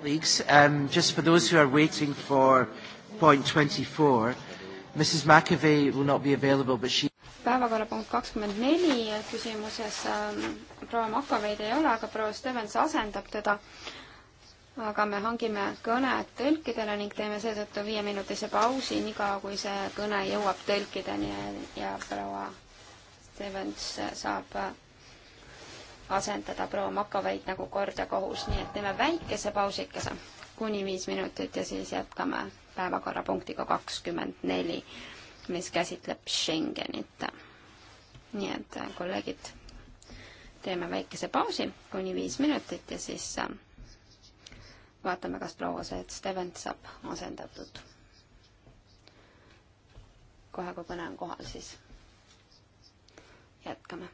colleagues, um, just for those who are waiting for point 24, Mrs McAvey will not be available, but she päevakorrapunkt kakskümmend neli küsimuses ähm, proua Makaveid ei ole, aga proua Stevens asendab teda. aga me hangime kõned tõlkidele ning teeme seetõttu viieminutise pausi, niikaua kui see kõne jõuab tõlkideni ja, ja proua Stevens saab äh, asendada proua Makoveid nagu kord ja kohus, nii et teeme väikese pausikese, kuni viis minutit ja siis jätkame päevakorrapunktiga kakskümmend neli, mis käsitleb Schengenit. nii et äh, kolleegid, teeme väikese pausi, kuni viis minutit ja siis äh, vaatame, kas proua Steven saab asendatud. kohe, kui kõne on kohal, siis jätkame.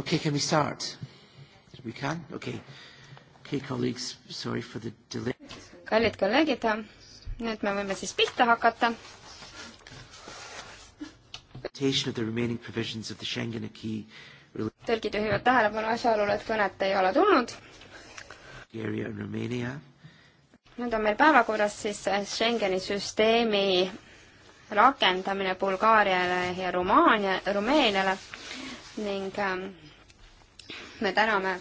Okay, can we start? We can? Okay. Okay, colleagues, sorry for the delay. kallid kolleegid, nüüd me võime siis pihta hakata. tõlgid juhivad tähelepanu asjaolule, et kõnet ei ole tulnud. nüüd on meil päevakorras siis Schengeni süsteemi rakendamine Bulgaariale ja Rumaania, Rumeeniale ning ähm, me täname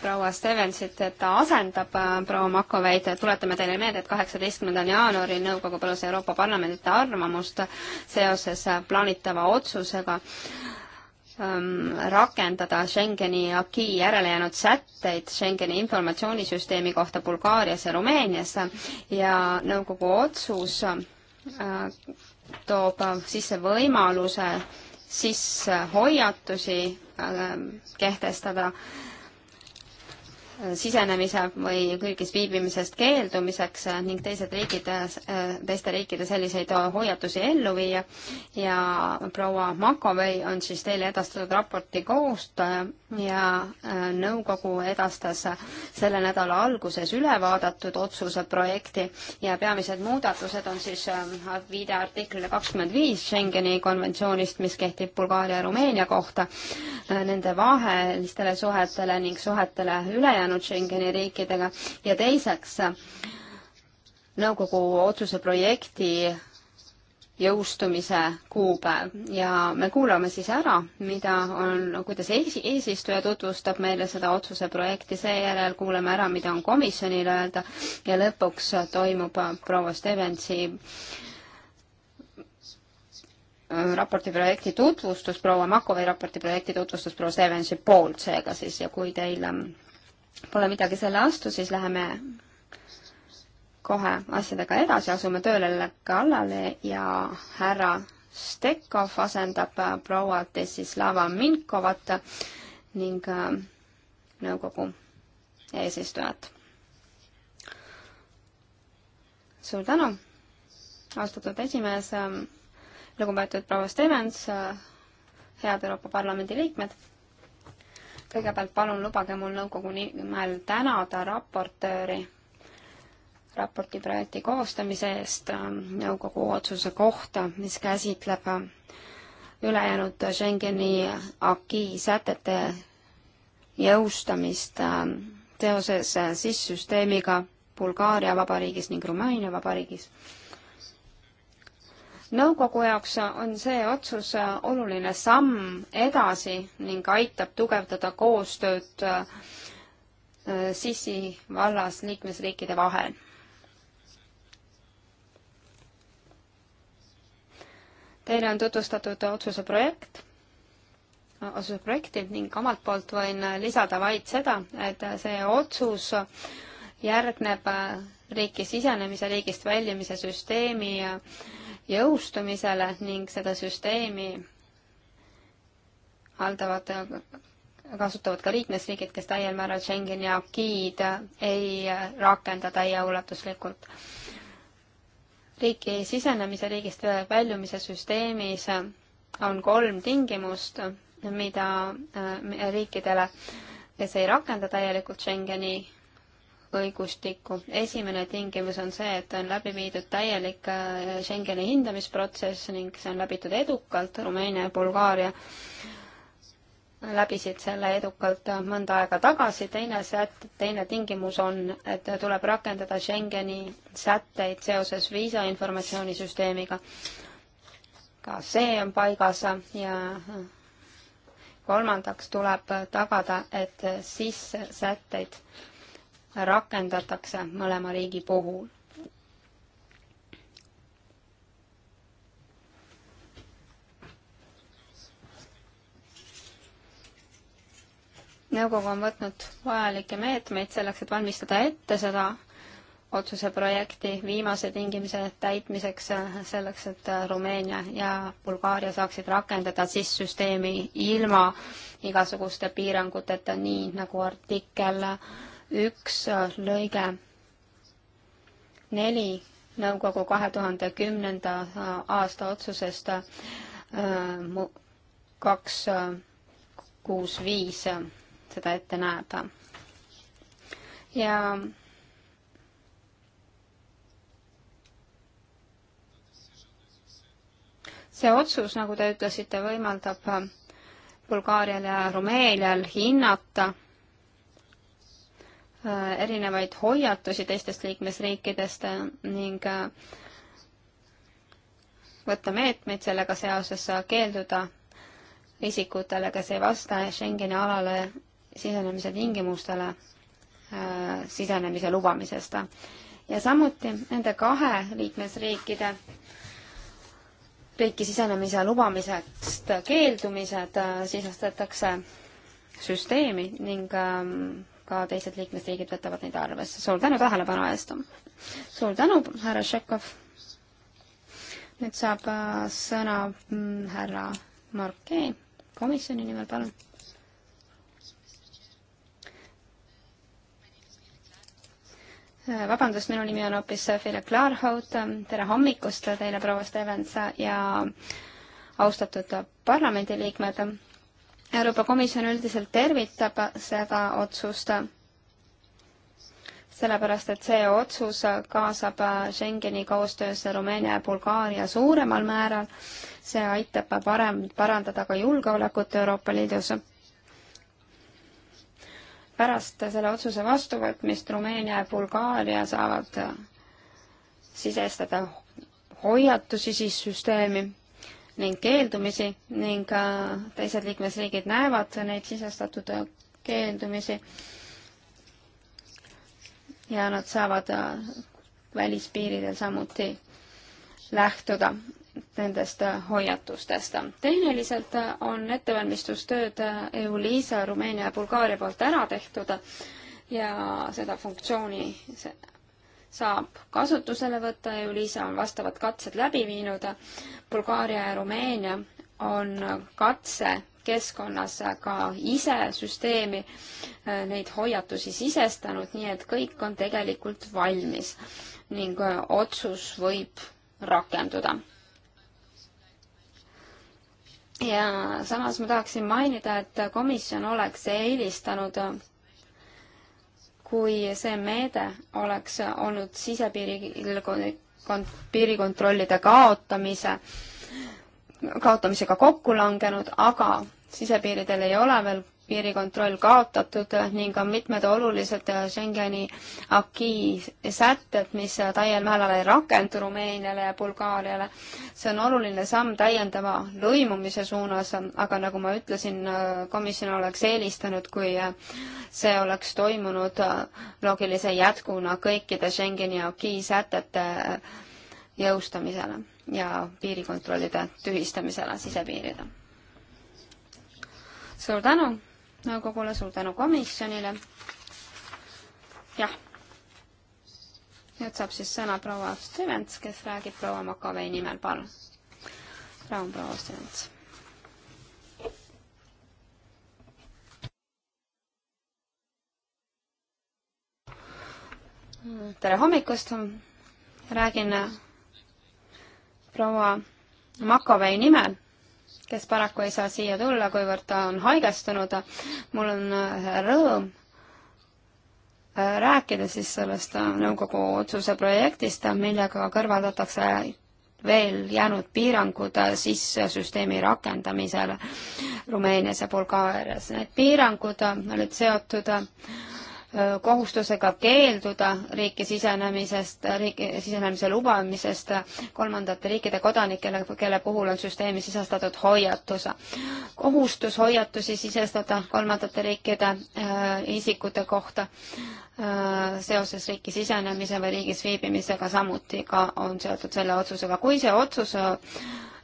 proua Stevensit, et ta asendab äh, proua Makoveid, tuletame teile meelde, et kaheksateistkümnendal jaanuaril nõukogu palus Euroopa Parlamendite arvamust seoses äh, plaanitava otsusega ähm, rakendada Schengeni aki järelejäänud sätteid Schengeni informatsioonisüsteemi kohta Bulgaarias ja Rumeenias ja nõukogu otsus äh, toob sisse võimaluse siis hoiatusi äh, kehtestada sisenemise või kõigis viibimisest keeldumiseks äh, ning teised riigid, äh, äh, teiste riikide selliseid hoiatusi ellu viia ja proua Makovei on siis teile edastatud raporti koostaja ja nõukogu edastas selle nädala alguses üle vaadatud otsuse projekti ja peamised muudatused on siis viide artiklile kakskümmend viis Schengeni konventsioonist, mis kehtib Bulgaaria ja Rumeenia kohta, nende vahelistele suhetele ning suhetele ülejäänud ülejäänud Schengeni riikidega ja teiseks, nõukogu otsuse projekti jõustumise kuupäev ja me kuulame siis ära, mida on, kuidas eesistuja tutvustab meile seda otsuse projekti, seejärel kuulame ära, mida on komisjonil öelda ja lõpuks toimub proua Stevensi äh, raporti projekti tutvustus, proua Makovi raporti projekti tutvustus proua Stevensi poolt seega siis ja kui teil ähm, pole midagi selle vastu, siis läheme kohe asjadega edasi, asume tööle kallale ja härra Stekov asendab äh, proua Desislava Minkovat ning äh, nõukogu eesistujat. suur tänu, austatud esimees, äh, lugupeetud proua Stevens, head Euroopa Parlamendi liikmed kõigepealt palun lubage mul nõukogu nimel tänada raportööri raporti projekti koostamise eest äh, nõukogu otsuse kohta, mis käsitleb äh, ülejäänud Schengeni aki sätete jõustamist äh, seoses SIS-süsteemiga Bulgaaria Vabariigis ning Rumeenia Vabariigis nõukogu jaoks on see otsus oluline samm edasi ning aitab tugevdada koostööd äh, sissi vallas liikmesriikide vahel. Teile on tutvustatud otsuse projekt, otsuse projekti ning omalt poolt võin lisada vaid seda, et see otsus järgneb riiki sisenemise, riigist väljumise süsteemi jõustumisele ning seda süsteemi haldavad, kasutavad ka liikmesriigid, kes täiel määral Schengeni akiid ei rakenda täieulatuslikult. riiki sisenemise, riigist väljumise süsteemis on kolm tingimust, mida äh, riikidele, kes ei rakenda täielikult Schengeni õigustikku. esimene tingimus on see, et on läbi viidud täielik äh, Schengeni hindamisprotsess ning see on läbitud edukalt, Rumeenia ja Bulgaaria läbisid selle edukalt äh, mõnda aega tagasi, teine sät-, teine tingimus on, et tuleb rakendada Schengeni sätteid seoses viisa informatsioonisüsteemiga. ka see on paigas ja äh, kolmandaks tuleb tagada, et sissesätteid rakendatakse mõlema riigi puhul. nõukogu on võtnud vajalikke meetmeid selleks, et valmistada ette seda otsuse projekti viimase tingimise täitmiseks, selleks et Rumeenia ja Bulgaaria saaksid rakendada siis süsteemi ilma igasuguste piiranguteta, nii nagu artikkel üks lõige neli nõukogu kahe tuhande kümnenda aasta otsusest äh, kaks äh, kuus viis äh, seda ette näeb. ja see otsus, nagu te ütlesite, võimaldab Bulgaarial ja Rumeenial hinnata Äh, erinevaid hoiatusi teistest liikmesriikidest äh, ning äh, võtta meetmeid sellega seoses, keelduda isikutele, kes ei vasta Schengeni alale sisenemise tingimustele, sisenemise lubamisest. ja samuti nende kahe liikmesriikide riiki sisenemise lubamisest keeldumised sisestatakse süsteemi ning ähm, ka teised liikmesriigid võtavad neid arvesse. suur tänu tähelepanu eest! suur tänu, härra Šekov! nüüd saab äh, sõna mm, härra Marke komisjoni nimel, palun! Äh, vabandust, minu nimi on hoopis Fille Klaarhout, tere hommikust teile, proua Stevens ja austatud parlamendiliikmed! Euroopa Komisjon üldiselt tervitab seda otsust, sellepärast et see otsus kaasab Schengeni koostöösse Rumeenia ja Bulgaaria suuremal määral. see aitab parem, parandada ka julgeolekut Euroopa Liidus pärast selle otsuse vastuvõtmist Rumeenia ja Bulgaaria saavad sisestada hoiatusi siis süsteemi ning keeldumisi ning teised liikmesriigid näevad neid sisestatud keeldumisi ja nad saavad äh, välispiiridel samuti lähtuda nendest äh, hoiatustest. tehniliselt äh, on ettevalmistustööd EULISA Rumeenia ja Bulgaaria poolt ära tehtud ja seda funktsiooni saab kasutusele võtta ja Ulisa on vastavad katsed läbi viinud. Bulgaaria ja Rumeenia on katsekeskkonnas ka ise süsteemi äh, neid hoiatusi sisestanud, nii et kõik on tegelikult valmis ning äh, otsus võib rakenduda. ja samas ma tahaksin mainida, et komisjon oleks eelistanud äh, kui see meede oleks olnud sisepiiril piirikontrollide kaotamise, kaotamisega kokku langenud, aga sisepiiridel ei ole veel piirikontroll kaotatud ning on mitmed olulised Schengeni akii sätted, mis täiel määral ei rakendu Rumeeniale ja Bulgaariale. see on oluline samm täiendava lõimumise suunas, aga nagu ma ütlesin, komisjon oleks eelistanud, kui see oleks toimunud loogilise jätkuna kõikide Schengeni akii sätete jõustamisele ja piirikontrollide tühistamisele sisepiiridel. suur tänu! nõukogule, suur tänu komisjonile. jah. nüüd saab siis sõna proua Stevens, kes räägib proua Makavei nimel, palun. palun, proua Stevens. tere hommikust, räägin proua Makovei nimel kes paraku ei saa siia tulla, kuivõrd ta on haigestunud. mul on äh, rõõm äh, rääkida siis sellest äh, nõukogu otsuse projektist, millega kõrvaldatakse veel jäänud piirangud sissesüsteemi rakendamisele Rumeenias ja Bulgaarias. Need piirangud olid seotud kohustusega keelduda riiki sisenemisest, riiki sisenemise lubamisest kolmandate riikide kodanikele, kelle puhul on süsteemi sisestatud hoiatus. kohustus hoiatusi sisestada kolmandate riikide äh, isikute kohta äh, seoses riiki sisenemise või riigis viibimisega samuti ka on seotud selle otsusega. kui see otsus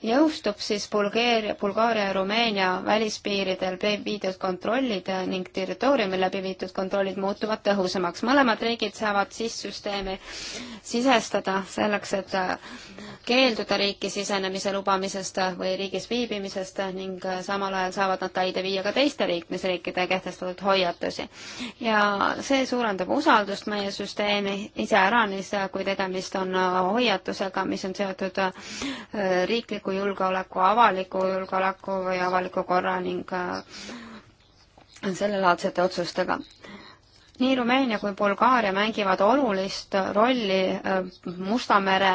jõustub, siis Bulgeeria, Bulgaaria ja Rumeenia välispiiridel viidud kontrollid ning territooriumil läbi viidud kontrollid muutuvad tõhusamaks. mõlemad riigid saavad siis süsteemi sisestada selleks, et keelduda riiki sisenemise lubamisest või riigis viibimisest ning samal ajal saavad nad täide viia ka teiste liikmesriikide kehtestatud hoiatusi. ja see suurendab usaldust meie süsteemi iseäranis, kui tegemist on hoiatusega, mis on seotud äh, riikliku riikliku julgeoleku, avaliku julgeoleku või avaliku korra ning äh, sellelaadsete otsustega. nii Rumeenia kui Bulgaaria mängivad olulist rolli äh, Musta mere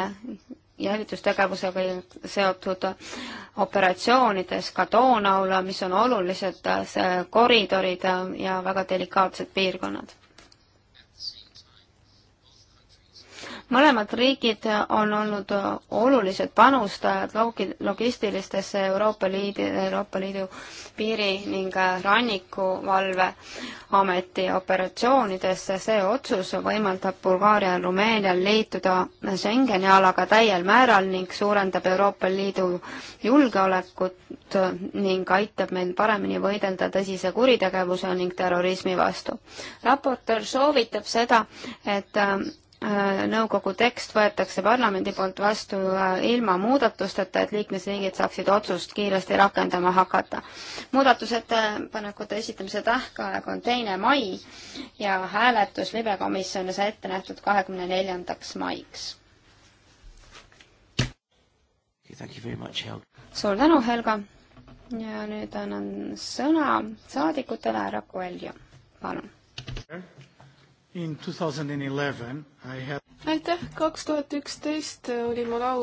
jälitustegevusega seotud operatsioonides ka Donaula, mis on olulised äh, koridorid ja väga delikaatsed piirkonnad mõlemad riigid on olnud olulised panustajad logistilistesse Euroopa Liidu, Euroopa Liidu piiri ning rannikuvalveameti operatsioonidesse. see otsus võimaldab Bulgaarial, Rumeenial liituda Schengeni alaga täiel määral ning suurendab Euroopa Liidu julgeolekut ning aitab meil paremini võidelda tõsise kuritegevuse ning terrorismi vastu. raportöör soovitab seda, et Äh, nõukogu tekst võetakse parlamendi poolt vastu äh, ilma muudatusteta, et liikmesriigid saaksid otsust kiiresti rakendama hakata. muudatusettepanekute esitamise tähtaeg on teine mai ja hääletus libekomisjonis ette nähtud kahekümne neljandaks maiks. suur tänu, Helga! ja nüüd annan sõna saadikutele, härra Koelju, palun! In 2011 I had aitäh, kaks tuhat üksteist oli mul au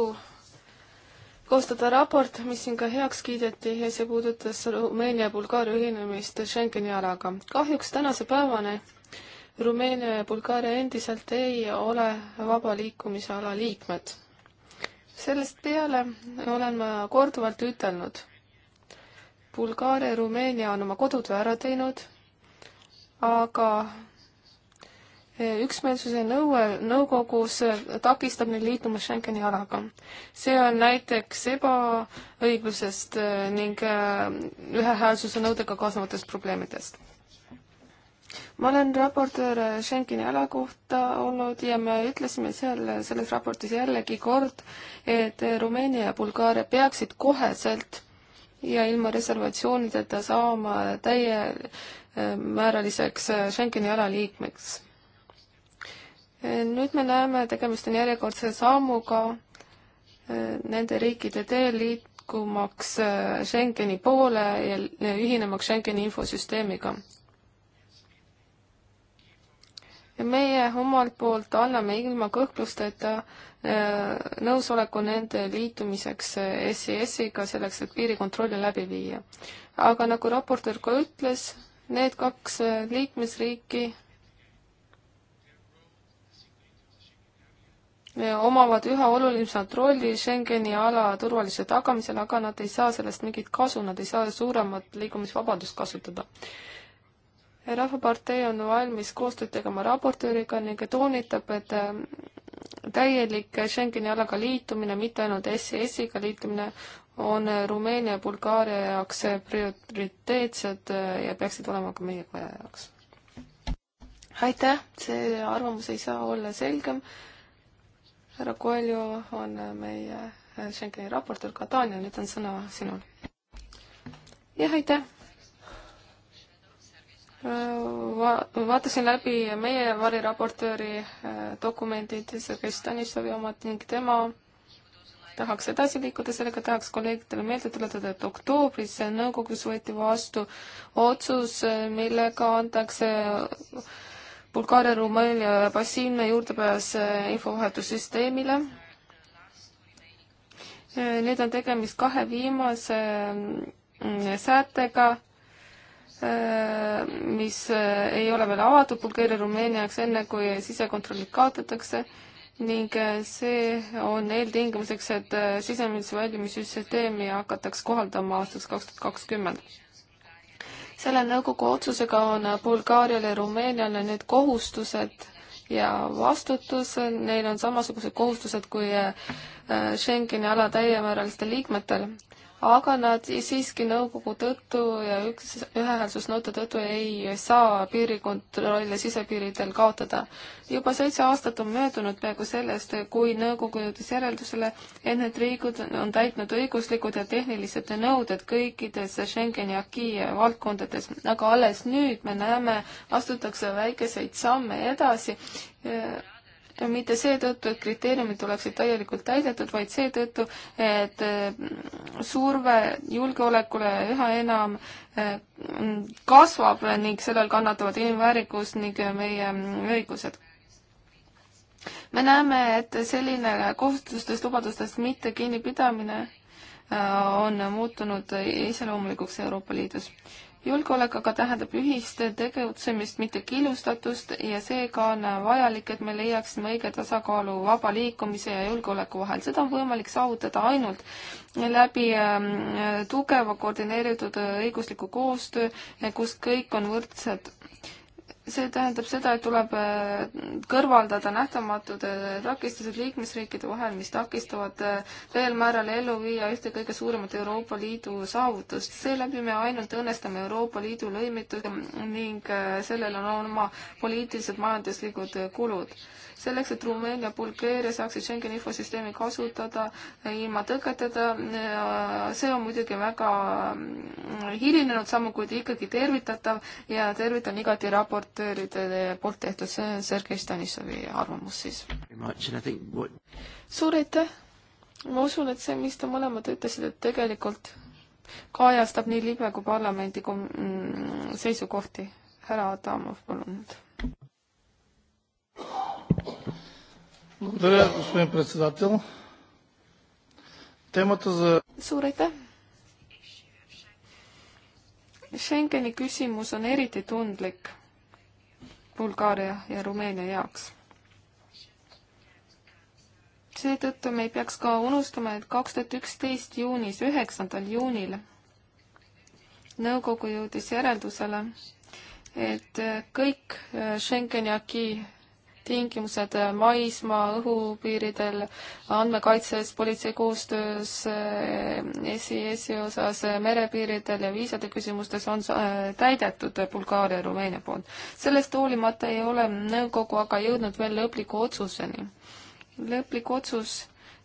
koostada raport, mis siin ka heaks kiideti ja see puudutas Rumeenia ja Bulgaaria ühinemist Schengeni alaga. kahjuks tänase päevani Rumeenia ja Bulgaaria endiselt ei ole vaba liikumise ala liikmed. sellest peale olen ma korduvalt ütelnud, Bulgaaria ja Rumeenia on oma kodud ära teinud, aga üksmeelsuse nõue nõukogus takistab neil liituma Schengeni alaga. see on näiteks ebaõiglusest äh, ning äh, ühehäälsuse nõudega kaasnevatest probleemidest. ma olen raportöör äh, Schengeni ala kohta olnud ja me ütlesime seal selles raportis jällegi kord, et Rumeenia ja Bulgaaria peaksid koheselt ja ilma reservatsioonideta saama täie määraliseks Schengeni ala liikmeks nüüd me näeme, tegemist on järjekordse sammuga äh, nende riikide teel liikumaks äh, Schengeni poole ja ühinemaks Schengeni infosüsteemiga. ja meie omalt poolt anname ilma kõhklusteta äh, nõusoleku nende liitumiseks SIS-iga, e selleks et piirikontrolli läbi viia. aga nagu raportöör ka ütles, need kaks liikmesriiki Äh, omavad üha olulisemat rolli Schengeni ala turvalise tagamisel, aga nad ei saa sellest mingit kasu, nad ei saa suuremat liikumisvabadust kasutada. rahvapartei on valmis koostööd tegema raportööriga ning toonitab, et äh, täielik Schengeni alaga liitumine, mitte ainult SES-iga liitumine, on Rumeenia ja Bulgaaria jaoks prioriteetsed äh, ja peaksid olema ka meie koja jaoks. aitäh, see arvamus ei saa olla selgem härra Koelju on meie Schengeni raportöör ka, Daniel, nüüd on sõna sinul. jah, aitäh! Va-, vaatasin läbi meie variraportööri äh, dokumendid, Sergei Stanišovi omad ning tema tahaks edasi liikuda, sellega tahaks kolleegidele meelde tuletada, et oktoobris nõukogus võeti vastu otsus, millega antakse Bulgaaria, Rumeenia passiivne juurdepääs eh, infovahetussüsteemile. Eh, Need on tegemist kahe viimase mm, sätega, eh, mis ei ole veel avatud Bulgaaria, Rumeenia jaoks, enne kui sisekontrollid kaotatakse ning see on eeltingimuseks, et sisemise valimissüsteemi hakataks kohaldama aastaks kaks tuhat kakskümmend selle nõukogu otsusega on Bulgaarial ja Rumeenial nüüd kohustused ja vastutus, neil on samasugused kohustused kui äh, Schengeni ala täiemäärilistel liikmetel aga nad siiski nõukogu tõttu ja üks, ühehäälsusnõude tõttu ei saa piirikontrolle sisepiiridel kaotada. juba seitse aastat on möödunud peaaegu sellest, kui nõukogu jõudis järeldusele, et need riigid on täitnud õiguslikud ja tehnilised nõuded kõikides Schengeni aki valdkondades, aga alles nüüd me näeme, astutakse väikeseid samme edasi no mitte seetõttu, et kriteeriumid oleksid täielikult täidetud, vaid seetõttu, et mm, surve julgeolekule üha enam eh, mm, kasvab ning sellel kannatavad inimväärikus ning meie mm, õigused. me näeme, et selline kohustustest, lubadustest mitte kinnipidamine eh, on muutunud iseloomulikuks Euroopa Liidus julgeolek aga tähendab ühist tegutsemist, mitte killustatust ja seega on vajalik, et me leiaksime õige tasakaalu vaba liikumise ja julgeoleku vahel. seda on võimalik saavutada ainult läbi ähm, tugeva koordineeritud õigusliku koostöö, kus kõik on võrdsed see tähendab seda, et tuleb äh, kõrvaldada nähtamatud äh, takistused liikmesriikide vahel, mis takistavad äh, veel määral ellu viia ühte kõige suuremat Euroopa Liidu saavutust. seeläbi me ainult õõnestame Euroopa Liidu lõimitud ning sellel on oma poliitilised majanduslikud kulud selleks, et Rumeenia, Bulgaaria saaksid Schengeni infosüsteemi kasutada eh, ilma tõketeta, eh, see on muidugi väga mm, hilinenud samm, kuid ikkagi tervitatav ja tervitan igati raportööride poolt tehtud Sergei Stanissovi arvamust siis. suur aitäh! ma usun, et see, mis te mõlemad ütlesite, et tegelikult kajastab nii libe kui parlamendi mm, seisukohti. härra Adamov, palun nüüd Благодаря, господин председател. Темата за... Suur aitäh! Schengeni küsimus on eriti tundlik Bulgaaria ja Rumeenia jaoks. seetõttu me ei peaks ka unustama, et kaks tuhat üksteist juunis, üheksandal juunil nõukogu jõudis järeldusele, et kõik Schengeni aki tingimused äh, maismaa, õhupiiridel, andmekaitses, politsei koostöös, esi, äh, esiosas, äh, merepiiridel ja viisade küsimustes on täidetud Bulgaaria ja Rumeenia poolt. sellest hoolimata ei ole nõukogu aga jõudnud veel lõpliku otsuseni. lõplik otsus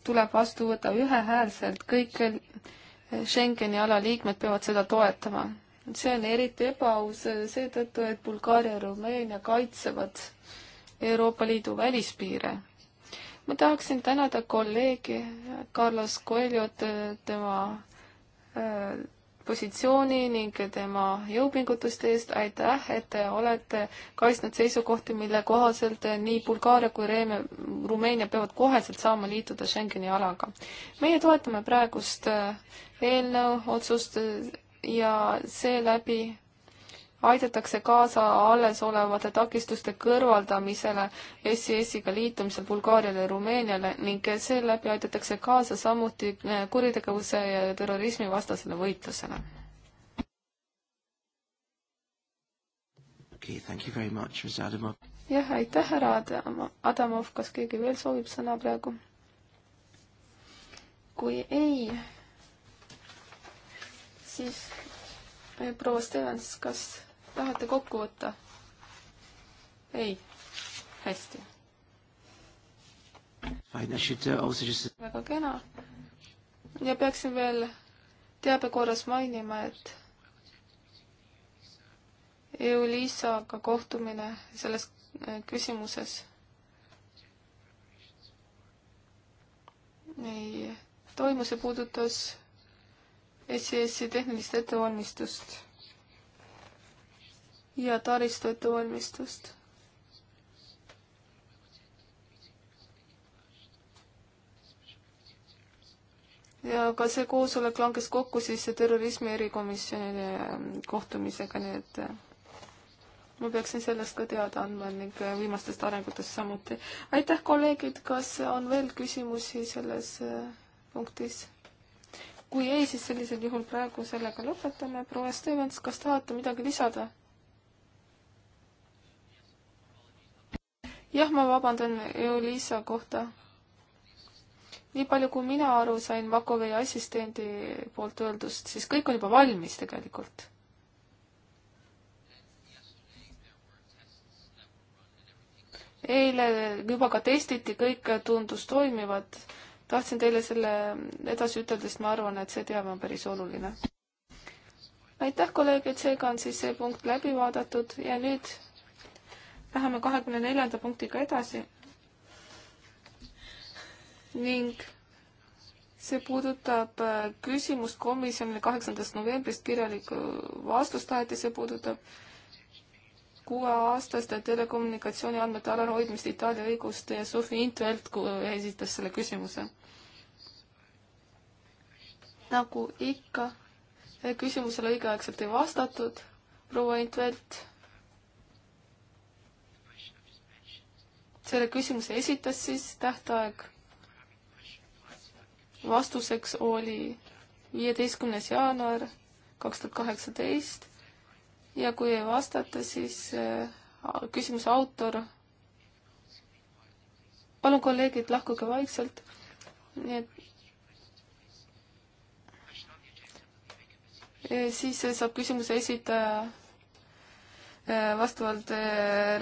tuleb vastu võtta ühehäälselt, kõik Schengeni ala liikmed peavad seda toetama see on eriti ebaaus seetõttu, et Bulgaaria ja Rumeenia kaitsevad äh, Euroopa Liidu välispiire. ma tahaksin tänada kolleegi Carlos Coelhot äh, tema äh, positsiooni ning tema jõupingutuste eest, aitäh, et te olete kaitsnud seisukohti, mille kohaselt äh, nii Bulgaaria kui Reeme, Rumeenia peavad koheselt saama liituda Schengeni alaga. meie toetame praegust eelnõu otsust ja seeläbi aidatakse kaasa allesolevate takistuste kõrvaldamisele SES-iga liitumisel Bulgaariale ja Rumeeniale ning seeläbi aidatakse kaasa samuti eh, kuritegevuse ja terrorismi vastasele võitlusele. jah, aitäh, härra Adamov, Adamov, kas keegi veel soovib sõna praegu? kui ei, siis eh, proua Stevens, kas tahate kokku võtta? ei? hästi. Uh, väga kena. ja peaksin veel teabe korras mainima, et EU-Liisaga kohtumine selles äh, küsimuses ei toimu, see puudutas SES-i tehnilist ettevalmistust ja taristu ettevalmistust. ja ka see koosolek langes kokku siis terrorismi erikomisjoni ähm, kohtumisega, nii et äh, ma peaksin sellest ka teada andma ning äh, viimastest arengutest samuti. aitäh, kolleegid, kas on veel küsimusi selles äh, punktis? kui ei, siis sellisel juhul praegu sellega lõpetame. proua Stevens, kas tahate midagi lisada? jah, ma vabandan Euliisa kohta. nii palju, kui mina aru sain Makovei assistendi poolt öeldust, siis kõik on juba valmis tegelikult eile juba ka testiti, kõik tundus toimivat. tahtsin teile selle edasi ütelda, sest ma arvan, et see teave on päris oluline. aitäh, kolleegid, seega on siis see punkt läbi vaadatud ja nüüd Läheme kahekümne neljanda punktiga edasi. ning see puudutab äh, küsimust komisjonile kaheksandast novembrist kirjalikku vastust taheti, see puudutab kuueaastaste telekommunikatsiooni andmete alalhoidmist Itaalia õigust ja Sofi Intvelt esitas selle küsimuse. nagu ikka, äh, küsimusele õigeaegselt ei vastatud, proua Intvelt selle küsimuse esitas, siis tähtaeg vastuseks oli viieteistkümnes jaanuar kaks tuhat kaheksateist ja kui ei vastata, siis äh, küsimuse autor, palun kolleegid, lahkuge vaikselt, nii et Ja e, siis saab küsimuse esitaja e, vastavalt e,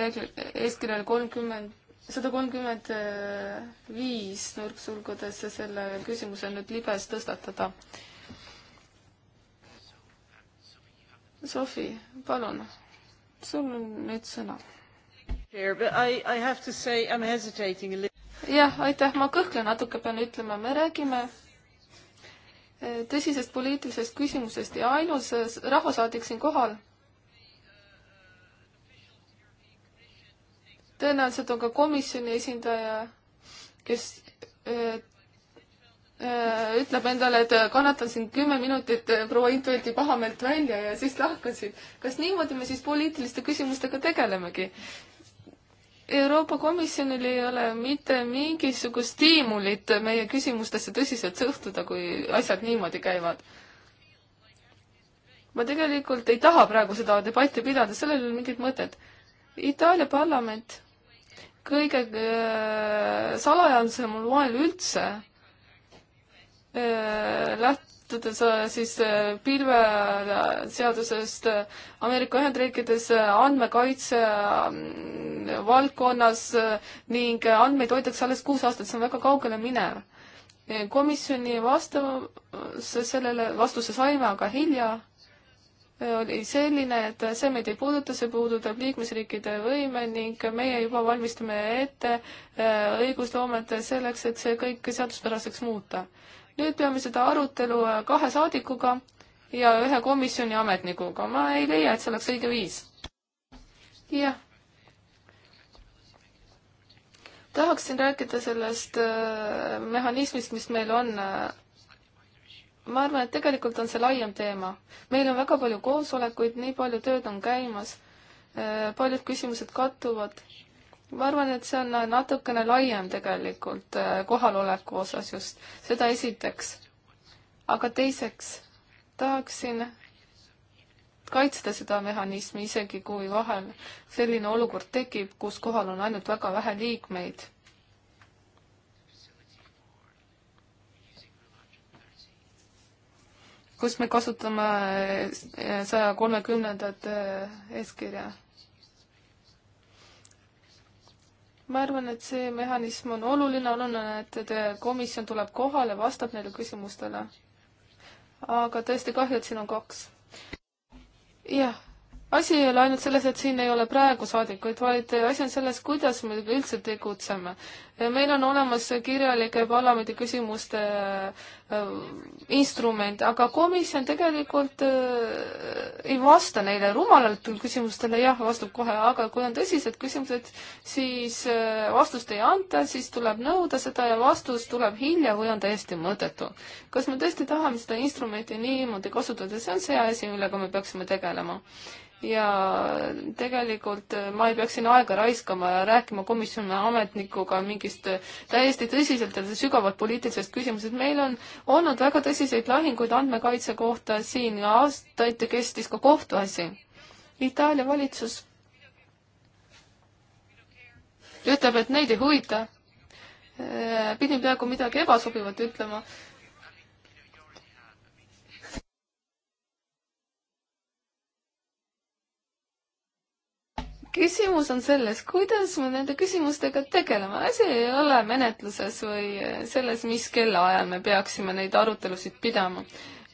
reegli, eeskirjale kolmkümmend sada kolmkümmend viis nurksulgudes ja selle küsimuse nüüd libes tõstatada. Sofi, palun, sul on nüüd sõna. jah, aitäh, ma kõhklen natuke, pean ütlema, me räägime eh, tõsisest poliitilisest küsimusest ja ainus eh, rahvasaadik siin kohal tõenäoliselt on ka komisjoni esindaja, kes äh, äh, ütleb endale, et äh, kannatan siin kümme minutit proua Intuiti pahameelt välja ja siis lahkusid. kas niimoodi me siis poliitiliste küsimustega tegelemegi? Euroopa Komisjonil ei ole mitte mingisugust stiimulit meie küsimustesse tõsiselt suhtuda, kui asjad niimoodi käivad. ma tegelikult ei taha praegu seda debatti pidada, sellel ei ole mingit mõtet. Itaalia parlament kõige äh, salajasem loel üldse, äh, lähtudes äh, siis pilveseadusest Ameerika Ühendriikides andmekaitse valdkonnas ning andmeid hoitakse alles kuus aastat, see on väga kaugele minev. komisjoni vastuse sellele, vastuse saime aga hilja oli selline, et see meid ei puuduta, see puudutab liikmesriikide võime ning meie juba valmistame ette äh, õigusloomet selleks, et see kõik seaduspäraseks muuta. nüüd peame seda arutelu äh, kahe saadikuga ja ühe komisjoni ametnikuga. ma ei leia, et see oleks õige viis. jah. tahaksin rääkida sellest äh, mehhanismist, mis meil on ma arvan, et tegelikult on see laiem teema. meil on väga palju koosolekuid, nii palju tööd on käimas, äh, paljud küsimused kattuvad. ma arvan, et see on natukene laiem tegelikult äh, kohaloleku osas just, seda esiteks. aga teiseks tahaksin kaitsta seda mehhanismi, isegi kui vahel selline olukord tekib, kus kohal on ainult väga vähe liikmeid kus me kasutame eh, saja kolmekümnendat eh, eeskirja. ma arvan, et see mehhanism on oluline, oluline, et komisjon tuleb kohale, vastab neile küsimustele. aga tõesti kahju, et siin on kaks. jah asi ei ole ainult selles, et siin ei ole praegu saadikuid, vaid asi on selles, kuidas me üldse tegutseme. meil on olemas kirjalik parlamendi küsimuste äh, instrument, aga komisjon tegelikult äh, ei vasta neile rumalalt küsimustele, jah, vastab kohe, aga kui on tõsised küsimused, siis äh, vastust ei anta, siis tuleb nõuda seda ja vastus tuleb hilja või on täiesti mõttetu. kas me tõesti tahame seda instrumenti niimoodi kasutada, see on see asi, millega me peaksime tegelema ja tegelikult äh, ma ei peaks siin aega raiskama ja rääkima komisjoni ametnikuga mingist äh, täiesti tõsiselt ja sügavalt poliitilisest küsimusest. meil on olnud väga tõsiseid lahinguid andmekaitse kohta siin ja aastaid kestis ka kohtuasi. Itaalia valitsus ütleb, et neid ei huvita. Äh, pidin peaaegu midagi ebasobivat ütlema küsimus on selles, kuidas me nende küsimustega tegeleme, asi ei ole menetluses või selles, mis kellaajal me peaksime neid arutelusid pidama.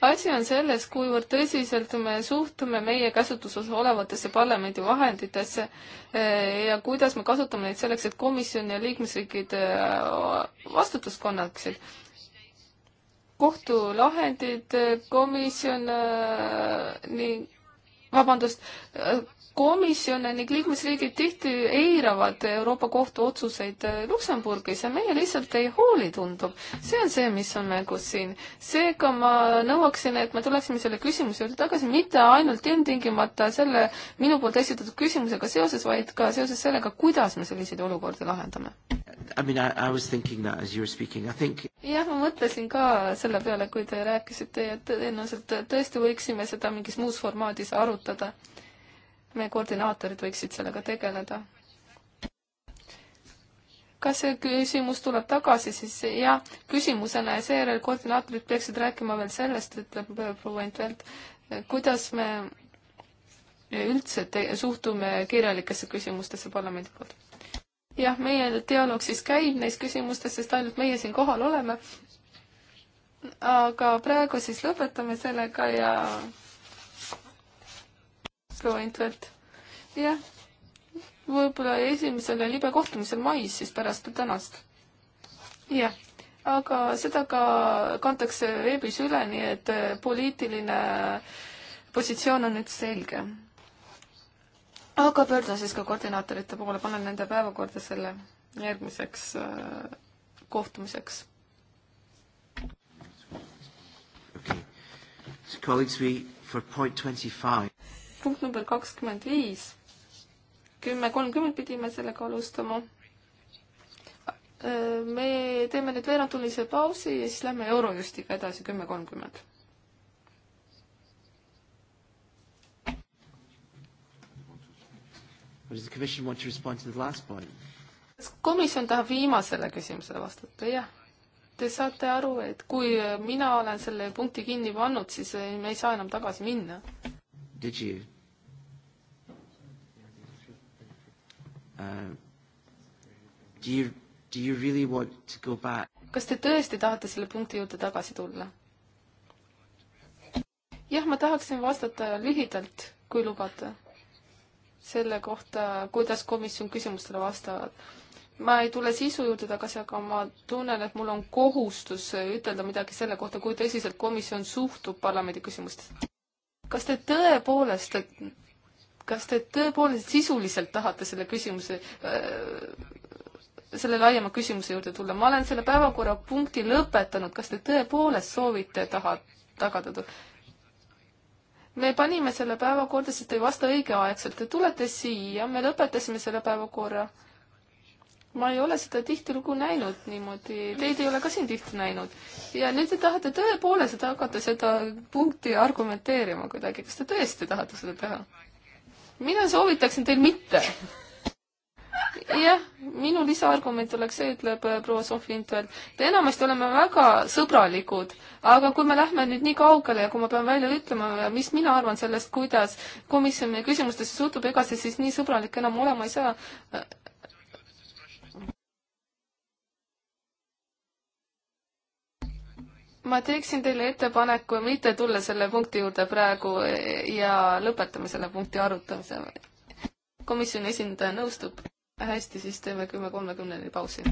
asi on selles, kuivõrd tõsiselt me suhtume meie käsutuses olevatesse parlamendi vahenditesse eh, ja kuidas me kasutame neid selleks, et komisjon ja liikmesriigid eh, vastutust kannaksid kohtulahendid, eh, komisjon ning vabandust, komisjon ning liikmesriigid tihti eiravad Euroopa Kohtu otsuseid eh, Luksemburgis ja meie lihtsalt ei hooli, tundub. see on see, mis on mängus siin. seega ma nõuaksin, et me tuleksime selle küsimuse juurde tagasi, mitte ainult ilmtingimata selle minu poolt esitatud küsimusega seoses, vaid ka seoses sellega, kuidas me selliseid olukordi lahendame. jah, ma mõtlesin ka selle peale, kui te rääkisite, et tõenäoliselt tõesti võiksime seda mingis muus formaadis arutada meie koordinaatorid võiksid sellega tegeleda. kas see küsimus tuleb tagasi siis jah, küsimusena ja seejärel koordinaatorid peaksid rääkima veel sellest, ütleb proua Entvelt, kuidas me üldse te-, suhtume kirjalikesse küsimustesse parlamendi poolt. jah, meie dialoog siis käib neis küsimustes, sest ainult meie siin kohal oleme, aga praegu siis lõpetame sellega ja proua Intvelt. jah, võib-olla esimesel libe kohtumisel mais, siis pärast tänast. jah, aga seda ka kantakse veebis üle, nii et äh, poliitiline positsioon on nüüd selge. aga pöördun siis ka koordinaatorite poole, panen nende päevakorda selle järgmiseks äh, kohtumiseks Okay. So colleagues, we, for point 25 punkt number kakskümmend viis. kümme kolmkümmend pidime sellega alustama. me teeme nüüd veerandtunnise pausi ja siis lähme Eurojustiga edasi kümme kolmkümmend. Does the Commission want to respond to the last point? kas komisjon tahab viimasele küsimusele vastata, jah? Te saate aru, et kui mina olen selle punkti kinni pannud, siis me ei saa enam tagasi minna. Did you? uh, do you, do you really want to go back? kas te tõesti tahate selle punkti juurde tagasi tulla? jah, ma tahaksin vastata lühidalt, kui lubate, selle kohta, kuidas komisjon küsimustele vastavad. ma ei tule sisu juurde tagasi, aga ma tunnen, et mul on kohustus ütelda midagi selle kohta, kui tõsiselt komisjon suhtub parlamendi küsimustesse. kas te tõepoolest kas te tõepoolest sisuliselt tahate selle küsimuse äh, selle laiema küsimuse juurde tulla, ma olen selle päevakorrapunkti lõpetanud, kas te tõepoolest soovite taha, tagada? me panime selle päevakorda, sest te ei vasta õigeaegselt, te tulete siia, me lõpetasime selle päevakorra. ma ei ole seda tihtilugu näinud niimoodi, teid ei ole ka siin tihti näinud. ja nüüd te tahate tõepoolest hakata seda punkti argumenteerima kuidagi, kas te tõesti tahate seda teha? mina soovitaksin teil mitte. jah, minu lisaargument oleks see, ütleb äh, proua Sofi Intvelt. enamasti oleme väga sõbralikud, aga kui me lähme nüüd nii kaugele ja kui ma pean välja ütlema, mis mina arvan sellest, kuidas komisjon meie küsimustesse suhtub, ega see siis nii sõbralik enam olema ei saa ma teeksin teile ettepaneku mitte tulla selle punkti juurde praegu eh, ja lõpetame selle punkti arutamise. komisjoni esindaja nõustub. hästi, siis teeme kümme kolmekümneni pausi.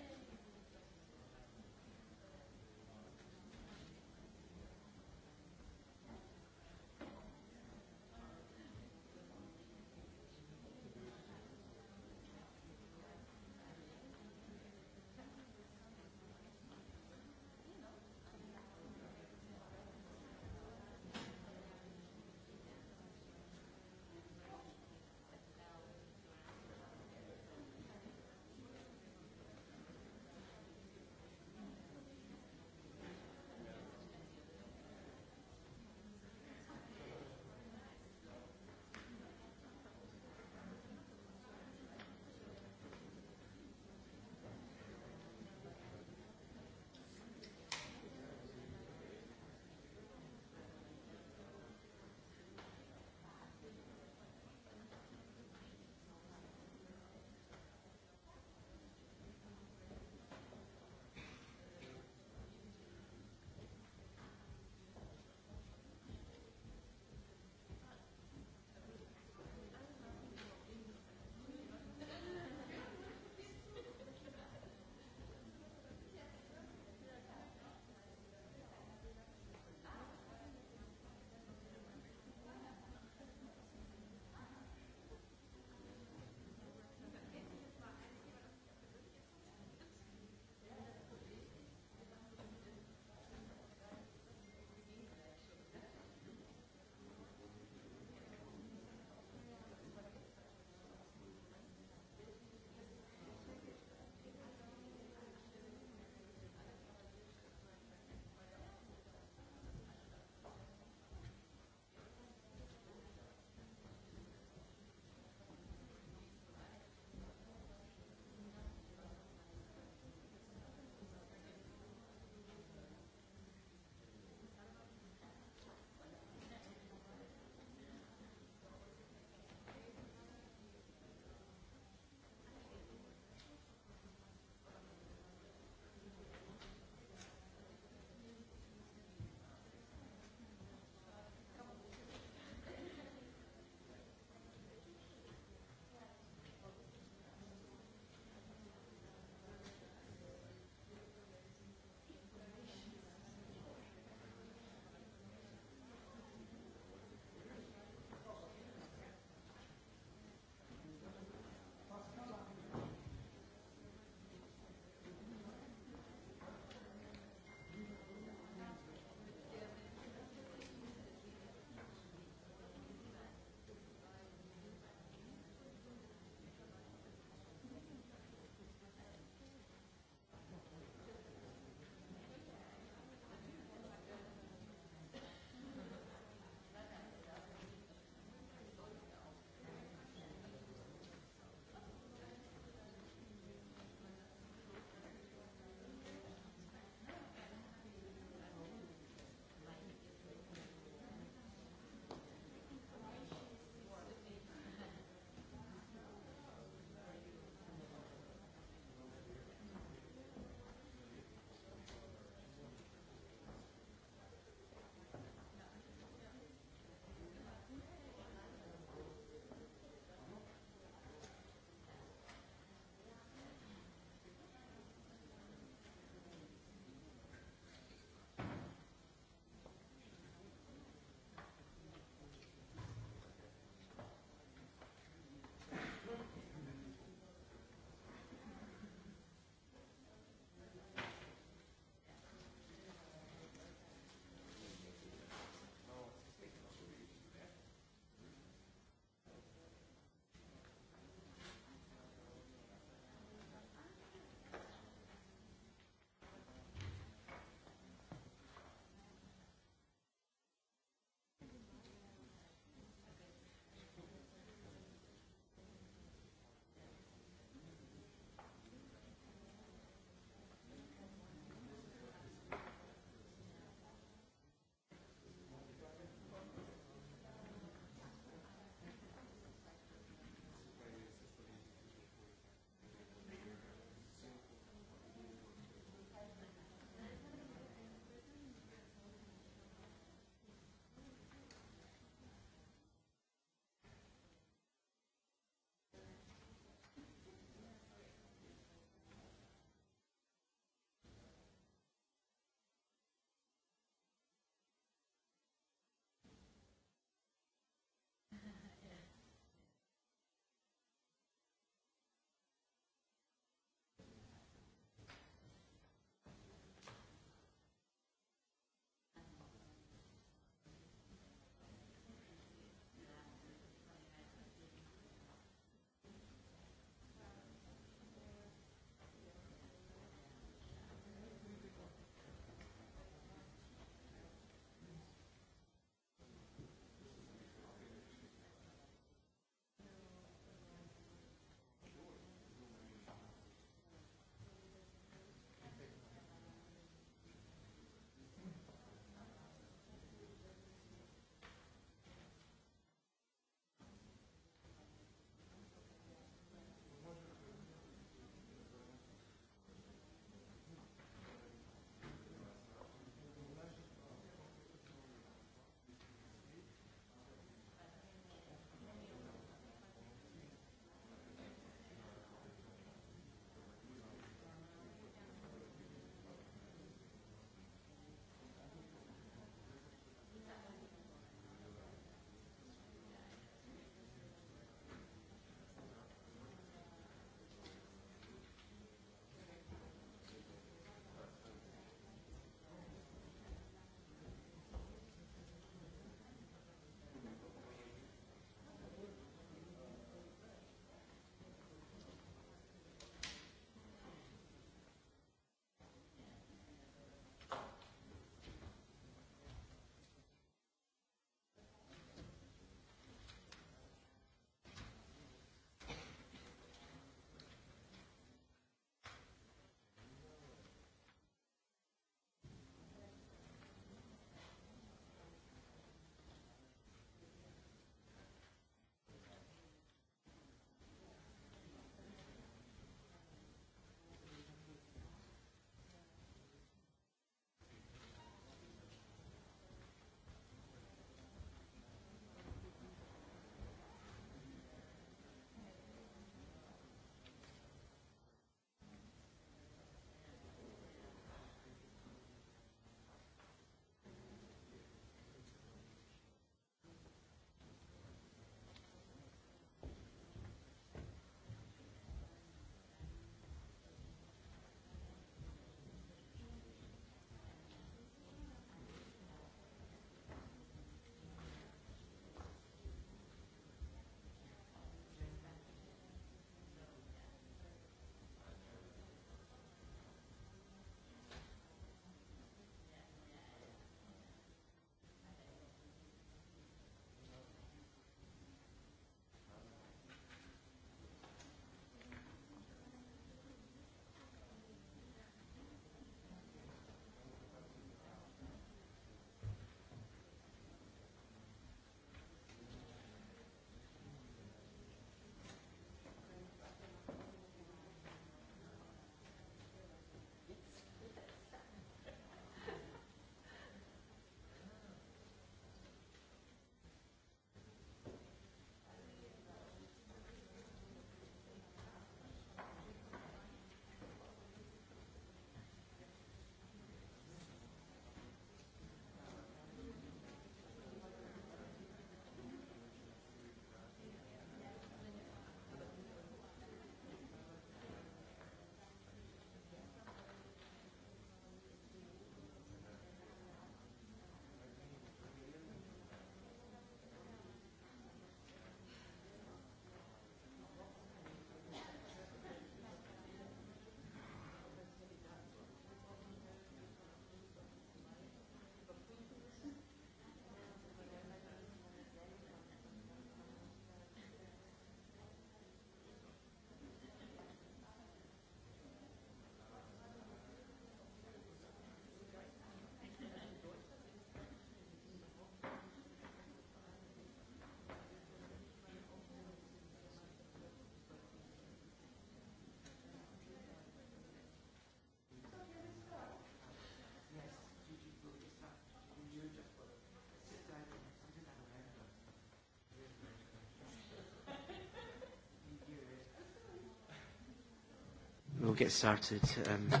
we'll get started. Um,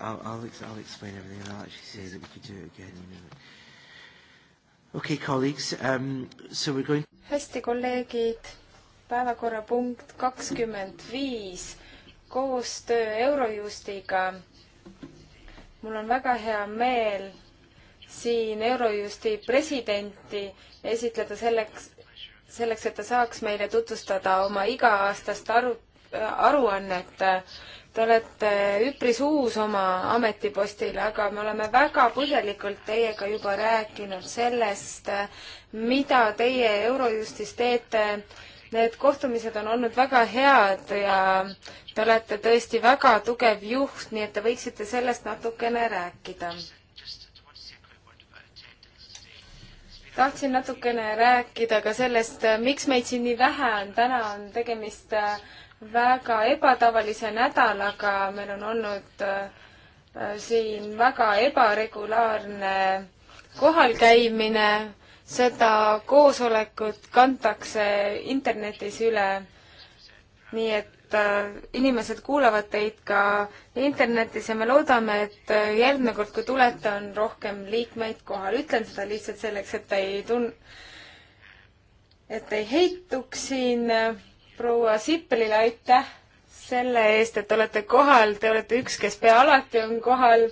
I'll, I'll, ex I'll explain everything and I'll actually say that we could do it again in a minute. Okay, colleagues, um, so we're going... hästi, kolleegid, päevakorrapunkt kakskümmend viis, koostöö Eurojustiga. mul on väga hea meel siin Eurojusti presidenti esitleda selleks, selleks, et ta saaks meile tutvustada oma iga-aastast aru, aruannet. Te olete üpris uus oma ametipostil, aga me oleme väga põhjalikult teiega juba rääkinud sellest, mida teie Eurojustis teete. Need kohtumised on olnud väga head ja te olete tõesti väga tugev juht, nii et te võiksite sellest natukene rääkida. tahtsin natukene rääkida ka sellest, miks meid siin nii vähe on, täna on tegemist äh, väga ebatavalise nädalaga, meil on olnud äh, siin väga ebaregulaarne kohalkäimine, seda koosolekut kantakse internetis üle, nii et äh, inimesed kuulavad teid ka internetis ja me loodame, et äh, järgmine kord, kui tulete, on rohkem liikmeid kohal. ütlen seda lihtsalt selleks, et ei tun-, et ei heituks siin proua Sippelile aitäh selle eest, et olete kohal, te olete üks, kes pea alati on kohal.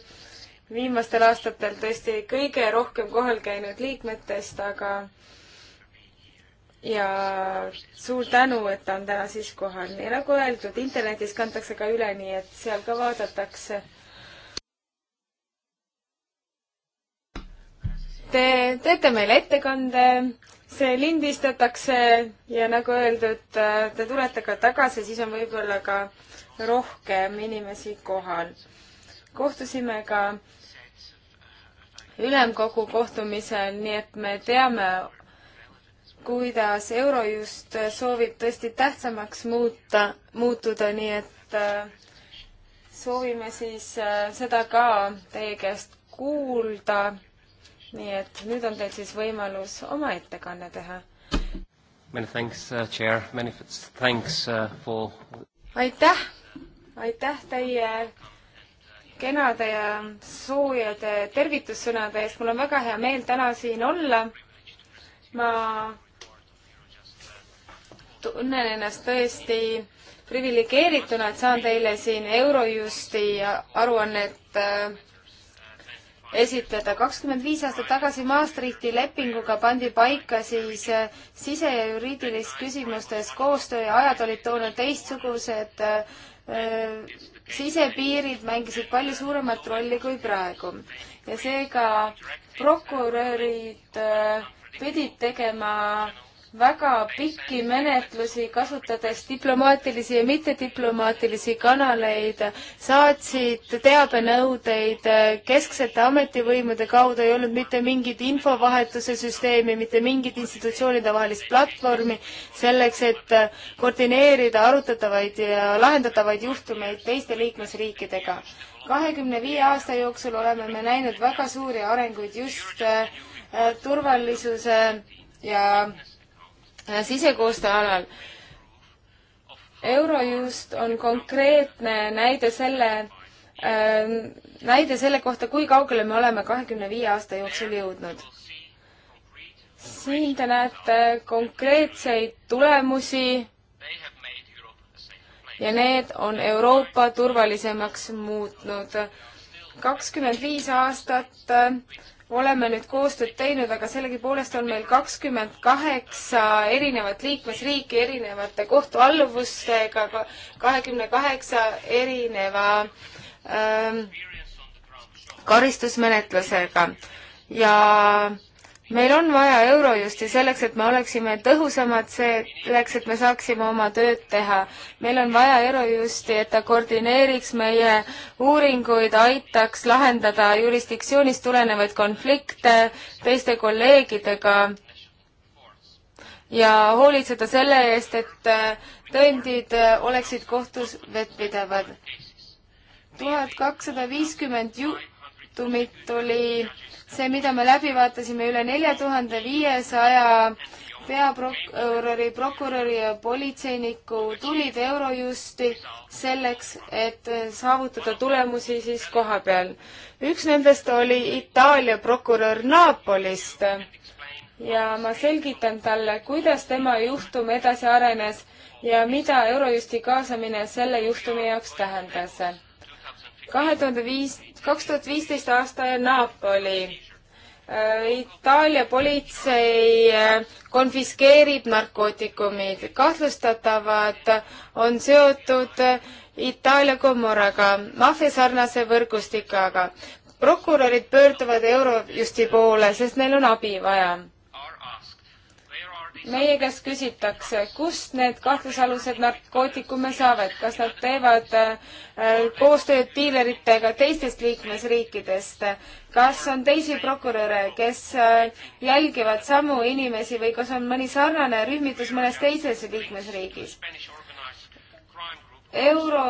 viimastel aastatel tõesti kõige rohkem kohal käinud liikmetest, aga ja suur tänu, et ta on täna siis kohal. ja nagu öeldud, internetis kantakse ka üle, nii et seal ka vaadatakse. Te teete meile ettekande see lindistatakse ja nagu öeldud, te tulete ka tagasi, siis on võib-olla ka rohkem inimesi kohal. kohtusime ka ülemkogu kohtumisel, nii et me teame, kuidas Eurojust soovib tõesti tähtsamaks muuta, muutuda, nii et äh, soovime siis äh, seda ka teie käest kuulda nii et nüüd on teil siis võimalus oma ettekanne teha. Many thanks uh,, chair, many thanks uh, for aitäh, aitäh teie kenade ja soojade tervitussõnade eest, mul on väga hea meel täna siin olla. ma tunnen ennast tõesti priviligeerituna, et saan teile siin Eurojusti aruannet äh, esitleda. kakskümmend viis aastat tagasi Maastrichti lepinguga pandi paika siis äh, sise- ja juriidilistes küsimustes koostöö ja ajad olid toona teistsugused. Äh, äh, sisepiirid mängisid palju suuremat rolli kui praegu ja seega prokurörid pidid tegema väga pikki menetlusi, kasutades diplomaatilisi ja mittediplomaatilisi kanaleid, saatsid teabenõudeid äh, kesksete ametivõimude kaudu, ei olnud mitte mingit infovahetuse süsteemi, mitte mingit institutsioonide vahelist platvormi selleks, et äh, koordineerida arutatavaid ja lahendatavaid juhtumeid teiste liikmesriikidega. kahekümne viie aasta jooksul oleme me näinud väga suuri arenguid just äh, turvalisuse ja Äh, sisekoostöö alal. Eurojust on konkreetne näide selle, ähm, näide selle kohta, kui kaugele me oleme kahekümne viie aasta jooksul jõudnud. siin te näete konkreetseid tulemusi ja need on Euroopa turvalisemaks muutnud. kakskümmend viis aastat äh, oleme nüüd koostööd teinud, aga sellegipoolest on meil kakskümmend kaheksa erinevat liikmesriiki erinevate kohtualluvustega, kahekümne kaheksa erineva ähm, karistusmenetlusega ja äh, meil on vaja Eurojusti selleks, et me oleksime tõhusamad, selleks, et me saaksime oma tööd teha. meil on vaja Eurojusti, et ta koordineeriks meie uuringuid, aitaks lahendada jurisdiktsioonist tulenevaid konflikte teiste kolleegidega ja hoolitseda selle eest, et äh, tõendid äh, oleksid kohtus vettpidevad. tuhat kakssada viiskümmend juhtumit oli see, mida me läbi vaatasime, üle nelja tuhande viiesaja peaprokuröri, prokuröri ja politseiniku tulid Eurojusti selleks, et saavutada tulemusi siis koha peal. üks nendest oli Itaalia prokurör Napolist ja ma selgitan talle, kuidas tema juhtum edasi arenes ja mida Eurojusti kaasamine selle juhtumi jaoks tähendas kahe tuhande viis, kaks tuhat viisteist aasta Napoli. Äh, Itaalia politsei äh, konfiskeerib narkootikumid, kahtlustatavad on seotud äh, Itaalia Comoraga, maffiasarnase võrgustikaga. prokurörid pöörduvad Eurojusti poole, sest neil on abi vaja meie käest küsitakse, kust need kahtlusalused narkootikume saavad, kas nad teevad äh, koostööd diileritega teistest liikmesriikidest, kas on teisi prokuröre, kes äh, jälgivad samu inimesi või kas on mõni sarnane rühmitus mõnes teises liikmesriigis? euro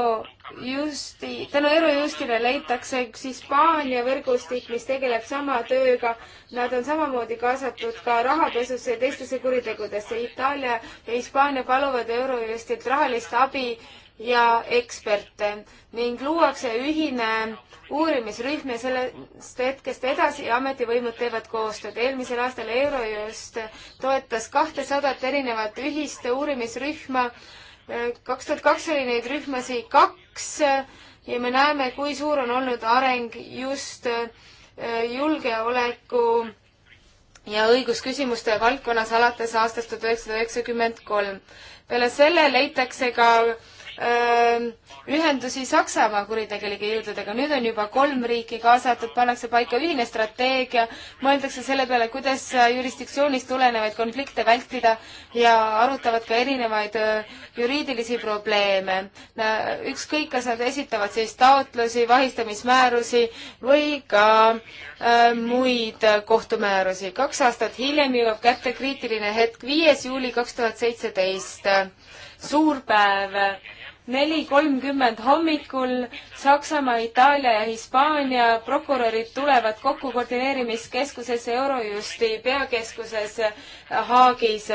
Justi, tänu Eurojustile leitakse üks Hispaania võrgustik, mis tegeleb sama tööga. Nad on samamoodi kaasatud ka rahapesusse ja teistesse kuritegudesse. Itaalia ja Hispaania paluvad Eurojustilt rahalist abi ja eksperte ning luuakse ühine uurimisrühm ja sellest hetkest edasi ametivõimud teevad koostööd. eelmisel aastal Eurojust toetas kahtesadat erinevat ühist uurimisrühma. kaks tuhat kaks oli neid rühmasid kaks kaks ja me näeme, kui suur on olnud areng just äh, julgeoleku ja õigusküsimuste valdkonnas alates aastast tuhat üheksasada üheksakümmend kolm. peale selle leitakse ka ühendusi Saksamaa kuritegelike jõududega. nüüd on juba kolm riiki kaasatud, pannakse paika ühine strateegia, mõeldakse selle peale, kuidas jurisdiktsioonist tulenevaid konflikte vältida ja arutavad ka erinevaid juriidilisi probleeme. ükskõik, kas nad esitavad siis taotlusi, vahistamismäärusi või ka äh, muid kohtumäärusi. kaks aastat hiljem jõuab kätte kriitiline hetk, viies juuli kaks tuhat seitseteist, suur päev neli kolmkümmend hommikul Saksamaa, Itaalia ja Hispaania prokurörid tulevad kokku koordineerimiskeskuses Eurojusti peakeskuses äh, Haagis.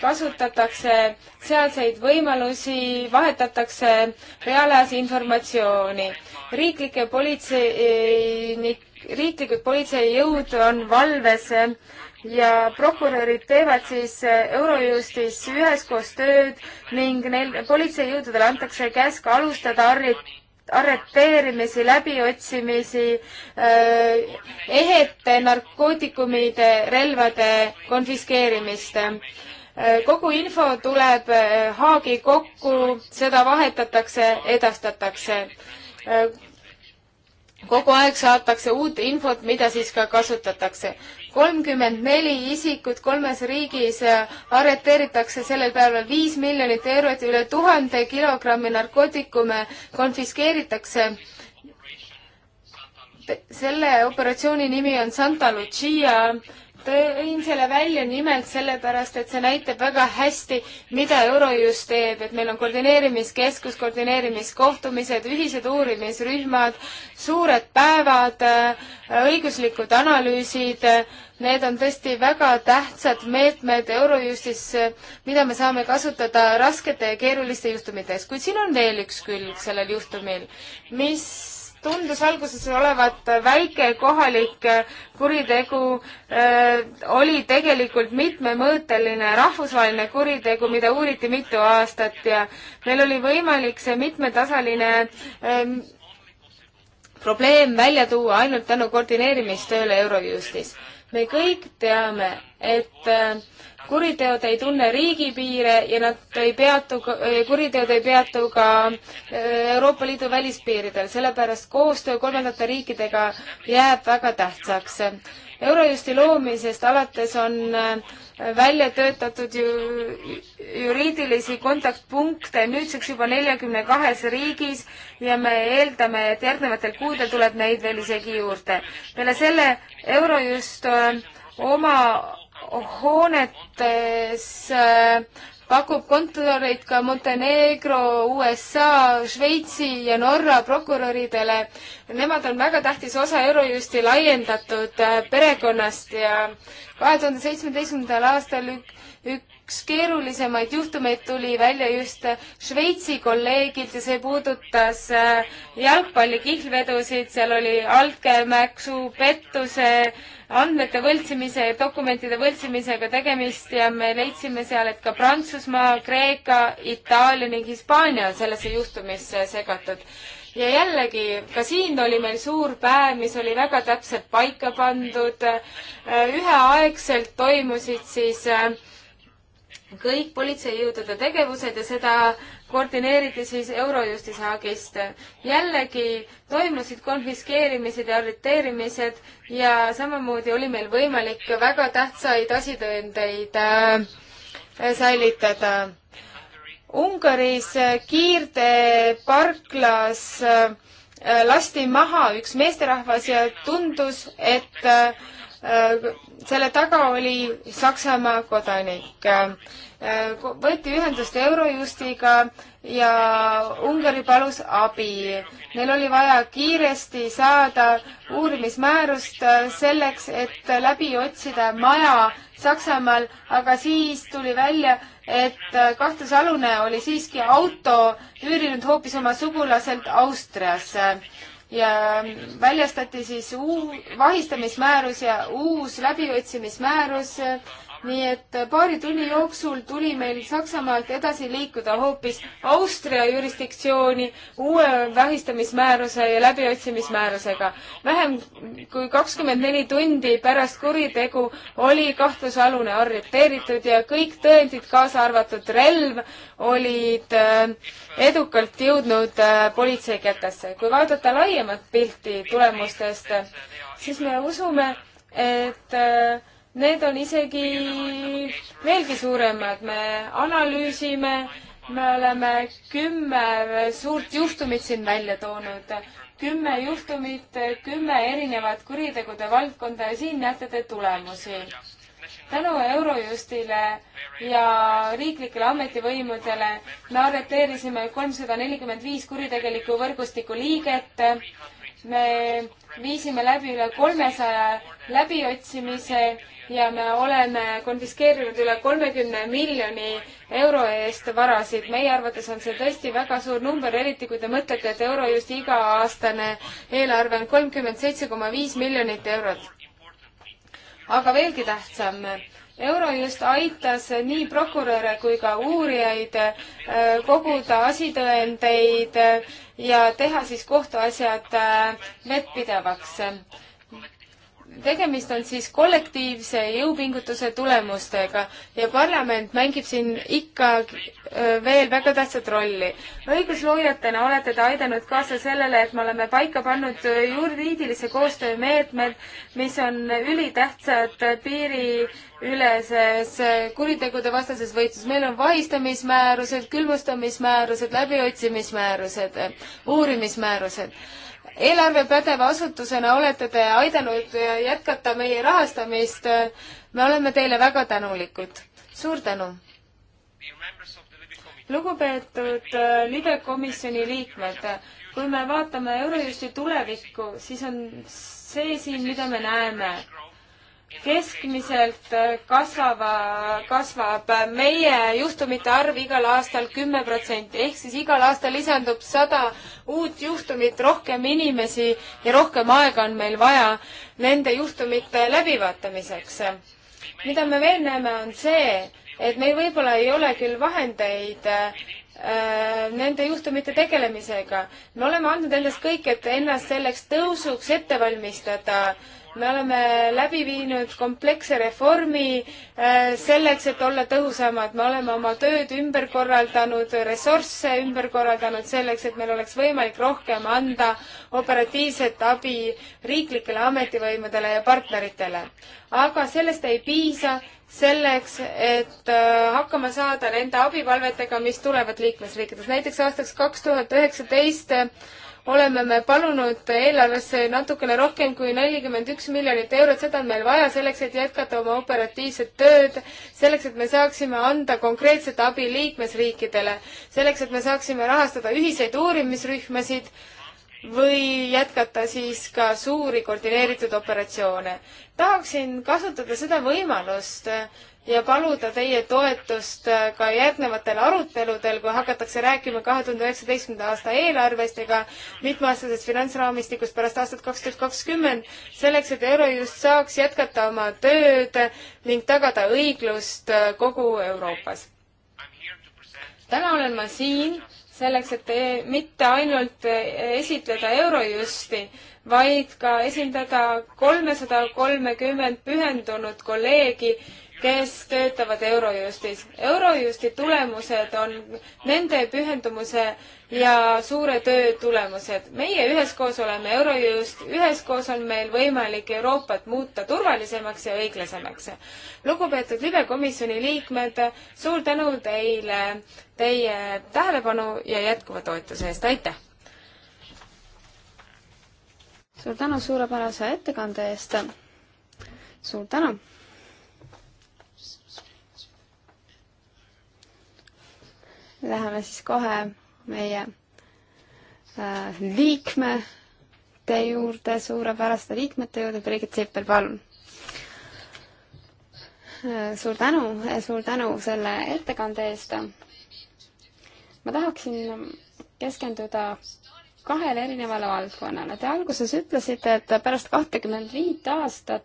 kasutatakse sealseid võimalusi, vahetatakse reaalajas informatsiooni. riiklike politsei, eh, riiklikud politseijõud on valves ja prokurörid teevad siis äh, Eurojustis üheskoos tööd ning neil politseijõududele antakse käsk alustada arrit-, arreteerimisi, läbiotsimisi, äh, ehete, narkootikumide, relvade konfiskeerimist äh, kogu info tuleb Haagi kokku, seda vahetatakse, edastatakse. kogu aeg saatakse uut infot, mida siis ka kasutatakse kolmkümmend neli isikut kolmes riigis äh, arreteeritakse sellel päeval viis miljonit eurot ja üle tuhande kilogrammi narkootikume konfiskeeritakse. selle operatsiooni nimi on Santa Lucia tõin selle välja nimelt sellepärast, et see näitab väga hästi, mida Eurojust teeb, et meil on koordineerimiskeskus, koordineerimiskohtumised, ühised uurimisrühmad, suured päevad, õiguslikud analüüsid, need on tõesti väga tähtsad meetmed Eurojustis, mida me saame kasutada raskete ja keeruliste juhtumite ees, kuid siin on veel üks külg sellel juhtumil, mis tundus alguses olevat väike kohalik kuritegu äh,, oli tegelikult mitmemõõteline rahvusvaheline kuritegu, mida uuriti mitu aastat ja meil oli võimalik see mitmetasaline äh, probleem välja tuua ainult tänu koordineerimistööle Eurojustis. me kõik teame, et äh, kuriteod ei tunne riigipiire ja nad ei peatu, kuriteod ei peatu ka äh, Euroopa Liidu välispiiridel, sellepärast koostöö kolmandate riikidega jääb väga tähtsaks. Eurojusti loomisest alates on äh, välja töötatud ju juriidilisi kontaktpunkte nüüdseks juba neljakümne kahes riigis ja me eeldame, et järgnevatel kuudel tuleb neid veel isegi juurde. peale selle Eurojust äh, oma hoonetes äh, pakub kontoreid ka Montenegro, USA, Šveitsi ja Norra prokuröridele. Nemad on väga tähtis osa Eurojusti laiendatud äh, perekonnast ja kahe tuhande seitsmeteistkümnendal aastal ük-, ük-, üks keerulisemaid juhtumeid tuli välja just Šveitsi kolleegilt ja see puudutas äh, jalgpalli kihlvedusid, seal oli altkäemaksu, pettuse, andmete võltsimise ja dokumentide võltsimisega tegemist ja me leidsime seal, et ka Prantsusmaa, Kreeka, Itaalia ning Hispaania on sellesse juhtumisse segatud ja jällegi, ka siin oli meil suur päev, mis oli väga täpselt paika pandud. Äh, üheaegselt toimusid siis äh, kõik politseijõudude tegevused ja seda koordineeriti siis Eurojusti saagist. jällegi toimusid konfiskeerimised ja arreteerimised ja samamoodi oli meil võimalik väga tähtsaid asitõendeid äh, säilitada. Ungaris kiirtee parklas äh, lasti maha üks meesterahvas ja tundus, et äh, Äh, selle taga oli Saksamaa kodanik. Äh, võeti ühendust Eurojustiga ja Ungari palus abi. Neil oli vaja kiiresti saada uurimismäärust äh, selleks, et läbi otsida maja Saksamaal, aga siis tuli välja, et kahtlusalune oli siiski auto üürinud hoopis oma sugulaselt Austriasse ja väljastati siis uu-, vahistamismäärus ja uus läbiotsimismäärus nii et äh, paari tunni jooksul tuli meil Saksamaalt edasi liikuda hoopis Austria jurisdiktsiooni uue vähistamismääruse ja läbiotsimismäärusega. vähem kui kakskümmend neli tundi pärast kuritegu oli kahtlusalune arreteeritud ja kõik tõendid, kaasa arvatud relv, olid äh, edukalt jõudnud äh, politsei kätesse. kui vaadata laiemat pilti tulemustest, siis me usume, et äh, need on isegi veelgi suuremad, me analüüsime, me oleme kümme suurt juhtumit siin välja toonud, kümme juhtumit, kümme erinevat kuritegude valdkonda ja siin näete te tulemusi. tänu Eurojustile ja riiklikele ametivõimudele me arreteerisime kolmsada nelikümmend viis kuritegelikku võrgustiku liiget me viisime läbi üle kolmesaja läbiotsimise ja me oleme konfiskeerinud üle kolmekümne miljoni euro eest varasid. meie arvates on see tõesti väga suur number, eriti kui te mõtlete, et Eurojusti iga-aastane eelarve on kolmkümmend seitse koma viis miljonit eurot. aga veelgi tähtsam Eurojust aitas nii prokuröre kui ka uurijaid äh, koguda asitõendeid ja teha siis kohtuasjad äh, vettpidavaks tegemist on siis kollektiivse jõupingutuse tulemustega ja parlament mängib siin ikka veel väga tähtsat rolli. õigusloojatena olete te aidanud kaasa sellele, et me oleme paika pannud juriidilise koostöö meetmed, mis on ülitähtsad piiriüleses kuritegude vastases võitluses. meil on vahistamismäärused, külmustamismäärused, läbiotsimismäärused, uurimismäärused eelarvepädeva asutusena olete te aidanud jätkata meie rahastamist. me oleme teile väga tänulikud. suur tänu! lugupeetud äh, libe komisjoni liikmed, kui me vaatame Eurojusti tulevikku, siis on see siin, mida me näeme keskmiselt äh, kasvava, kasvab meie juhtumite arv igal aastal kümme protsenti, ehk siis igal aastal lisandub sada uut juhtumit, rohkem inimesi ja rohkem aega on meil vaja nende juhtumite läbivaatamiseks. mida me veel näeme, on see, et meil võib-olla ei ole küll vahendeid äh, nende juhtumite tegelemisega. me oleme andnud endast kõik, et ennast selleks tõusuks ette valmistada me oleme läbi viinud kompleksse reformi äh, selleks, et olla tõhusamad, me oleme oma tööd ümber korraldanud, ressursse ümber korraldanud selleks, et meil oleks võimalik rohkem anda operatiivset abi riiklikele ametivõimudele ja partneritele. aga sellest ei piisa selleks, et äh, hakkama saada nende abipalvetega, mis tulevad liikmesriikides. näiteks aastaks kaks tuhat üheksateist oleme me palunud eelarvesse natukene rohkem kui nelikümmend üks miljonit eurot, seda on meil vaja selleks, et jätkata oma operatiivset tööd, selleks, et me saaksime anda konkreetset abi liikmesriikidele, selleks, et me saaksime rahastada ühiseid uurimisrühmasid või jätkata siis ka suuri koordineeritud operatsioone. tahaksin kasutada seda võimalust, ja paluda teie toetust äh, ka järgnevatel aruteludel, kui hakatakse rääkima kahe tuhande üheksateistkümnenda aasta eelarvest ega mitmeaastasest finantsraamistikust pärast aastat kaks tuhat kakskümmend, selleks et Eurojust saaks jätkata oma tööd ning tagada õiglust äh, kogu Euroopas. täna olen ma siin selleks, et mitte ainult äh, esitleda Eurojusti, vaid ka esindada kolmesada kolmekümmend pühendunud kolleegi kes töötavad Eurojustis. Eurojusti tulemused on nende pühendumuse ja suure töö tulemused. meie üheskoos oleme Eurojust, üheskoos on meil võimalik Euroopat muuta turvalisemaks ja õiglasemaks. lugupeetud libekomisjoni liikmed, suur tänu teile teie tähelepanu ja jätkuva toetuse eest, aitäh! suur tänu suurepärase ettekande eest! suur tänu! Läheme siis kohe meie äh, liikmete juurde, suurepäraste liikmete juurde, Birgit Sippel, palun! Äh, suur tänu, äh, suur tänu selle ettekande eest! ma tahaksin keskenduda kahele erinevale valdkonnale. Te alguses ütlesite, et pärast kahtekümmend viit aastat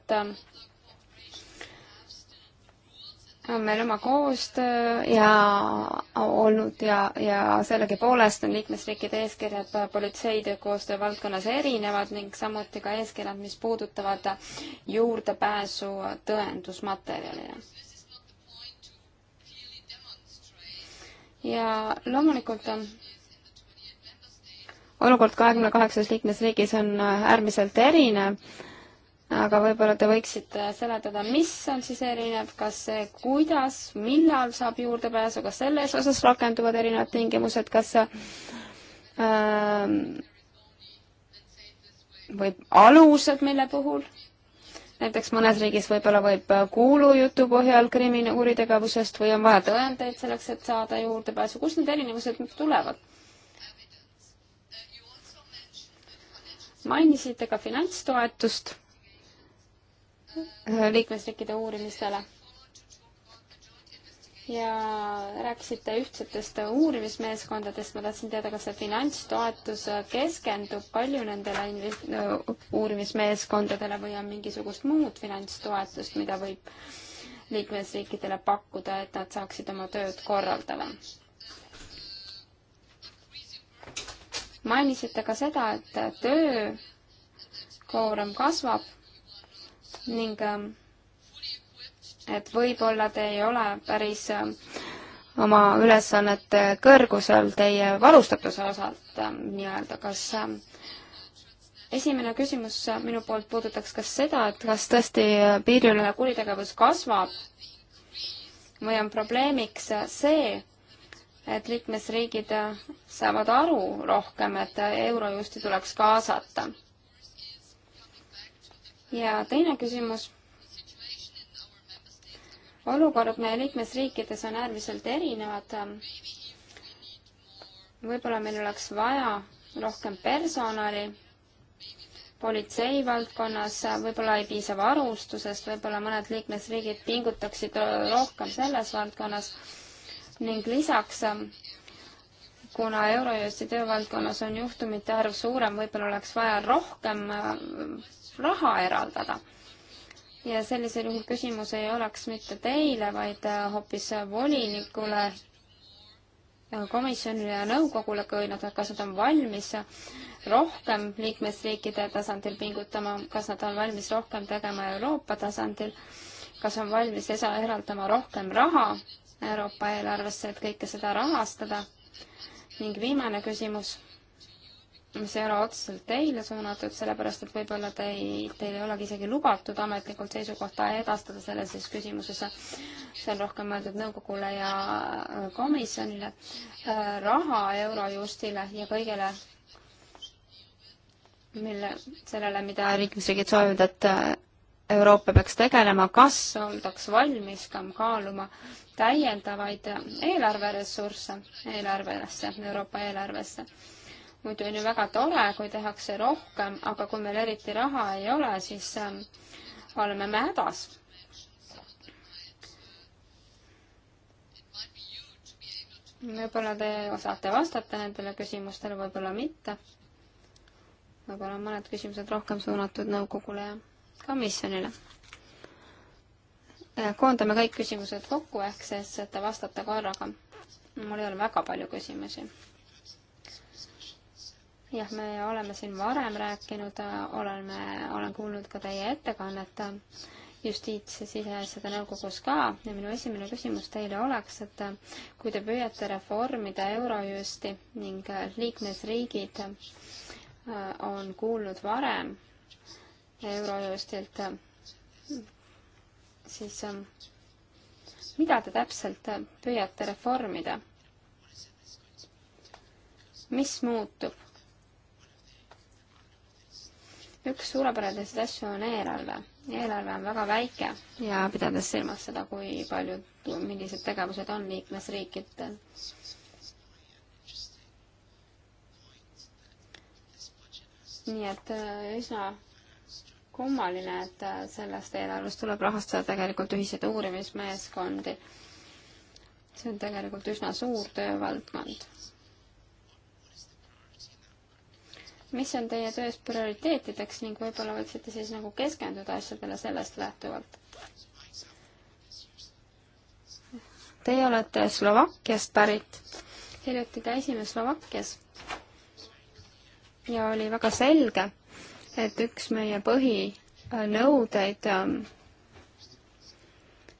on meil oma koostöö ja olnud ja, ja sellegipoolest on liikmesriikide eeskirjad politseide koostöö valdkonnas erinevad ning samuti ka eeskirjad, mis puudutavad juurdepääsu tõendusmaterjalile ja loomulikult on olukord kahekümne kaheksas liikmesriigis on äärmiselt erinev aga võib-olla te võiksite seletada, mis on siis erinev, kas see, kuidas, millal saab juurdepääsu, kas selles osas rakenduvad erinevad tingimused, kas ähm, või alused, mille puhul näiteks mõnes riigis võib-olla võib kuulujutu põhjal kriminaalkuritegevusest või on vaja tõendeid selleks, et saada juurdepääsu, kust need erinevused tulevad? mainisite ka finantstoetust liikmesriikide uurimistele. ja rääkisite ühtsetest uurimismeeskondadest, ma tahtsin teada, kas see finantstoetus keskendub palju nendele uurimismeeskondadele või on mingisugust muud finantstoetust, mida võib liikmesriikidele pakkuda, et nad saaksid oma tööd korraldada? mainisite ka seda, et töö koorum kasvab ning ähm, et võib-olla te ei ole päris ähm, oma ülesannete kõrgusel teie valustatuse osalt ähm, nii-öelda, kas esimene küsimus äh, minu poolt puudutaks kas seda, et kas tõesti äh, piiriülene kuritegevus kasvab või on probleemiks äh, see, et liikmesriigid saavad aru rohkem, et Eurojusti tuleks kaasata ja teine küsimus. olukord meie liikmesriikides on äärmiselt erinevad. võib-olla meil oleks vaja rohkem personali politsei valdkonnas, võib-olla ei piisa varustusest, võib-olla mõned liikmesriigid pingutaksid rohkem selles valdkonnas ning lisaks kuna Eurojusti töövaldkonnas on juhtumite arv suurem, võib-olla oleks vaja rohkem raha eraldada. ja sellisel juhul küsimus ei oleks mitte teile, vaid äh, hoopis volinikule, äh, komisjonile ja nõukogule, kui nad, kas nad on valmis rohkem liikmesriikide tasandil pingutama, kas nad on valmis rohkem tegema Euroopa tasandil kas on valmis esa eraldama rohkem raha Euroopa eelarvesse, et kõike seda rahastada. ning viimane küsimus mis ei ole otseselt teile suunatud, sellepärast et võib-olla te ei, teil ei olegi isegi lubatud ametlikult seisukohta edastada selles küsimuses. see on rohkem mõeldud nõukogule ja äh, komisjonile, äh, raha Eurojustile ja kõigele, mille, sellele, mida liikmesriigid soovivad, et äh, Euroopa peaks tegelema, kas oldaks valmis ka kaaluma täiendavaid eelarveressursse eelarvesse, Euroopa eelarvesse muidu on ju väga tore, kui tehakse rohkem, aga kui meil eriti raha ei ole, siis ähm, oleme me hädas. võib-olla te saate vastata nendele küsimustele, võib-olla mitte. võib-olla on mõned küsimused rohkem suunatud nõukogule ja komisjonile. koondame kõik küsimused kokku, ehk siis, et te vastate korraga. mul ei ole väga palju küsimusi jah, me oleme siin varem rääkinud, äh, oleme, olen kuulnud ka teie ettekannet äh, justiits- ja siseasjade nõukogus ka ja minu esimene küsimus teile oleks, et äh, kui te püüate reformida Eurojusti ning liikmesriigid on kuulnud varem Eurojustilt, siis mida te täpselt püüate reformida? mis muutub? üks suurepäraseid asju on eelarve. eelarve on väga väike ja pidades silmas seda, kui paljud, millised tegevused on liikmesriikidel. nii et äh, üsna kummaline, et äh, sellest eelarvest tuleb rahastada tegelikult ühiseid uurimismeeskondi. see on tegelikult üsna suur töövaldkond mis on teie töös prioriteetideks ning võib-olla võiksite siis nagu keskenduda asjadele sellest lähtuvalt? Teie olete Slovakkiast pärit. hiljuti käisime Slovakkias ja oli väga selge, et üks meie põhinõudeid, ähm,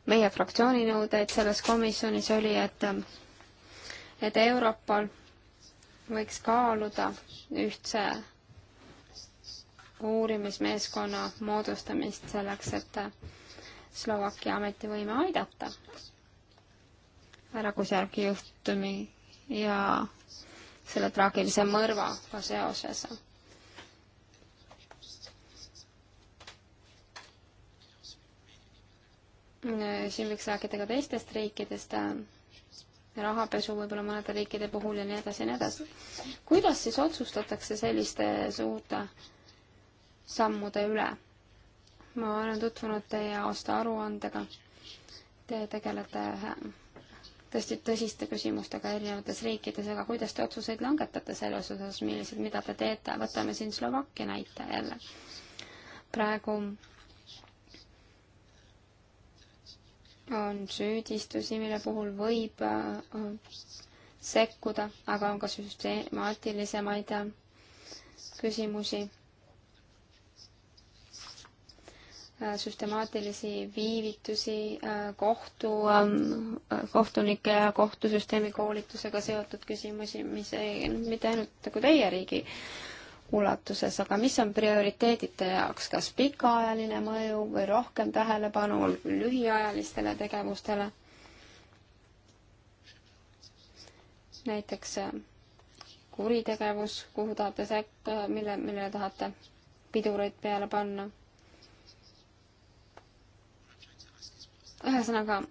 meie fraktsiooni nõudeid selles komisjonis oli, et ähm, et Europol võiks kaaluda ühtse uurimismeeskonna moodustamist selleks, et Slovakkia ametivõime aidata ärakujärgi juhtumi ja selle traagilise mõrvaga seoses. siin võiks rääkida ka teistest riikidest rahapesu võib-olla mõnede riikide puhul ja nii edasi ja nii edasi. kuidas siis otsustatakse selliste suurte sammude üle? ma olen tutvunud teie aastaaruandega. Te tegelete tõesti tõsiste küsimustega erinevates riikides, aga kuidas te otsuseid langetate selles osas, millised, mida te teete, võtame siin Slovakkia näite jälle. praegu on süüdistusi, mille puhul võib äh, sekkuda, aga on ka süstemaatilisemaid äh, küsimusi, äh, süstemaatilisi viivitusi kohtu, ähm, kohtunike ja kohtusüsteemi koolitusega seotud küsimusi, mis ei, mitte ainult nagu teie riigi ulatuses, aga mis on prioriteedid teie jaoks, kas pikaajaline mõju või rohkem tähelepanu lühiajalistele tegevustele? näiteks äh, kuritegevus, kuhu tahate sekk-, äh, mille, millele tahate pidureid peale panna. ühesõnaga,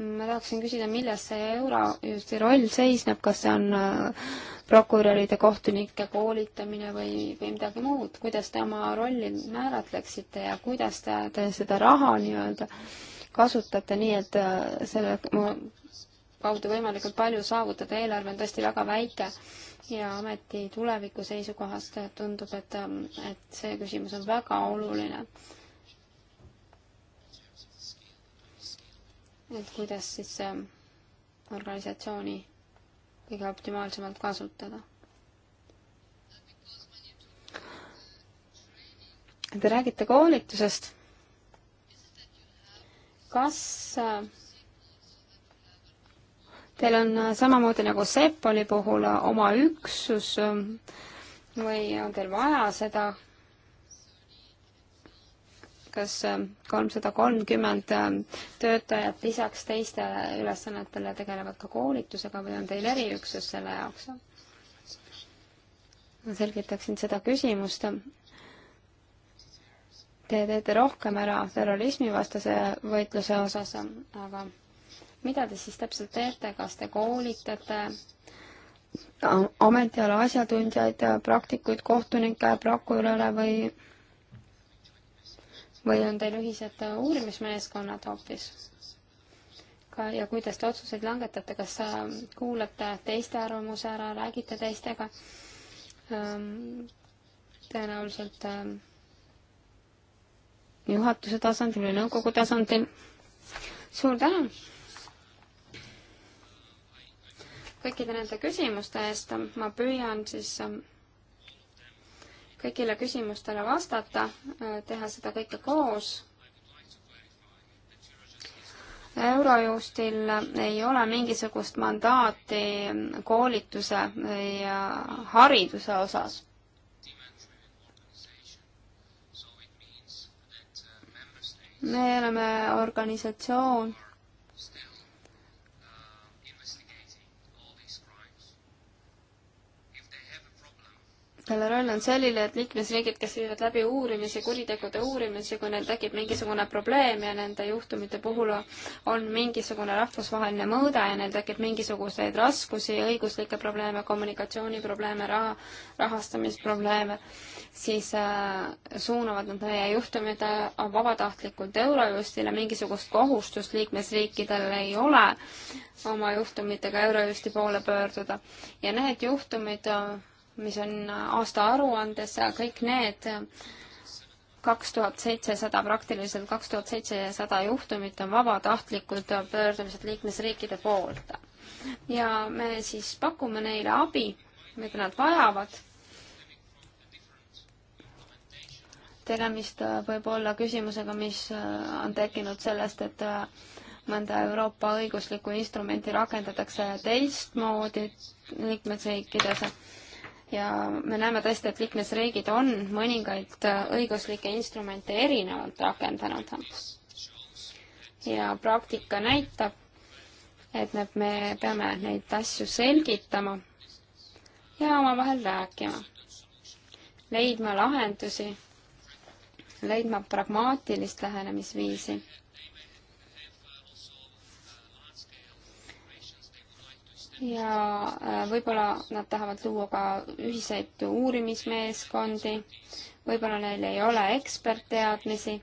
ma tahaksin küsida, milles see Eurojusti roll seisneb, kas see on äh, prokuröride, kohtunike koolitamine või, või midagi muud, kuidas te oma rolli määratleksite ja kuidas te, te seda raha nii-öelda kasutate nii, et äh, selle kaudu võimalikult palju saavutada, eelarve on tõesti väga väike ja ameti tuleviku seisukohast tundub, et, ähm, et see küsimus on väga oluline. et kuidas siis ähm, organisatsiooni kõige optimaalsemalt kasutada. Te räägite koolitusest. kas äh, teil on äh, samamoodi nagu Sepoli puhul äh, oma üksus või on teil vaja seda kas ähm, kolmsada kolmkümmend ähm, töötajat lisaks teistele ülesannetele tegelevad ka koolitusega või on teil eriüksus selle jaoks? ma selgitaksin seda küsimust. Te teete rohkem ära terrorismivastase võitluse osas, aga mida te siis täpselt teete, kas te koolitate ametiala asjatundjaid, praktikuid, kohtunikke, prokuröre või või on teil ühised äh, uurimismeeskonnad hoopis? ka ja kuidas te otsuseid langetate, kas ähm, kuulate teiste arvamuse ära, räägite teistega? Ähm, tõenäoliselt ähm, juhatuse tasandil või nõukogu tasandil. suur tänu kõikide nende küsimuste eest, ma püüan siis kõigile küsimustele vastata, äh, teha seda kõike koos. Eurojustil ei ole mingisugust mandaati koolituse ja hariduse osas me oleme organisatsioon, selle roll on selline, et liikmesriigid, kes viivad läbi uurimisi, kuritegude uurimisi, kui neil tekib mingisugune probleem ja nende juhtumite puhul on mingisugune rahvusvaheline mõõde ja neil tekib mingisuguseid raskusi, õiguslikke probleeme, kommunikatsiooniprobleeme, raha, rahastamisprobleeme, siis äh, suunavad nad meie juhtumid äh, vabatahtlikult Eurojustile, mingisugust kohustust liikmesriikidel ei ole oma juhtumitega Eurojusti poole pöörduda. ja need juhtumid äh, mis on aastaaruandes, kõik need kaks tuhat seitsesada, praktiliselt kaks tuhat seitsesada juhtumit on vabatahtlikud pöördumised liikmesriikide poolt. ja me siis pakume neile abi, mida nad vajavad. tegemist võib olla küsimusega, mis on tekkinud sellest, et mõnda Euroopa õiguslikku instrumenti rakendatakse teistmoodi liikmesriikides ja me näeme tõesti, et liikmesriigid on mõningaid äh, õiguslikke instrumente erinevalt rakendanud. ja praktika näitab, et need, me peame neid asju selgitama ja omavahel rääkima, leidma lahendusi, leidma pragmaatilist lähenemisviisi ja äh, võib-olla nad tahavad luua ka ühiseid uurimismeeskondi, võib-olla neil ei ole ekspertteadmisi,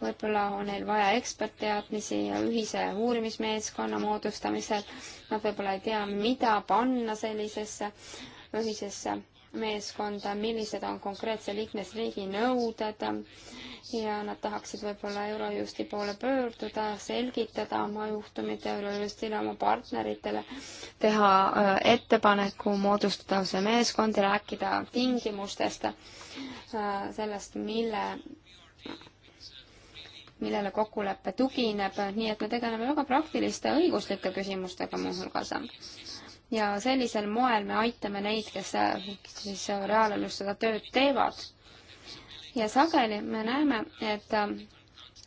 võib-olla on neil vaja ekspertteadmisi ja ühise uurimismeeskonna moodustamisel, nad võib-olla ei tea, mida panna sellisesse ühisesse meeskonda, millised on konkreetse liikmesriigi nõuded ja nad tahaksid võib-olla Eurojusti poole pöörduda, selgitada oma juhtumit Eurojustile, oma partneritele, teha äh, ettepaneku moodustada see meeskond ja rääkida tingimustest, äh, sellest, mille millele kokkulepe tugineb, nii et me tegeleme väga praktiliste õiguslike küsimustega muuhulgas ja sellisel moel me aitame neid, kes äh, siis reaalelus seda tööd teevad ja sageli me näeme, et äh,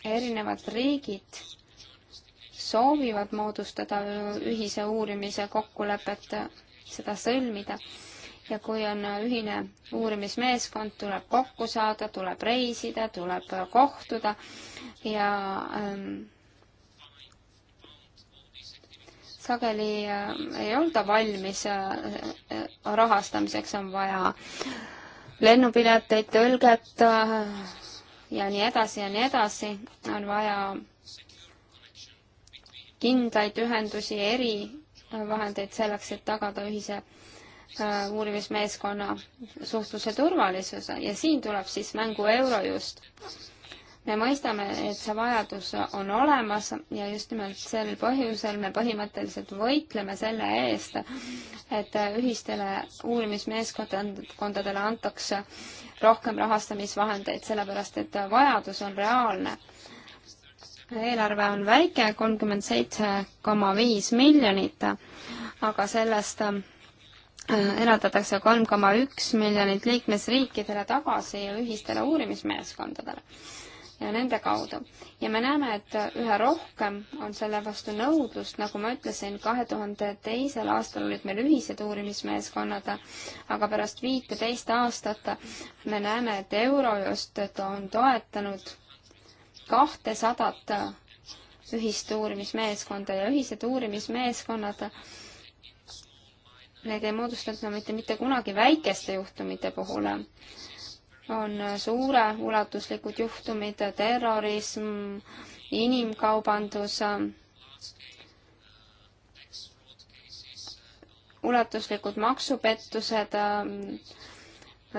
erinevad riigid soovivad moodustada äh, ühise uurimise kokkulepet, äh, seda sõlmida. ja kui on ühine uurimismeeskond, tuleb kokku saada, tuleb reisida, tuleb kohtuda ja ähm, sageli äh, ei olda valmis äh, äh, rahastamiseks, on vaja äh, lennupileteid, tõlget äh, ja nii edasi ja nii edasi, on vaja kindlaid ühendusi, erivahendeid selleks, et tagada ühise äh, uurimismeeskonna suhtluse turvalisuse ja siin tuleb siis mängu Eurojust me mõistame, et see vajadus on olemas ja just nimelt sel põhjusel me põhimõtteliselt võitleme selle eest, et ühistele uurimismeeskondadele antakse rohkem rahastamisvahendeid, sellepärast et vajadus on reaalne eelarve on väike, kolmkümmend seitse koma viis miljonit, aga sellest äh, eraldatakse kolm koma üks miljonit liikmesriikidele tagasi ja ühistele uurimismeeskondadele ja nende kaudu. ja me näeme, et üha rohkem on selle vastu nõudlust, nagu ma ütlesin, kahe tuhande teisel aastal olid meil ühised uurimismeeskonnad, aga pärast viiteist aastat me näeme, et Eurojust on toetanud kahtesadat ühist uurimismeeskonda ja ühised uurimismeeskonnad Need ei moodustanud no mitte, mitte kunagi väikeste juhtumite puhul on suureulatuslikud juhtumid, terrorism, inimkaubandus, ulatuslikud maksupettused,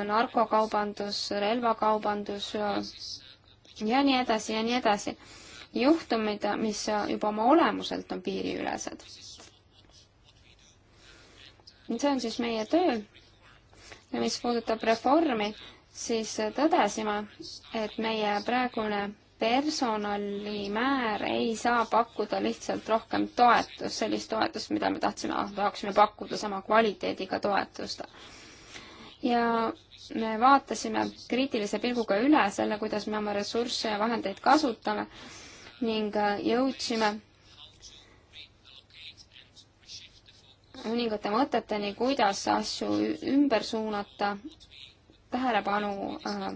narkokaubandus, relvakaubandus ja nii edasi ja nii edasi. juhtumid, mis juba oma olemuselt on piiriülesed. see on siis meie töö ja mis puudutab reformi, siis tõdesime, et meie praegune personalimäär ei saa pakkuda lihtsalt rohkem toetust, sellist toetust, mida me tahtsime, ah, tahaksime pakkuda sama kvaliteediga toetust. ja me vaatasime kriitilise pilguga üle selle, kuidas me oma ressursse ja vahendeid kasutame ning äh, jõudsime mõningate mõteteni, kuidas asju ümber suunata tähelepanu äh,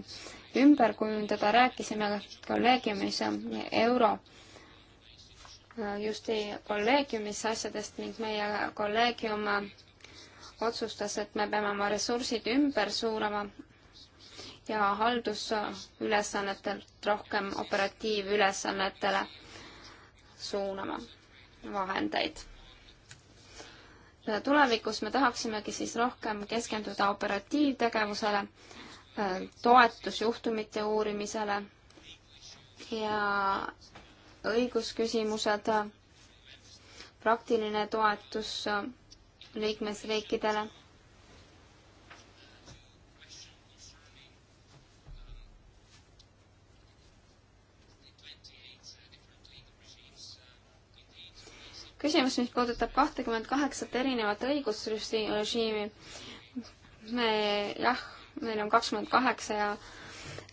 ümber kujundada, rääkisime kolleegiumis äh, euro äh, justi kolleegiumis asjadest ning meie kolleegium otsustas, et me peame oma ressursid ümber suurama ja haldusülesannetelt rohkem operatiivülesannetele suunama vahendeid tulevikus me tahaksimegi siis rohkem keskenduda operatiivtegevusele, toetusjuhtumite uurimisele ja õigusküsimused, praktiline toetus liikmesriikidele küsimus, mis puudutab kahtekümmet kaheksat erinevat õigusrežiimi. me jah, meil on kakskümmend kaheksa ja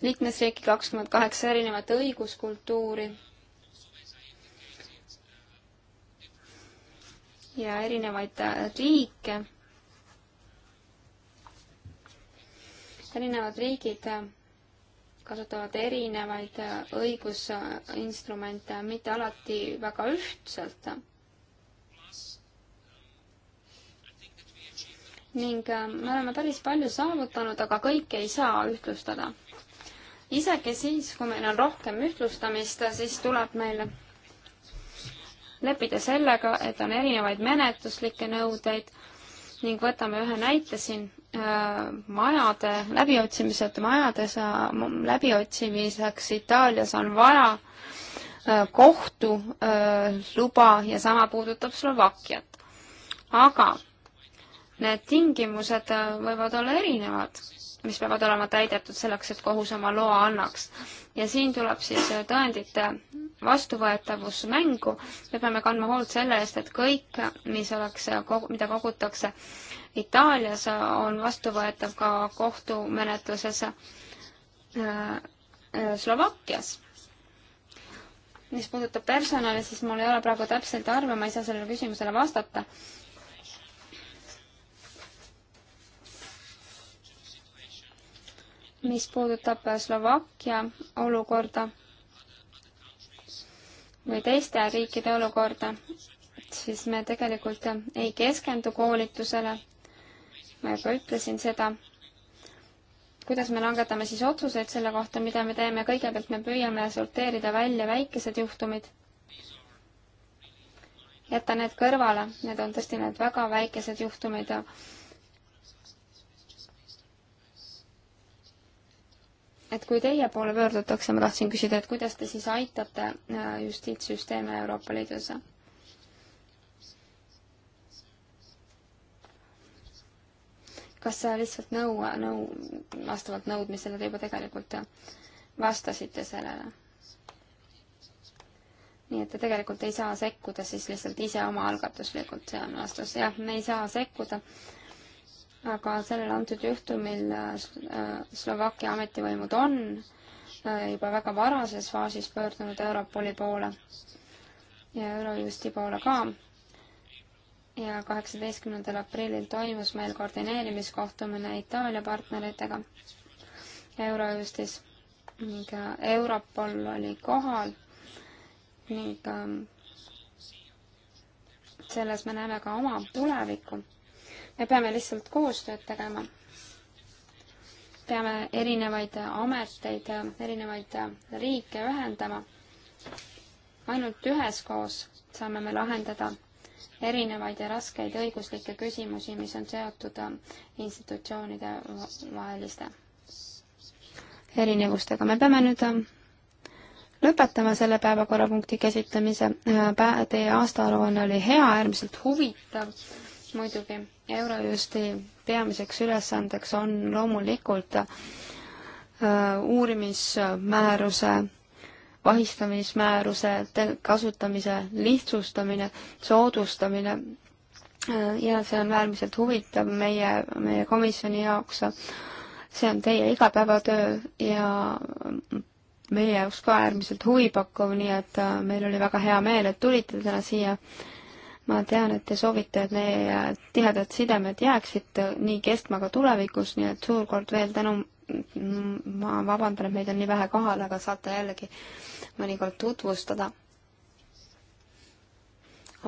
liikmesriiki kakskümmend kaheksa erinevat õiguskultuuri. ja erinevaid äh, riike. erinevad riigid äh, kasutavad erinevaid äh, õigusinstrumente, mitte alati väga ühtselt ning äh, me oleme päris palju saavutanud, aga kõike ei saa ühtlustada. isegi siis, kui meil on rohkem ühtlustamist, siis tuleb meil leppida sellega, et on erinevaid menetluslikke nõudeid ning võtame ühe näite siin, äh, majade läbiotsimised, majades äh, läbiotsimiseks Itaalias on vaja kohtu luba ja sama puudutab Slovakkiat. aga Need tingimused äh, võivad olla erinevad, mis peavad olema täidetud selleks, et kohus oma loa annaks. ja siin tuleb siis äh, tõendite vastuvõetavus mängu, me peame kandma hoolt selle eest, et kõik, mis oleks, äh, mida kogutakse Itaalias, on vastuvõetav ka kohtumenetluses Slovakkias mis puudutab personali, siis mul ei ole praegu täpseid arve, ma ei saa sellele küsimusele vastata. mis puudutab Slovakkia olukorda või teiste riikide olukorda, siis me tegelikult ei keskendu koolitusele. ma juba ütlesin seda. kuidas me langetame siis otsuseid selle kohta, mida me teeme, kõigepealt me püüame sorteerida välja väikesed juhtumid. jäta need kõrvale, need on tõesti need väga väikesed juhtumid ja et kui teie poole pöördutakse, ma tahtsin küsida, et kuidas te siis aitate äh, justiitssüsteeme Euroopa Liidus? kas sa lihtsalt nõu, nõu, vastavalt nõudmisele te juba tegelikult vastasite sellele? nii et te tegelikult ei saa sekkuda siis lihtsalt ise omaalgatuslikult, see on vastus. jah, me ei saa sekkuda äh, aga sellel antud juhtumil äh, Slovakkia ametivõimud on äh, juba väga varases faasis pöördunud Europoli poole ja Eurojusti poole ka. ja kaheksateistkümnendal aprillil toimus meil koordineerimiskohtumine Itaalia partneritega Eurojustis ning äh, Europol oli kohal ning ähm, selles me näeme ka oma tulevikku me peame lihtsalt koostööd tegema. peame erinevaid ameteid, erinevaid riike ühendama. ainult üheskoos saame me lahendada erinevaid ja raskeid õiguslikke küsimusi, mis on seotud institutsioonide vaheliste erinevustega. me peame nüüd lõpetama selle päevakorrapunkti käsitlemise. Teie aastaaruanne oli hea, äärmiselt huvitav muidugi Eurojusti peamiseks ülesandeks on loomulikult äh, uurimismääruse, vahistamismääruse kasutamise lihtsustamine, soodustamine äh, ja see on äärmiselt huvitav meie, meie komisjoni jaoks. see on teie igapäevatöö ja meie jaoks ka äärmiselt huvipakkuv, nii et äh, meil oli väga hea meel, et tulite täna siia ma tean, et te soovite, et meie tihedad sidemed jääksid nii kestma ka tulevikus, nii et suur kord veel tänu, ma vabandan, et meid on nii vähe kohal, aga saate jällegi mõnikord tutvustada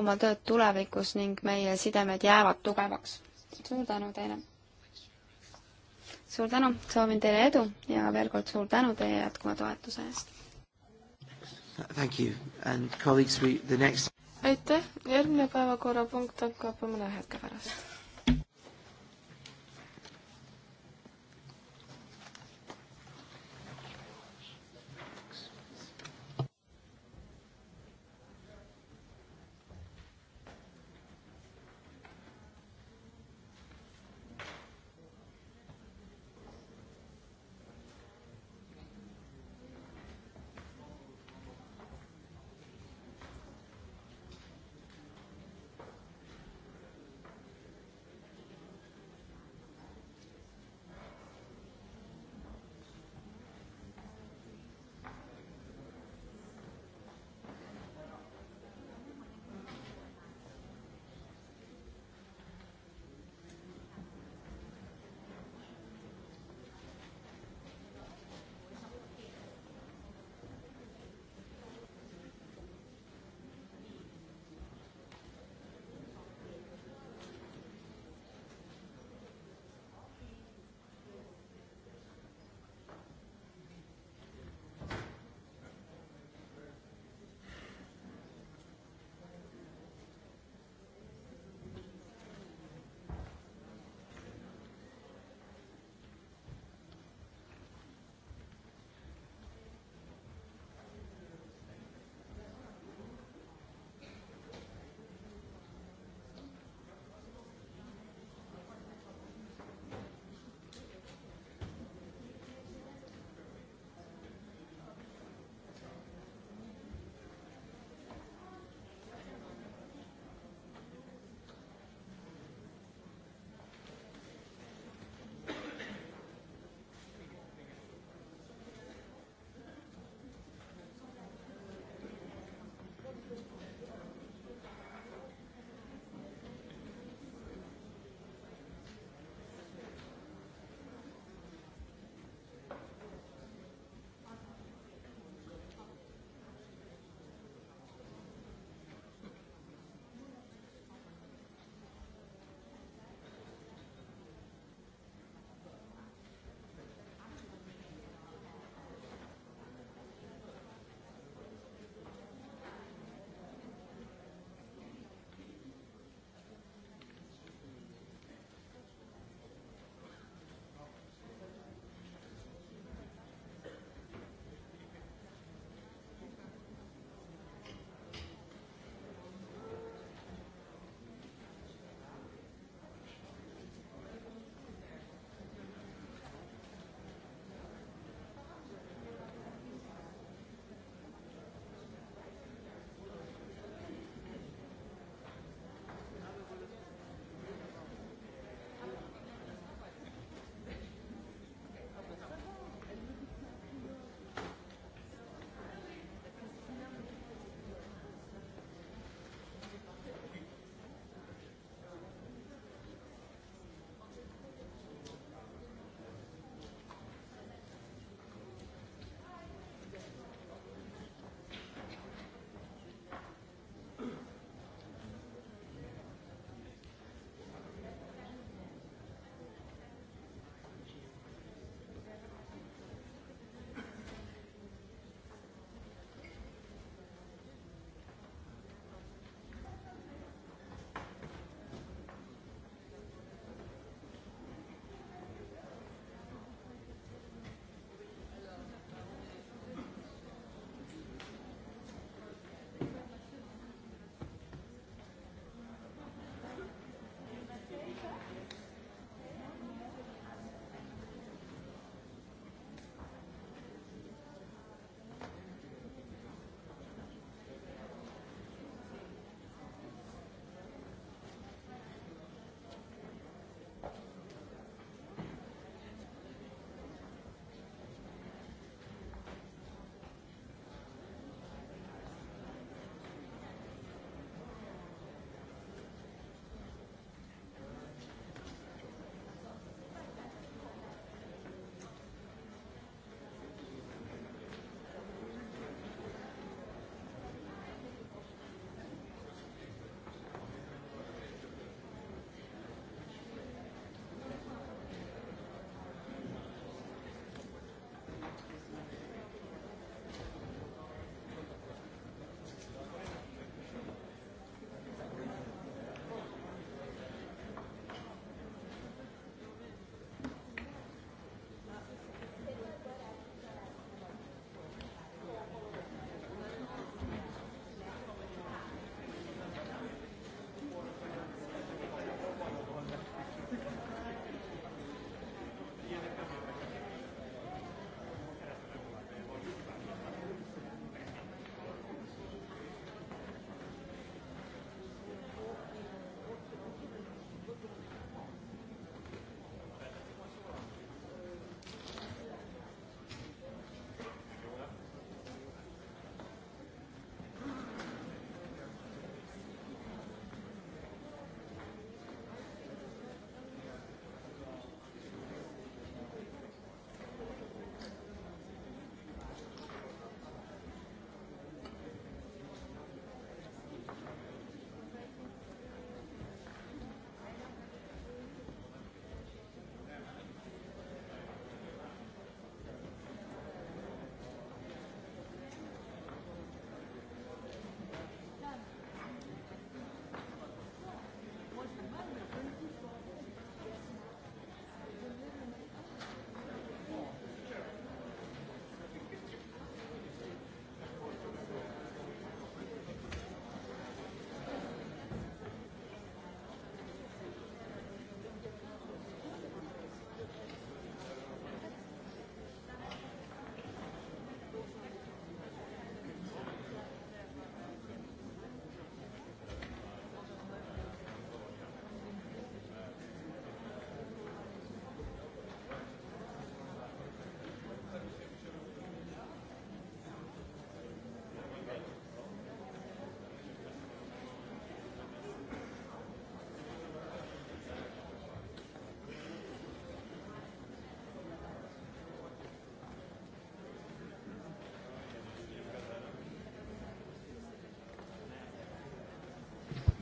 oma tööd tulevikus ning meie sidemed jäävad tugevaks. suur tänu teile! suur tänu, soovin teile edu ja veel kord suur tänu teie jätkuva toetuse eest! Thank you and colleagues, we, the next aitäh, järgmine päevakorrapunkt hakkab mõne hetke pärast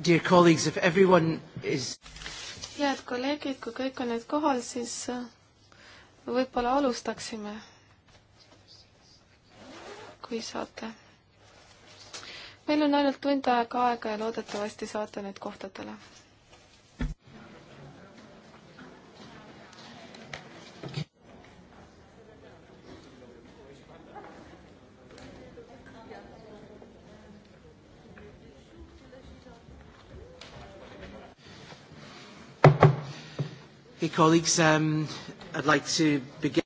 Dear colleagues, if everyone is head kolleegid, kui kõik on nüüd kohal, siis äh, võib-olla alustaksime, kui saate. meil on ainult tund aega aega ja loodetavasti saate nüüd kohtadele colleagues, um, I'd like to begin.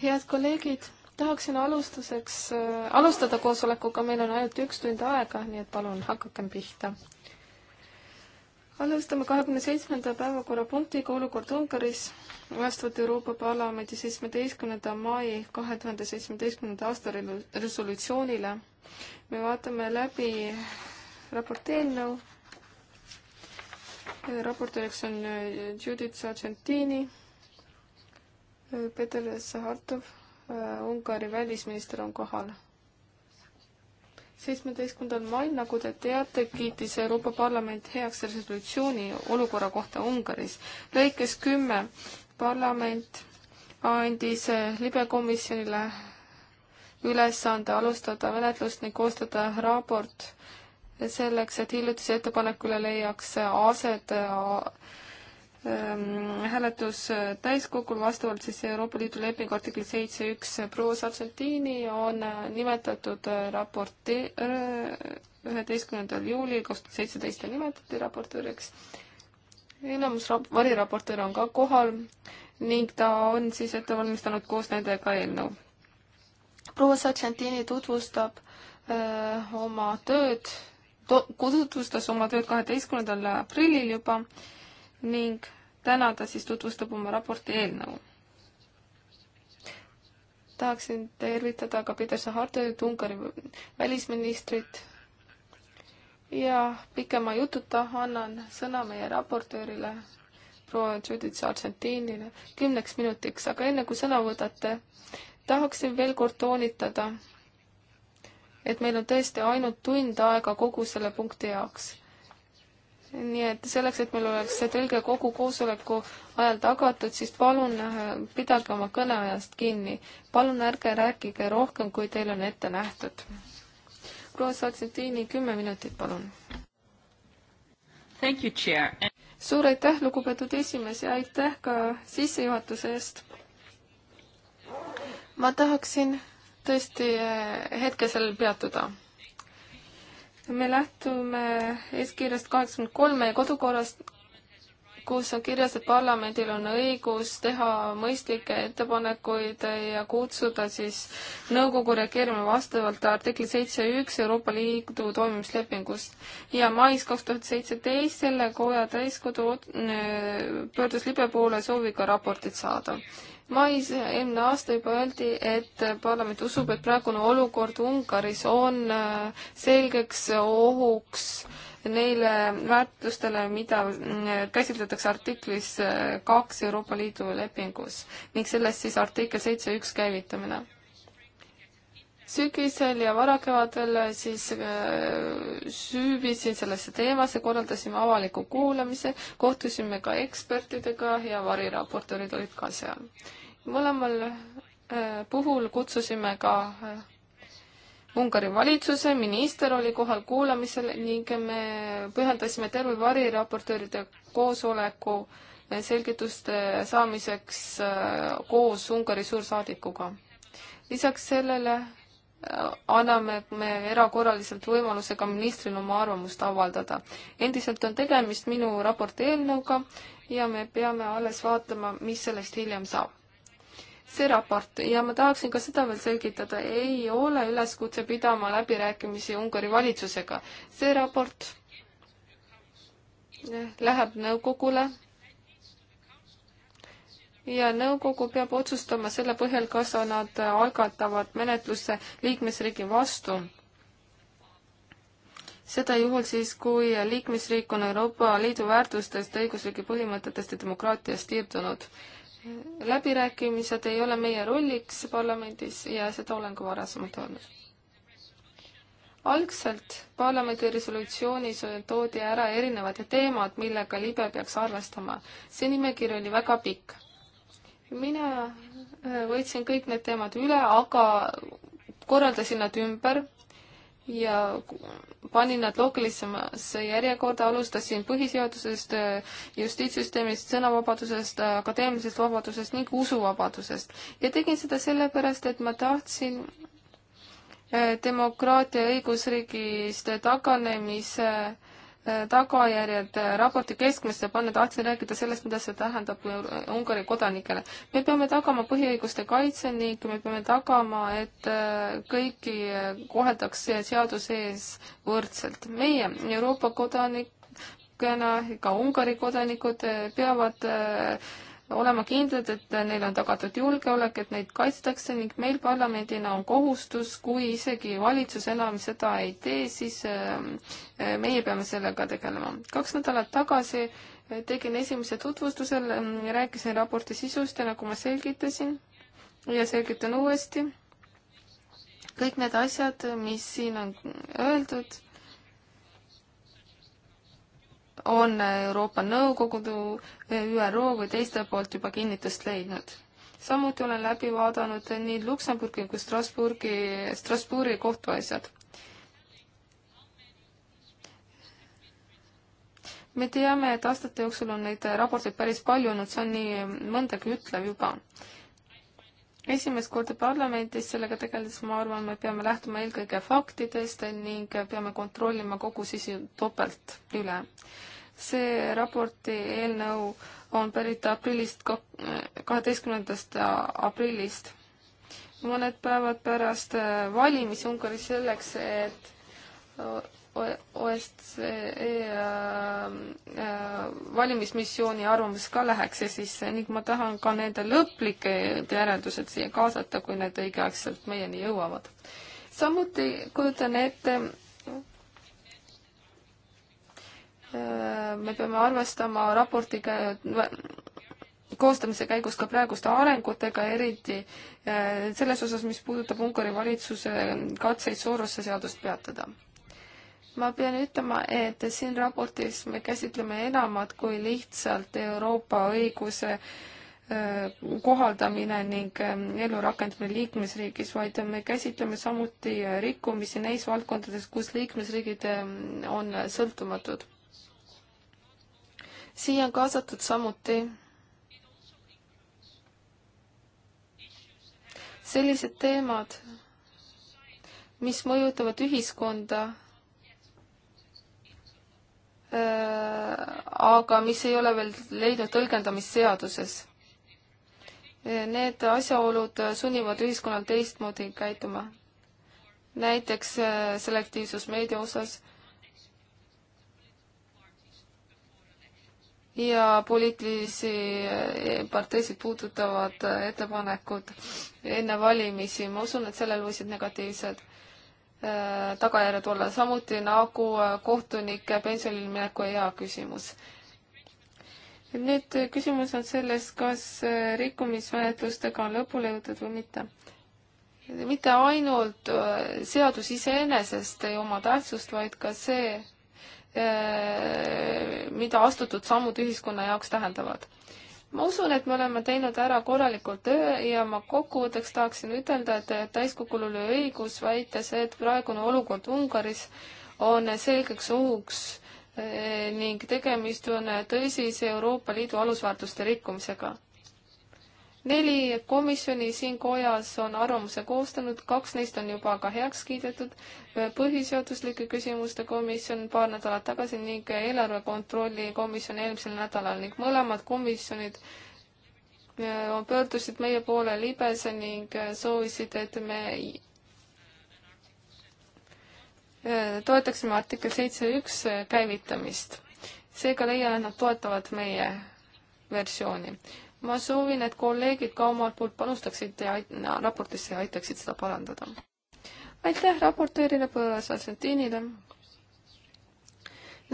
head kolleegid, tahaksin alustuseks äh, alustada koosolekuga, meil on ainult üks tund aega, nii et palun hakakem pihta. alustame kahekümne seitsmenda päevakorrapunktiga olukord Ungaris vastavalt Euroopa Parlamendi seitsmeteistkümnenda mai kahe tuhande seitsmeteistkümnenda aasta resolutsioonile. me vaatame läbi raporti eelnõu raportööriks on äh, Judith Sargentini, äh, Peter Sahartov, äh, Ungari välisminister on kohal. seitsmeteistkümnendal mail, nagu te teate, kiitis Euroopa Parlament heaks resolutsiooni olukorra kohta Ungaris. lõikes kümme parlament andis libekomisjonile ülesande alustada menetlust ning koostada raport äh, selleks, et hiljutise ettepanekule leiaks aset ähm, hääletus täiskogul vastavalt siis Euroopa Liidu lepingu artikli seitse üks. proua Sargentini on nimetatud raporti äh, üheteistkümnendal juulil kaks tuhat seitseteist ta nimetati raportööriks. enamus variraportööre on ka kohal ning ta on siis ette valmistanud koos nendega eelnõu. proua Sargentini tutvustab öö, äh, oma tööd tutvustas oma tööd kaheteistkümnendal aprillil juba ning täna ta siis tutvustab oma raporti eelnõu. tahaksin tervitada ka Peter Sahartööd, Ungari välisministrit ja pikema jututa annan sõna meie raportöörile, proua Judith Sargentinile kümneks minutiks, aga enne kui sõna võtate, tahaksin veel kord toonitada, et meil on tõesti ainult tund aega kogu selle punkti jaoks. nii et selleks, et meil oleks see tõlge kogu koosoleku ajal tagatud, siis palun äh, pidage oma kõneajast kinni. palun ärge rääkige rohkem, kui teil on ette nähtud. proua Sargentini, kümme minutit, palun. suur aitäh, lugupeetud esimees ja aitäh ka sissejuhatuse eest. ma tahaksin tõesti eh, hetke seal peatuda. me lähtume eeskirjast kaheksakümmend kolme ja kodukorrast, kus on kirjas, et parlamendil on õigus teha mõistlikke ettepanekuid ja kutsuda siis nõukogu reageerima vastavalt artikli seitse üks Euroopa Liidu toimimislepingust. ja mais kaks tuhat seitseteist selle koja täiskodu eh, pöördus libe poole sooviga raportit saada mais eelmine aasta juba öeldi, et parlament usub, et praegune olukord Ungaris on äh, selgeks ohuks neile väärtustele, mida äh, käsitletakse artiklis äh, kaks Euroopa Liidu lepingus ning sellest siis artikkel seitse üks käivitamine sügisel ja varakevadel äh, siis äh, süüvisin sellesse teemasse, korraldasime avaliku kuulamise, kohtusime ka ekspertidega ja variraportöörid olid ka seal. mõlemal äh, puhul kutsusime ka Ungari valitsuse minister oli kohal kuulamisel ning me pühendasime terve variraportööride koosoleku selgituste saamiseks koos Ungari suursaadikuga. lisaks sellele anname me erakorraliselt võimaluse ka ministril oma arvamust avaldada. endiselt on tegemist minu raporti eelnõuga ja me peame alles vaatama, mis sellest hiljem saab. see raport ja ma tahaksin ka seda veel selgitada, ei ole üleskutse pidama läbirääkimisi Ungari valitsusega. see raport eh, läheb nõukogule ja nõukogu peab otsustama selle põhjal, kas nad algatavad menetluse liikmesriigi vastu. seda juhul siis, kui liikmesriik on Euroopa Liidu väärtustest, õigusriigi põhimõtetest ja demokraatiast tiirdunud. läbirääkimised ei ole meie rolliks parlamendis ja seda olen ka varasemalt öelnud algselt parlamendi resolutsioonis toodi ära erinevad teemad, millega libe peaks arvestama. see nimekiri oli väga pikk mina äh, võtsin kõik need teemad üle, aga korraldasin nad ümber ja panin nad loogilisemasse järjekorda, alustasin põhiseadusest, äh, justiitssüsteemist, sõnavabadusest, äh, akadeemilisest vabadusest ning usuvabadusest. ja tegin seda sellepärast, et ma tahtsin demokraatia ja õigusriigist taganemise äh, tagajärjed äh, raporti keskmesse panna, tahtsin rääkida sellest, mida see tähendab Ungari kodanikele. me peame tagama põhiõiguste kaitse ning me peame tagama, et äh, kõiki äh, koheldakse seaduse ees võrdselt. meie, Euroopa kodanikena, ka Ungari kodanikud peavad olema kindlad, et neil on tagatud julgeolek, et neid kaitstakse ning meil parlamendina on kohustus, kui isegi valitsus enam seda ei tee, siis äh, meie peame sellega tegelema. kaks nädalat tagasi äh, tegin esimese tutvustusel, mm, rääkisin raporti sisust ja nagu ma selgitasin ja selgitan uuesti, kõik need asjad, mis siin on öeldud on Euroopa Nõukogu, ÜRO või teiste poolt juba kinnitust leidnud. samuti olen läbi vaadanud nii Luksemburgi kui Strasbourgi, Strasbourgi kohtuasjad. me teame, et aastate jooksul on neid raporteid päris palju olnud, see on nii mõndagi ütlev juba esimest korda parlamendis sellega tegeledes ma arvan, me peame lähtuma eelkõige faktidest ning peame kontrollima kogu sisu topelt üle. see raporti eelnõu on pärit aprillist, kaheteistkümnendast aprillist. mõned päevad pärast valimisi Ungaris selleks, et OSCE ähm, äh, valimismissiooni arvamus ka läheks ja siis ning ma tahan ka nende lõplikud järeldused siia kaasata, kui need õigeaegselt meieni jõuavad. samuti kujutan ette, äh, me peame arvestama raportiga äh, koostamise käigus ka praeguste arengutega, eriti selles osas, mis puudutab Ungari valitsuse katseid Soorose seadust peatada ma pean ütlema, et siin raportis me käsitleme enamat kui lihtsalt Euroopa õiguse äh, kohaldamine ning ähm, elu rakendamine liikmesriigis, vaid me käsitleme samuti rikkumisi neis valdkondades, kus liikmesriigid ähm, on sõltumatud. siia on kaasatud samuti sellised teemad, mis mõjutavad ühiskonda Äh, aga mis ei ole veel leidnud tõlgendamist seaduses. Äh, need asjaolud sunnivad ühiskonnal teistmoodi käituma. näiteks äh, selektiivsus meedia osas ja poliitilisi parteisid puudutavad ettepanekud enne valimisi, ma usun, et sellel võisid negatiivsed Äh, tagajärjed olla, samuti nagu äh, kohtunike pensionile mineku ea küsimus. nüüd äh, küsimus on selles, kas rikkumismenetlustega on lõpule jõutud või mitte. mitte ainult seadus iseenesest ei oma tähtsust, vaid ka see, mida astutud sammud ühiskonna jaoks tähendavad ma usun, et me oleme teinud ära korralikult töö ja ma kokkuvõtteks tahaksin ütelda, et täiskogul oli õigus väites, et praegune olukord Ungaris on selgeks ohuks eh, ning tegemist on tõsise Euroopa Liidu alusväärtuste rikkumisega neli komisjoni siin kojas on arvamuse koostanud, kaks neist on juba ka heaks kiidetud, põhiseaduslike küsimuste komisjon paar nädalat tagasi ning eelarve kontrolli komisjon eelmisel nädalal ning mõlemad komisjonid äh, pöördusid meie poole libese ning äh, soovisid, et me äh, toetaksime artikkel seitse üks käivitamist. seega leian, et nad toetavad meie versiooni ma soovin, et kolleegid ka omalt poolt panustaksid ja raportisse ja aitaksid seda parandada. aitäh raportöörile Põlvas Argentiinile.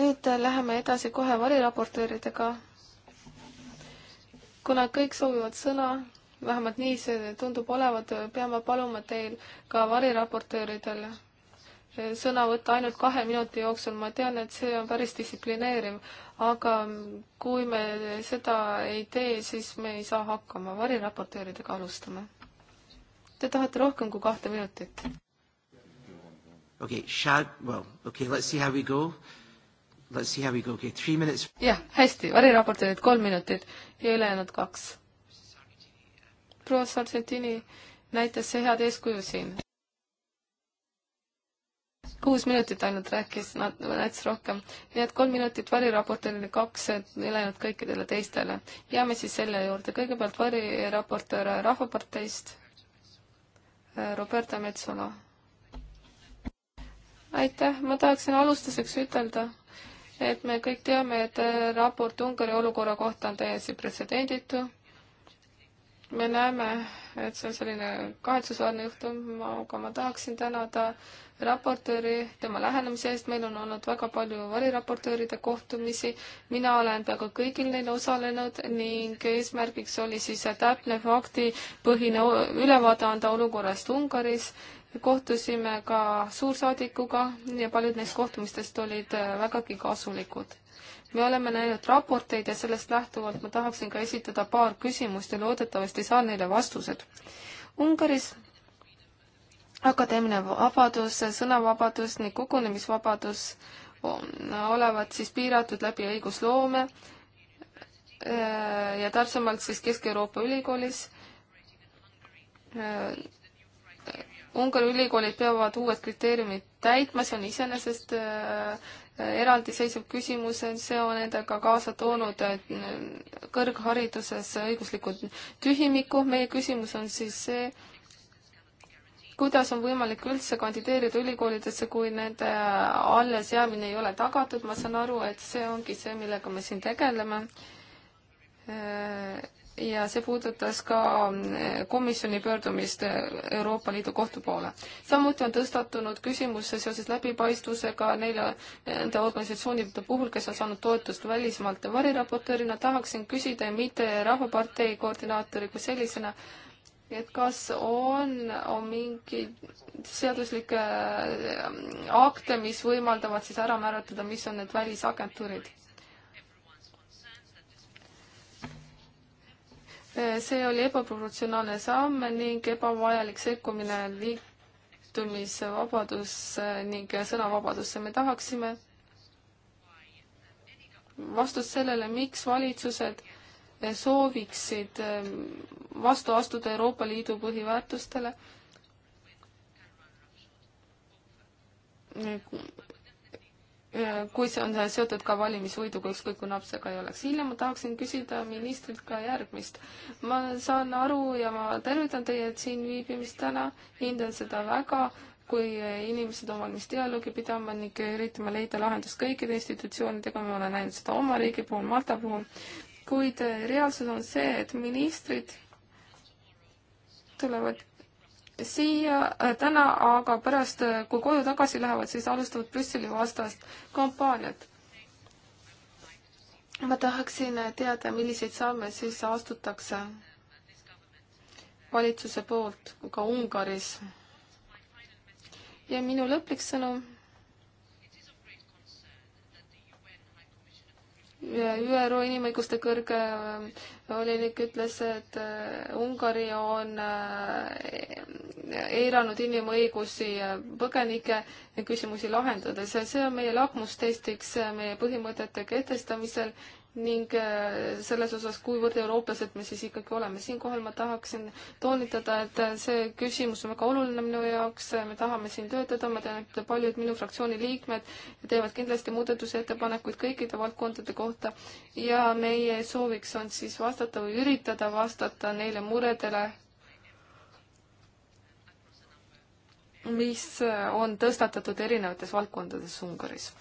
nüüd läheme edasi kohe variraportööridega. kuna kõik soovivad sõna, vähemalt nii see tundub olevat, peame paluma teil ka variraportööridel sõna võtta ainult kahe minuti jooksul, ma tean, et see on päris distsiplineeriv, aga kui me seda ei tee, siis me ei saa hakkama, variraportööridega alustame. Te tahate rohkem kui kahte minutit? okei okay,, shall, well, okei okay,, let's see how we go. Let's see how we go, okei okay,, three minutes. jah, hästi, variraportöörid kolm minutit ja ülejäänud kaks. proua Sargentini näitas see head eeskuju siin kuus minutit ainult rääkis, nad rääkis rohkem. nii et kolm minutit variraportöörile, kaks ülejäänud kõikidele teistele. jääme siis selle juurde, kõigepealt variraportöör Rahvaparteist, äh, Roberta Metsola. aitäh, ma tahaksin alustuseks ütelda, et me kõik teame, et äh, raport Ungari olukorra kohta on täiesti pretsedenditu. me näeme, et see on selline kahetsusväärne juhtum, aga ma tahaksin tänada raportööri tema lähenemise eest, meil on olnud väga palju variraportööride kohtumisi, mina olen peaaegu kõigil neil osalenud ning eesmärgiks oli siis täpne faktipõhine ülevaade anda olukorrast Ungaris kohtusime ka suursaadikuga ja paljud neist kohtumistest olid vägagi kasulikud me oleme näinud raporteid ja sellest lähtuvalt ma tahaksin ka esitada paar küsimust ja loodetavasti saan neile vastused. Ungaris akadeemiline vabadus, sõnavabadus ning kogunemisvabadus on, olevat siis piiratud läbi õigusloome äh, ja täpsemalt siis Kesk-Euroopa ülikoolis. Äh, Ungari ülikoolid peavad uued kriteeriumid täitma, see on iseenesest äh, eraldiseisev küsimus, see on endaga kaasa toonud mm, kõrghariduses õiguslikult tühimiku. meie küsimus on siis see, kuidas on võimalik üldse kandideerida ülikoolidesse, kui nende allesjäämine ei ole tagatud. ma saan aru, et see ongi see, millega me siin tegeleme äh, ja see puudutas ka eh, komisjoni pöördumist eh, Euroopa Liidu kohtu poole. samuti on tõstatunud küsimus seoses läbipaistvusega neile, eh, nende organisatsioonide puhul, kes on saanud toetust välismaalt. variraportöörina tahaksin küsida, mitte Rahvapartei koordinaatori kui sellisena, et kas on, on mingeid seaduslikke akte, mis võimaldavad siis ära määratleda, mis on need välisagentuurid see oli ebaproportsionaalne samm ning ebavajalik sekkumine liitumisvabadusse ning sõnavabadusse. me tahaksime vastust sellele, miks valitsused sooviksid vastu astuda Euroopa Liidu põhiväärtustele Äh, kui see on seotud ka valimisvõiduga, ükskõik kui napp see ka ei oleks. hiljem ma tahaksin küsida ministrilt ka järgmist. ma saan aru ja ma tervitan teie siin viibimist täna, hindan seda väga, kui inimesed on valmis dialoogi pidama ning üritama leida lahendust kõikide institutsioonidega, ma olen näinud seda oma riigi puhul, Malta puhul, kuid reaalsus on see, et ministrid tulevad siia äh, täna, aga pärast, äh, kui koju tagasi lähevad, siis alustavad Brüsseli vastast kampaaniat. ma tahaksin äh, teada, milliseid samme siis astutakse valitsuse poolt ka Ungaris. ja minu lõplik sõnum ÜRO inimõiguste kõrge äh, volinik ütles, et äh, Ungari on äh, eiranud inimõigusi põgenike küsimusi lahendades ja see on meie lakmustestiks meie põhimõtete kehtestamisel ning äh, selles osas, kuivõrd eurooplased me siis ikkagi oleme. siinkohal ma tahaksin toonitada, et äh, see küsimus on väga oluline minu jaoks, me tahame siin töötada, ma tean, et paljud minu fraktsiooni liikmed teevad kindlasti muudatusettepanekuid kõikide valdkondade kohta ja meie sooviks on siis vastata või üritada vastata neile muredele, mis äh, on tõstatatud erinevates valdkondades Ungaris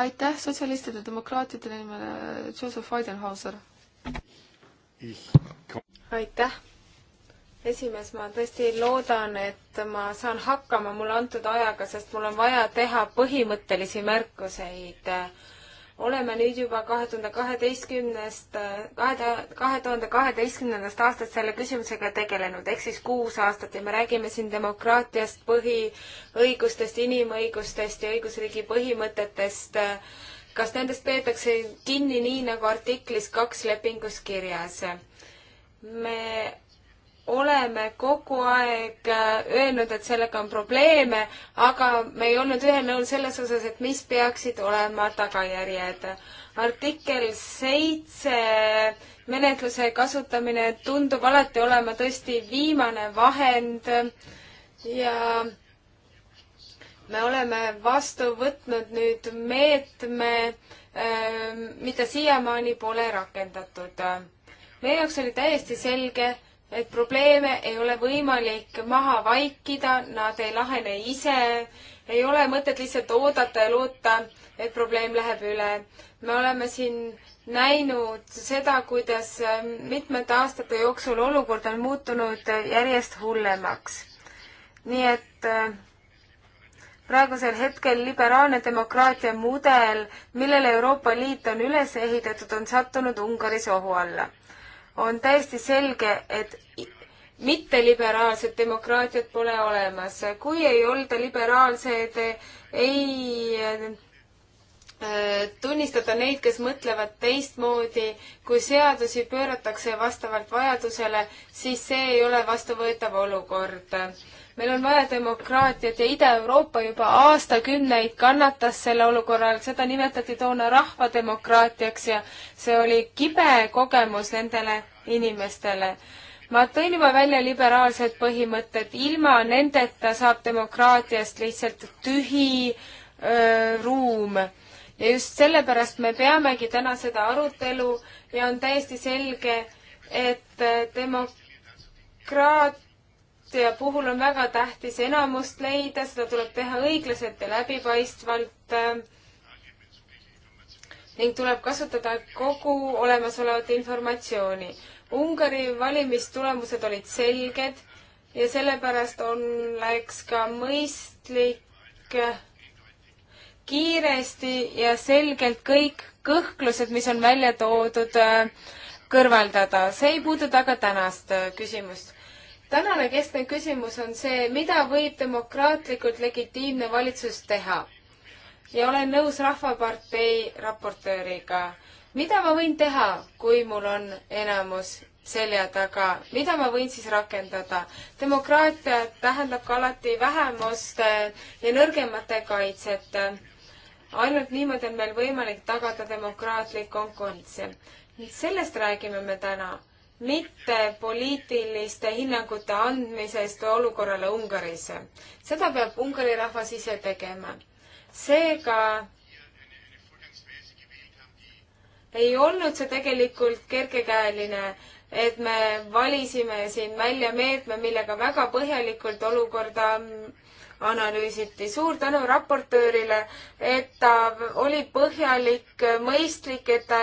aitäh sotsialistide demokraatide nimel, äh, Joseph Weidenhauser. aitäh esimees, ma tõesti loodan, et ma saan hakkama mulle antud ajaga, sest mul on vaja teha põhimõttelisi märkuseid oleme nüüd juba kahe tuhande kaheteistkümnest, kahe, kahe tuhande kaheteistkümnendast aastast selle küsimusega tegelenud, ehk siis kuus aastat ja me räägime siin demokraatiast, põhiõigustest, inimõigustest ja õigusriigi põhimõtetest. kas nendest peetakse kinni nii, nagu artiklis kaks lepingus kirjas? me oleme kogu aeg äh, öelnud, et sellega on probleeme, aga me ei olnud ühel nõul selles osas, et mis peaksid olema tagajärjed. artikkel seitse menetluse kasutamine tundub alati olema tõesti viimane vahend ja me oleme vastu võtnud nüüd meetme, äh, mida siiamaani pole rakendatud. meie jaoks oli täiesti selge, et probleeme ei ole võimalik maha vaikida, nad ei lahene ise, ei ole mõtet lihtsalt oodata ja loota, et probleem läheb üle. me oleme siin näinud seda, kuidas ähm, mitmete aastate jooksul olukord on muutunud järjest hullemaks. nii et äh, praegusel hetkel liberaalne demokraatia mudel, millele Euroopa Liit on üles ehitatud, on sattunud Ungaris ohu alla on täiesti selge, et mitteliberaalset demokraatiat pole olemas. kui ei olda liberaalsed, ei äh, tunnistada neid, kes mõtlevad teistmoodi, kui seadusi pööratakse vastavalt vajadusele, siis see ei ole vastuvõetav olukord. meil on vaja demokraatiat ja Ida-Euroopa juba aastakümneid kannatas selle olukorra all, seda nimetati toona rahvademokraatiaks ja see oli kibe kogemus nendele inimestele. ma tõin juba välja liberaalsed põhimõtted, ilma nendeta saab demokraatiast lihtsalt tühi öö, ruum ja just sellepärast me peamegi täna seda arutelu ja on täiesti selge, et äh, demokraatia puhul on väga tähtis enamust leida, seda tuleb teha õiglaselt ja läbipaistvalt ning tuleb kasutada kogu olemasolevat informatsiooni. Ungari valimistulemused olid selged ja sellepärast on, läks ka mõistlik kiiresti ja selgelt kõik kõhklused, mis on välja toodud, kõrvaldada. see ei puuduta aga tänast küsimust. tänane keskne küsimus on see, mida võib demokraatlikult legitiimne valitsus teha ja olen nõus Rahvapartei raportööriga. mida ma võin teha, kui mul on enamus selja taga, mida ma võin siis rakendada? demokraatia tähendab ka alati vähemuste ja nõrgemate kaitset. ainult niimoodi on meil võimalik tagada demokraatlik konkurents. sellest räägime me täna, mitte poliitiliste hinnangute andmisest olukorrale Ungaris. seda peab Ungari rahvas ise tegema seega ei olnud see tegelikult kergekäeline, et me valisime siin välja meetme, millega väga põhjalikult olukorda analüüsiti. suur tänu raportöörile, et ta oli põhjalik, mõistlik, et ta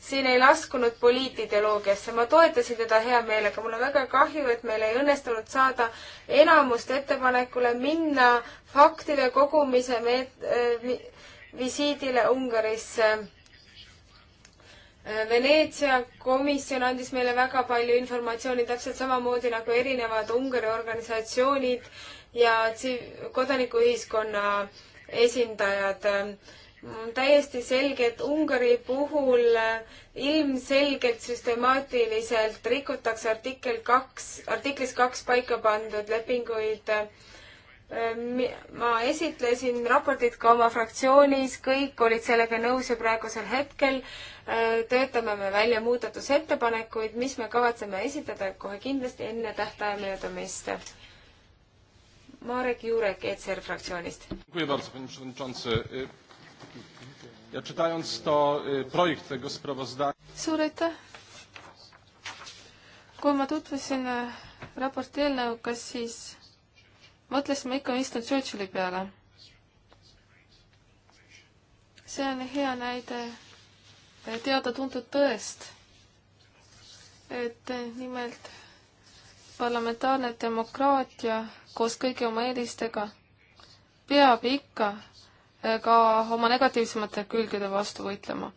siin ei laskunud poliitideoloogiasse. ma toetasin teda hea meelega. mul on väga kahju, et meil ei õnnestunud saada enamust ettepanekule minna faktide kogumise meet-, eh, visiidile Ungarisse eh, Veneetsia komisjon andis meile väga palju informatsiooni, täpselt samamoodi nagu erinevad Ungari organisatsioonid ja kodanikuühiskonna esindajad. täiesti selge, et Ungari puhul ilmselgelt süstemaatiliselt rikutakse artikkel kaks, artiklis kaks paika pandud lepinguid ma esitlesin raportit ka oma fraktsioonis, kõik olid sellega nõus ja praegusel hetkel äh, töötame me välja muudatusettepanekuid, mis me kavatseme esitada kohe kindlasti enne tähtaja möödumist. Marek Jurek, ECR fraktsioonist. suur aitäh. kui ma tutvusin e, raporti eelnõuga, siis mõtlesin ma ikka Winston Churchilli peale. see on hea näide e, teada-tuntud tõest, et e, nimelt parlamentaarne demokraatia koos kõigi oma eelistega, peab ikka äh, ka oma negatiivsemate külgede vastu võitlema.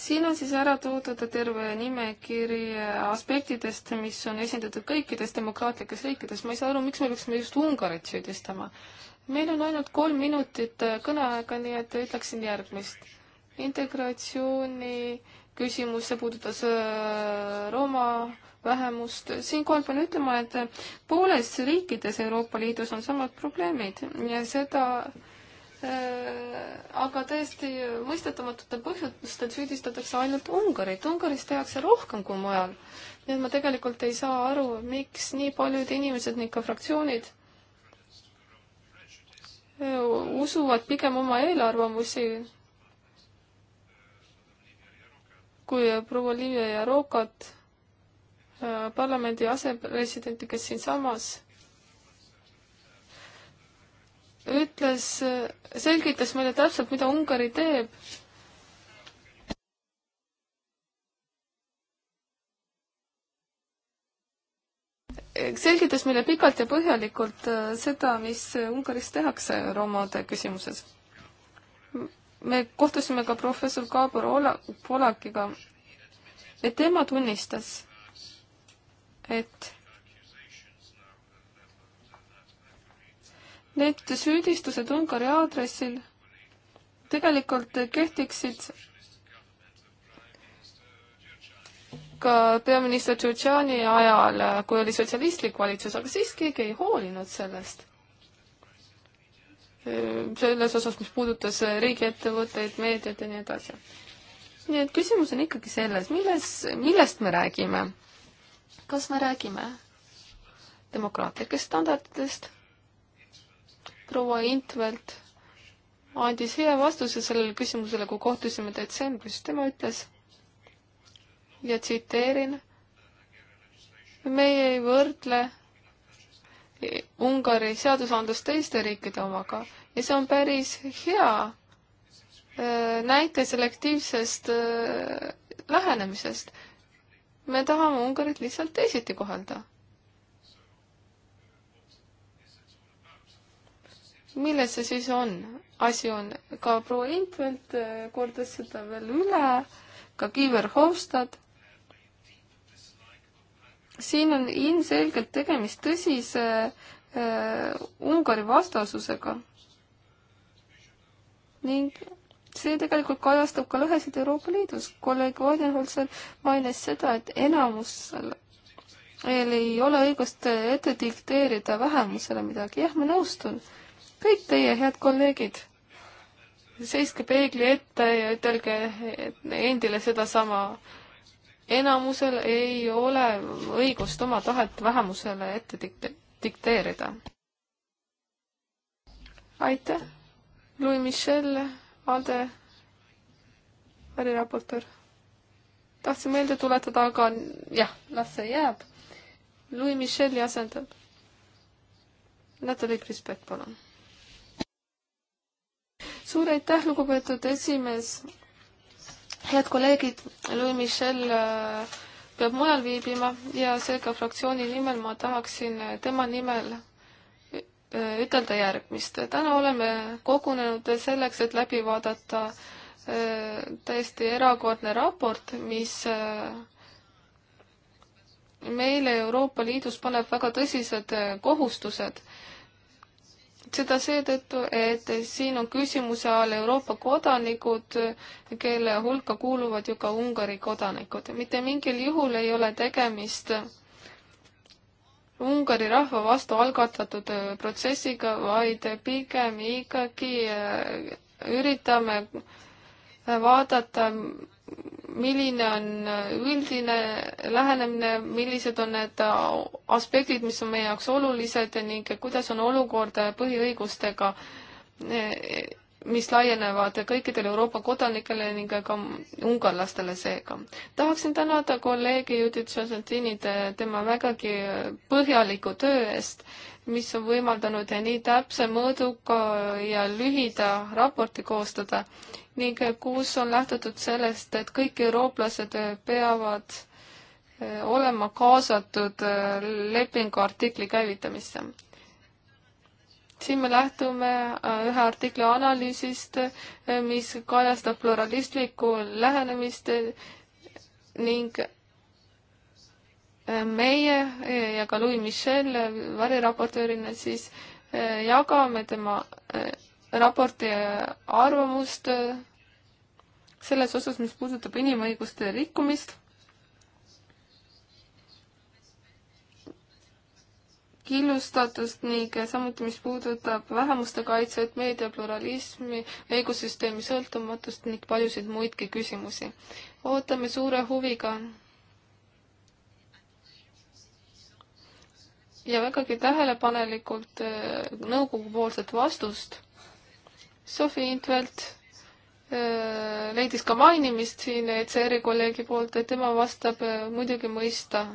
siin on siis ära toodud terve nimekiri äh, aspektidest, mis on esindatud kõikides demokraatlikes riikides. ma ei saa aru, miks me peaksime just Ungarit süüdistama. meil on ainult kolm minutit äh, kõneaega, nii et ütleksin järgmist. integratsiooni küsimus, see puudutas Rooma vähemust. siinkohal pean ütlema, et pooles riikides Euroopa Liidus on samad probleemid ja seda äh, aga täiesti mõistetamatutel põhjustel süüdistatakse ainult Ungarit. Ungaris tehakse rohkem kui mujal. nii et ma tegelikult ei saa aru, miks nii paljud inimesed ning ka fraktsioonid äh, usuvad pigem oma eelarvamusi kui proua Livia ja Rokat parlamendi asepresidenti, kes siinsamas ütles, selgitas meile täpselt, mida Ungari teeb. selgitas meile pikalt ja põhjalikult äh, seda, mis Ungaris tehakse romade küsimuses. me kohtusime ka professor Kaabor Ola-, Polakiga ja tema tunnistas et need süüdistused Ungari aadressil tegelikult kehtiksid ka peaminister Tšurtšani ajal, kui oli sotsialistlik valitsus, aga siis keegi ei hoolinud sellest. selles osas, mis puudutas riigiettevõtteid, meediat ja nii edasi. nii et küsimus on ikkagi selles, milles, millest me räägime kas me räägime demokraatlikest standarditest? proua Intvelt andis hea vastuse sellele küsimusele, kui kohtusime detsembris, tema ütles ja tsiteerin, meie ei võrdle Ungari seadusandlust teiste riikide omaga ja see on päris hea äh, näite selektiivsest äh, lähenemisest me tahame Ungarit lihtsalt teisiti kohelda. milles see siis on? asi on, ka proua Intvelt äh, kordas seda veel üle, ka Kiiver Hofstad. siin on ilmselgelt tegemist tõsise äh, Ungari vastasusega ning see tegelikult kajastub ka lõhesid Euroopa Liidus. kolleeg Weidenholzer mainis seda, et enamusel ei ole õigust ette dikteerida vähemusele midagi. jah, ma nõustun. kõik teie, head kolleegid, seiske peegli ette ja ütelge endile sedasama. enamusel ei ole õigust oma tahet vähemusele ette dikte-, dikteerida. aitäh, Louis Michel. Ade, väliraportöör. tahtsin meelde tuletada, aga jah, las see jääb. Louis Michel'i asendab. Natalja Krispek, palun. suur aitäh, lugupeetud esimees. head kolleegid, Louis Michel äh, peab mujal viibima ja seega fraktsiooni nimel ma tahaksin äh, tema nimel Äh, ütelda järgmist. täna oleme kogunenud selleks, et läbi vaadata äh, täiesti erakordne raport, mis äh, meile Euroopa Liidus paneb väga tõsised kohustused. seda seetõttu, et siin on küsimuse all Euroopa kodanikud, kelle hulka kuuluvad ju ka Ungari kodanikud. mitte mingil juhul ei ole tegemist Ungari rahva vastu algatatud äh, protsessiga, vaid pigem ikkagi äh, üritame äh, vaadata, milline on üldine lähenemine, millised on need aspektid, mis on meie jaoks olulised ning kuidas on olukord põhiõigustega mis laienevad kõikidele Euroopa kodanikele ning ka ungarlastele seega. tahaksin tänada kolleegi Judith Sargentinit tema vägagi põhjaliku töö eest, mis on võimaldanud nii täpse, mõõduka ja lühida raporti koostada ning kus on lähtutud sellest, et kõik eurooplased peavad eh, olema kaasatud eh, lepingu artikli käivitamisse siin me lähtume äh, ühe artikli analüüsist, äh, mis kajastab pluralistlikku lähenemist äh, ning meie ja ka Louis Michel variraportöörina siis jagame tema raporti arvamust selles osas, mis puudutab inimõiguste rikkumist. killustatust ning samuti, mis puudutab vähemuste kaitset, meediapluralismi, õigussüsteemi sõltumatust ning paljusid muidki küsimusi. ootame suure huviga ja vägagi tähelepanelikult äh, nõukogupoolset vastust. Sofi Intvelt äh, leidis ka mainimist siin ECR-i kolleegi poolt, et tema vastab äh, muidugi mõista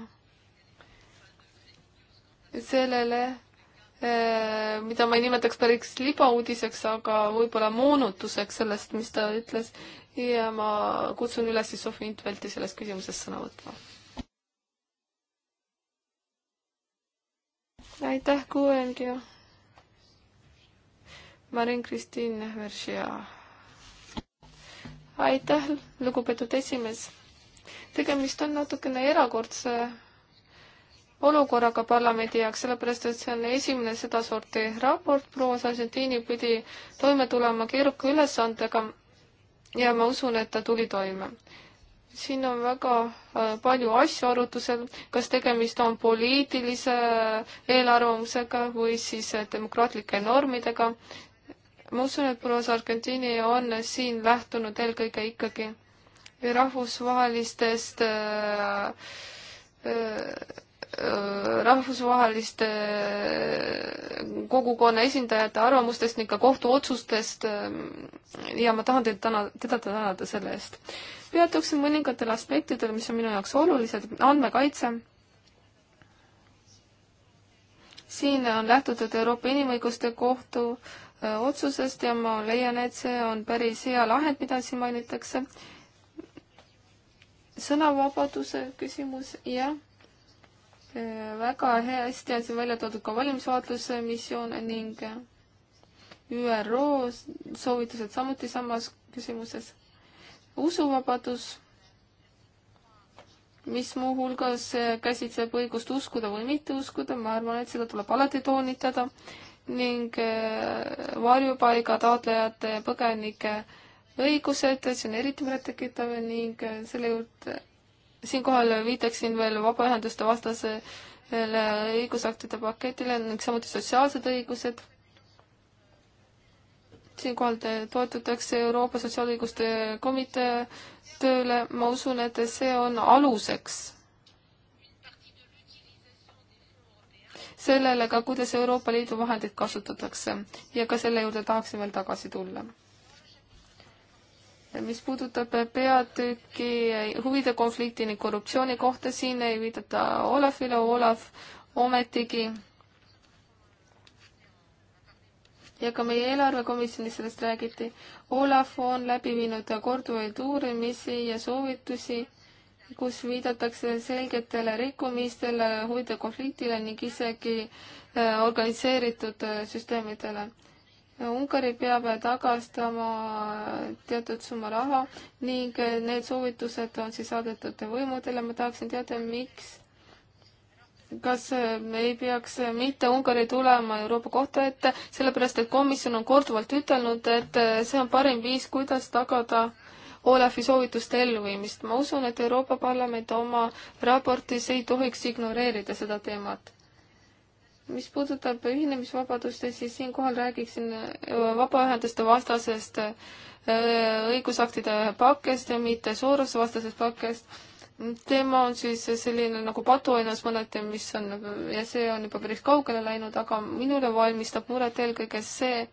sellele, eh, mida ma ei nimetaks päris libauudiseks, aga võib-olla moonutuseks sellest, mis ta ütles. ja ma kutsun üles siis Sofi Intvelti selles küsimuses sõna võtma. aitäh, kuuengi. Marin-Kristiin Veršia. aitäh, lugupeetud esimees. tegemist on natukene erakordse olukorraga parlamendi jaoks, sellepärast et see on esimene sedasorti raport, proua Sargentini pidi toime tulema keeruka ülesandega ja ma usun, et ta tuli toime. siin on väga äh, palju asju arutusel, kas tegemist on poliitilise äh, eelarvamusega või siis äh, demokraatlike normidega. ma usun, et proua Sargentini on siin lähtunud eelkõige ikkagi rahvusvahelistest äh, äh, Äh, rahvusvaheliste kogukonna esindajate arvamustest ning ka kohtuotsustest ähm, ja ma tahan teid täna, teda tänada selle eest. peatuksin mõningatel aspektidel, mis on minu jaoks olulised, andmekaitse. siin on lähtutud Euroopa Inimõiguste Kohtu äh, otsusest ja ma leian, et see on päris hea lahend, mida siin mainitakse. sõnavabaduse küsimus, jah väga hästi on siin välja toodud ka valimisvaatluse missioon ning ÜRO soovitused samuti samas küsimuses. usuvabadus, mis muuhulgas käsitleb õigust uskuda või mitte uskuda, ma arvan, et seda tuleb alati toonitada ning äh, varjupaiga taotlejate ja põgenike õigused, see on eriti murettekitav ning äh, selle juurde siinkohal viitaksin veel vabaühenduste vastasele õigusaktide paketile ning samuti sotsiaalsed õigused. siinkohal toetutakse Euroopa Sotsiaalõiguste Komitee tööle, ma usun, et see on aluseks sellele ka, kuidas Euroopa Liidu vahendeid kasutatakse ja ka selle juurde tahaksin veel tagasi tulla mis puudutab peatüki huvide konflikti ning korruptsiooni kohta, siin ei viidata Olafile, Olav ometigi ja ka meie eelarvekomisjonis sellest räägiti, Olav on läbi viinud korduvaid uurimisi ja soovitusi, kus viidatakse selgetele rikkumistele, huvide konfliktile ning isegi eh, organiseeritud eh, süsteemidele Ungari peab tagastama teatud summa raha ning need soovitused on siis saadetud võimudele. ma tahaksin teada, miks, kas me ei peaks mitte Ungari tulema Euroopa Kohtu ette, sellepärast et komisjon on korduvalt ütelnud, et see on parim viis, kuidas tagada Olafi soovituste elluviimist. ma usun, et Euroopa Parlament oma raportis ei tohiks ignoreerida seda teemat mis puudutab ühinemisvabadust, siis siinkohal räägiksin äh, vabaühenduste vastasest äh, õigusaktide pakest ja mitte soorusevastasest pakest. tema on siis selline nagu patuoinas mõneti, mis on ja see on juba päris kaugele läinud, aga minule valmistab muret eelkõige see,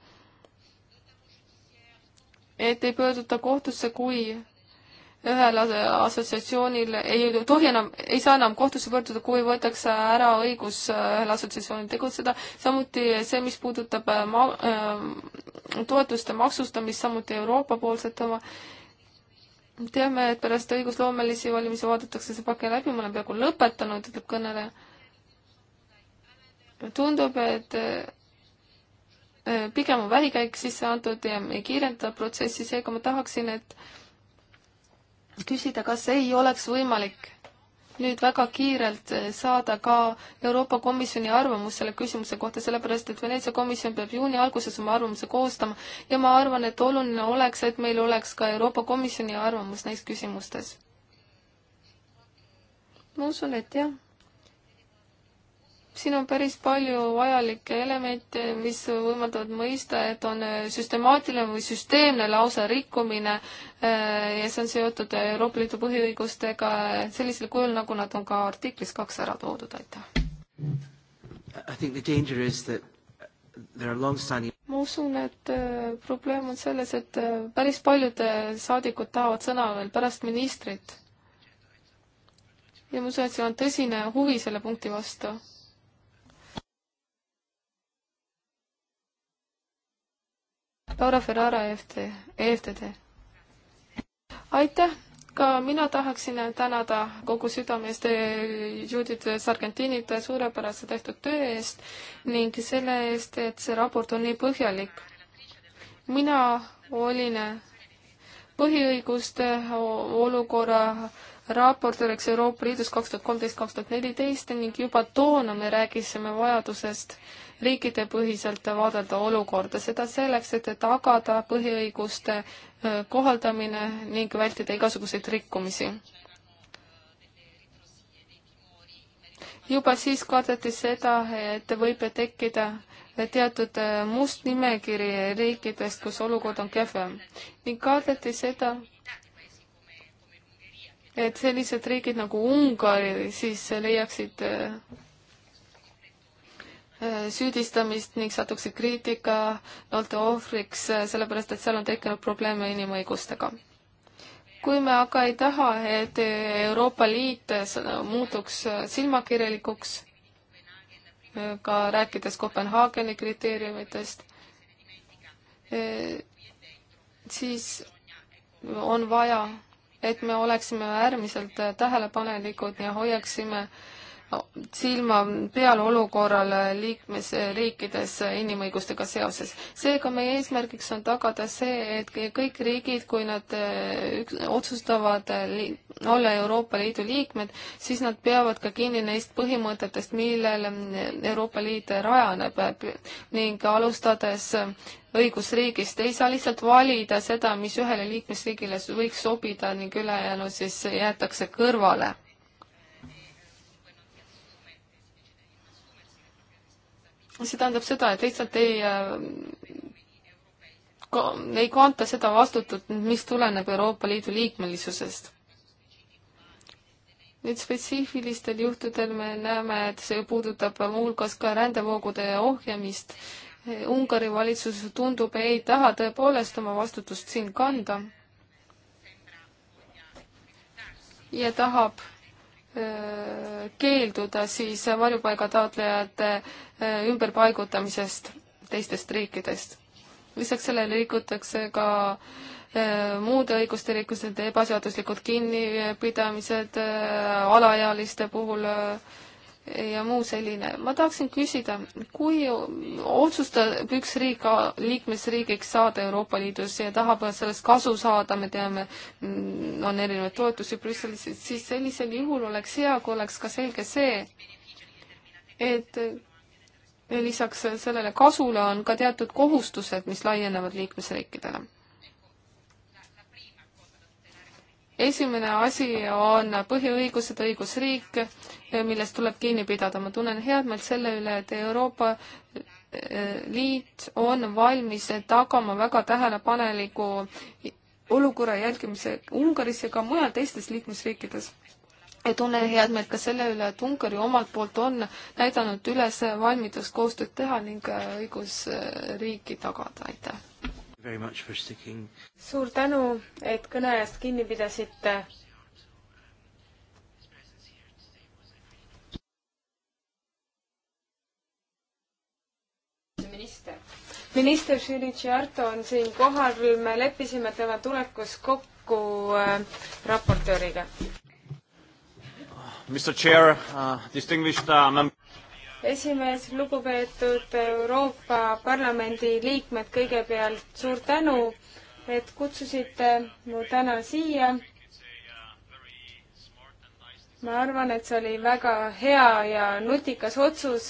et ei pöörduta kohtusse, kui ühel assotsiatsioonil ei tohi enam, ei saa enam kohtusse pöörduda, kui võetakse ära õigus äh, ühel assotsiatsioonil tegutseda, samuti see, mis puudutab äh, ma-, äh, toetuste maksustamist, samuti Euroopa-poolset oma, teame, et pärast õigusloomelisi valimisi vaadatakse see pake läbi, ma olen peaaegu lõpetanud, ütleb kõneleja. tundub, et pigem on vähikäik sisse antud ja ei kiirenda protsessi, seega ma tahaksin, et küsida, kas ei oleks võimalik nüüd väga kiirelt äh, saada ka Euroopa Komisjoni arvamus selle küsimuse kohta, sellepärast et Veneetsia komisjon peab juuni alguses oma arvamuse koostama ja ma arvan, et oluline oleks, et meil oleks ka Euroopa Komisjoni arvamus neis küsimustes. ma usun, et jah siin on päris palju vajalikke elemente, mis võimaldavad mõista, et on süstemaatiline või süsteemne lausa rikkumine eh, ja see on seotud Euroopa Liidu põhiõigustega sellisel kujul, nagu nad on ka artiklis kaks ära toodud, aitäh. I think the danger is that there are long-standing ma usun, et eh, probleem on selles, et eh, päris paljud saadikud tahavad sõna veel pärast ministrit. ja ma usun, et see on tõsine huvi selle punkti vastu Laura Ferrara EFT, EFTD. aitäh, ka mina tahaksin tänada kogu südamest Judith Sargentinit suurepärase tehtud töö eest ning selle eest, et see raport on nii põhjalik. mina olin põhiõiguste olukorra raportööriks Euroopa Liidus kaks tuhat kolmteist, kaks tuhat neliteist ning juba toona me rääkisime vajadusest riikidepõhiselt vaadata olukorda, seda selleks, et tagada põhiõiguste kohaldamine ning vältida igasuguseid rikkumisi. juba siis kardeti seda, et võib tekkida teatud must nimekiri riikidest, kus olukord on kehvem ning kardeti seda, et sellised riigid nagu Ungari siis leiaksid Äh, süüdistamist ning satuksid kriitika, olete ohvriks, äh, sellepärast et seal on tekkinud probleeme inimõigustega. kui me aga ei taha, et Euroopa Liit äh, muutuks silmakirjalikuks, ka rääkides Kopenhaageni kriteeriumitest, siis on vaja, et me oleksime äärmiselt tähelepanelikud ja hoiaksime äh, silma peal olukorral liikmesriikides inimõigustega seoses. seega meie eesmärgiks on tagada see, et kõik riigid, kui nad eh, üks, otsustavad eh, olla Euroopa Liidu liikmed, siis nad peavad ka kinni neist põhimõtetest, millele eh, Euroopa Liit rajaneb ning alustades õigusriigist ei saa lihtsalt valida seda, mis ühele liikmesriigile võiks sobida ning ülejäänu siis jäetakse kõrvale see tähendab seda, et lihtsalt ei äh, ka, ei kanta seda vastutut, mis tuleneb Euroopa Liidu liikmelisusest. nüüd spetsiifilistel juhtudel me näeme, et see puudutab muuhulgas ka rändevoogude ohjamist. Ungari valitsus tundub, ei taha tõepoolest oma vastutust siin kanda ja tahab Äh, keelduda siis varjupaiga taotlejate äh, ümberpaigutamisest teistest riikidest. lisaks sellele liigutakse ka äh, muude õiguste rikkused, ebaseaduslikud kinnipidamised alaealiste puhul ja muu selline. ma tahaksin küsida, kui otsustab üks riik liikmesriigiks saada Euroopa Liidus ja tahab sellest kasu saada, me teame, on erinevaid toetusi Brüsselis, siis sellisel juhul oleks hea, kui oleks ka selge see, et lisaks sellele kasule on ka teatud kohustused, mis laienevad liikmesriikidele esimene asi on põhiõigused, õigusriik, millest tuleb kinni pidada. ma tunnen head meelt selle üle, et Euroopa eh, Liit on valmis tagama väga tähelepaneliku olukorra jälgimise Ungaris ja ka mujal teistes liikmesriikides. ja tunnen head meelt ka selle üle, et Ungari omalt poolt on näidanud üles valmidust koostööd teha ning õigusriiki tagada. aitäh! suur tänu, et kõne eest kinni pidasite. minister. minister Jüri Tšiarto on siin kohal, me leppisime tema tulekus kokku äh, raportööriga. Mr Chair uh,, distinguished uh, äh, member esimees, lugupeetud Euroopa Parlamendi liikmed, kõigepealt suur tänu, et kutsusite mu täna siia. ma arvan, et see oli väga hea ja nutikas otsus,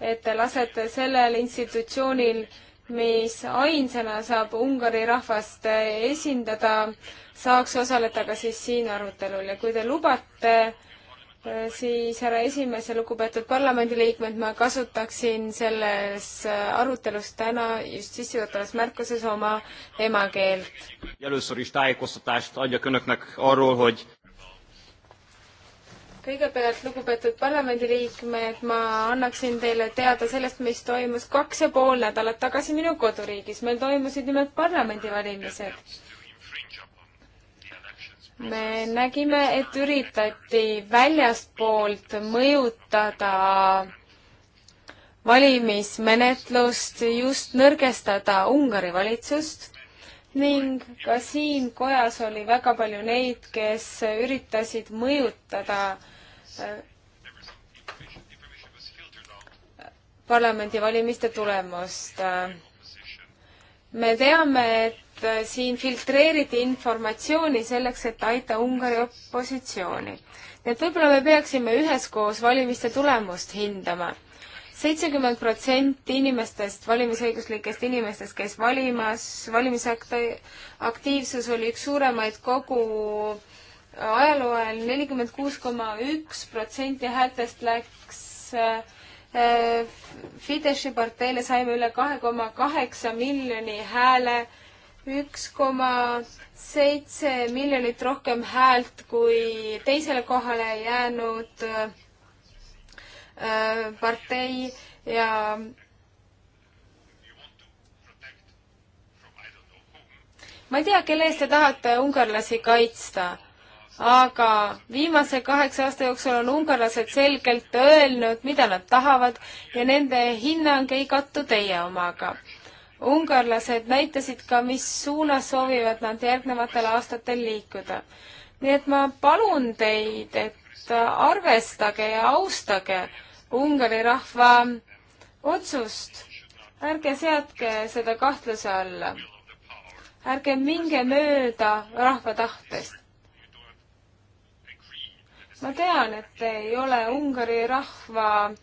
et te lasete sellel institutsioonil, mis ainsana saab Ungari rahvast esindada, saaks osaleda ka siis siin arutelul ja kui te lubate, siis härra esimees ja lugupeetud parlamendiliikmed, ma kasutaksin selles arutelus täna just sissejuhatavas märkuses oma emakeelt. kõigepealt, lugupeetud parlamendiliikmed, ma annaksin teile teada sellest, mis toimus kaks ja pool nädalat tagasi minu koduriigis. meil toimusid nimelt parlamendivalimised me nägime, et üritati väljaspoolt mõjutada valimismenetlust, just nõrgestada Ungari valitsust ning ka siin kojas oli väga palju neid, kes üritasid mõjutada äh, parlamendivalimiste tulemust. me teame, et et äh, siin filtreeriti informatsiooni selleks, et aita Ungari opositsiooni. nii et võib-olla me peaksime üheskoos valimiste tulemust hindama seitsekümmend protsenti inimestest, valimisõiguslikest inimestest käis valimas, valimisaktiivsus oli üks suuremaid kogu äh, ajaloo ajal, nelikümmend kuus koma üks protsenti häältest läks äh, Fideszi parteile, saime üle kahe koma kaheksa miljoni hääle äh, üks koma seitse miljonit rohkem häält kui teisele kohale jäänud äh, partei ja ma ei tea, kelle eest te tahate ungarlasi kaitsta, aga viimase kaheksa aasta jooksul on ungarlased selgelt öelnud, mida nad tahavad ja nende hinnang ei kattu teie omaga ungarlased näitasid ka, mis suunas soovivad nad järgnevatel aastatel liikuda. nii et ma palun teid, et arvestage ja austage Ungari rahva otsust. ärge seadke seda kahtluse alla. ärge minge mööda rahva tahtest. ma tean, et te ei ole Ungari rahva äh,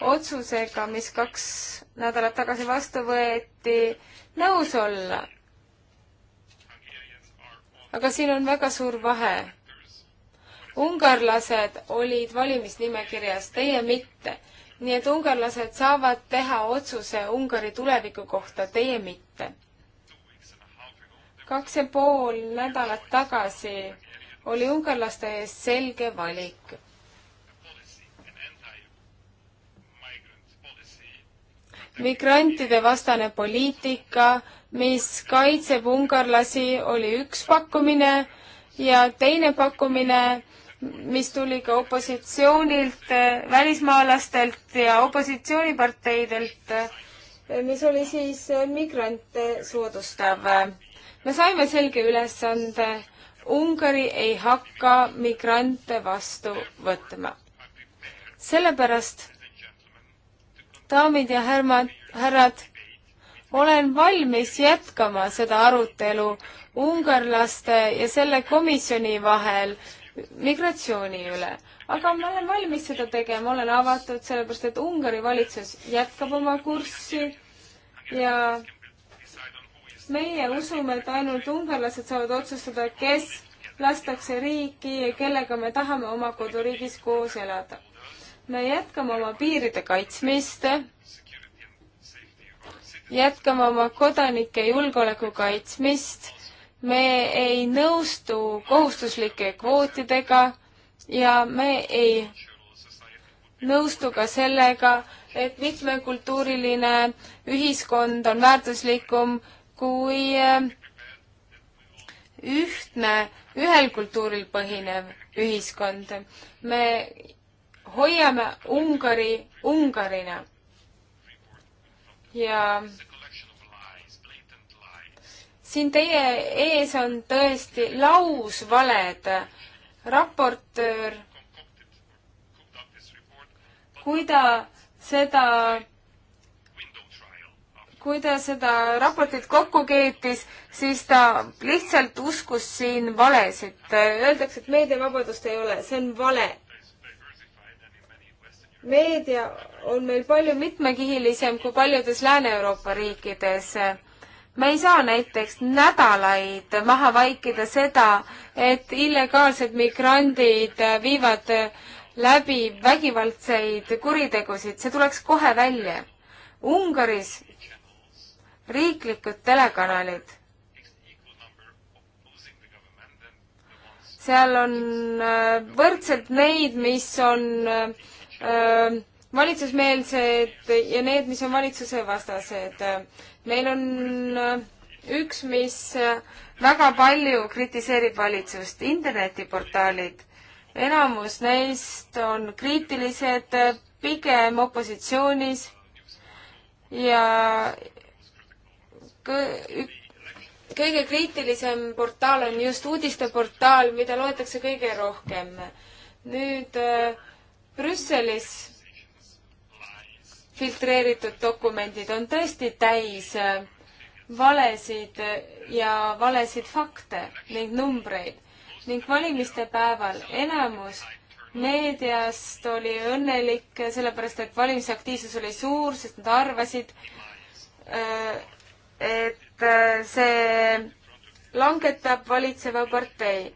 otsusega, mis kaks nädalat tagasi vastu võeti, nõus olla. aga siin on väga suur vahe. ungarlased olid valimisnimekirjas, teie mitte. nii et ungarlased saavad teha otsuse Ungari tuleviku kohta, teie mitte. kaks ja pool nädalat tagasi oli ungarlaste ees selge valik migrantide vastane poliitika, mis kaitseb ungarlasi, oli üks pakkumine ja teine pakkumine, mis tuli ka opositsioonilt, välismaalastelt ja opositsiooniparteidelt, mis oli siis migrante soodustav. me saime selge ülesande, Ungari ei hakka migrante vastu võtma. sellepärast daamid ja härmad, härrad, olen valmis jätkama seda arutelu ungarlaste ja selle komisjoni vahel migratsiooni üle. aga ma olen valmis seda tegema, olen avatud, sellepärast et Ungari valitsus jätkab oma kurssi ja meie usume, et ainult ungarlased saavad otsustada, kes lastakse riiki ja kellega me tahame oma koduriigis koos elada me jätkame oma piiride kaitsmist, jätkame oma kodanike julgeoleku kaitsmist, me ei nõustu kohustuslike kvootidega ja me ei nõustu ka sellega, et mitmekultuuriline ühiskond on väärtuslikum kui äh, ühtne, ühel kultuuril põhinev ühiskond. me hoiame Ungari Ungarina. ja siin teie ees on tõesti lausvaled. raportöör, kui ta seda kui ta seda raportit kokku keetis, siis ta lihtsalt uskus siin valesid. Öeldakse, et meediavabadust ei ole, see on vale meedia on meil palju mitmekihilisem kui paljudes Lääne-Euroopa riikides. me ei saa näiteks nädalaid maha vaikida seda, et illegaalsed migrandid viivad läbi vägivaldseid kuritegusid, see tuleks kohe välja. Ungaris riiklikud telekanalid, seal on äh, võrdselt neid, mis on äh, valitsusmeelsed ja need, mis on valitsuse vastased. meil on üks, mis väga palju kritiseerib valitsust, internetiportaalid. enamus neist on kriitilised, pigem opositsioonis ja kõige kriitilisem portaal on just uudisteportaal, mida loetakse kõige rohkem. nüüd äh, Brüsselis filtreeritud dokumendid on tõesti täis äh, valesid äh, ja valesid fakte ning numbreid ning valimiste päeval enamus meediast oli õnnelik äh, sellepärast, et valimisaktiivsus oli suur, sest nad arvasid, et see langetab valitseva partei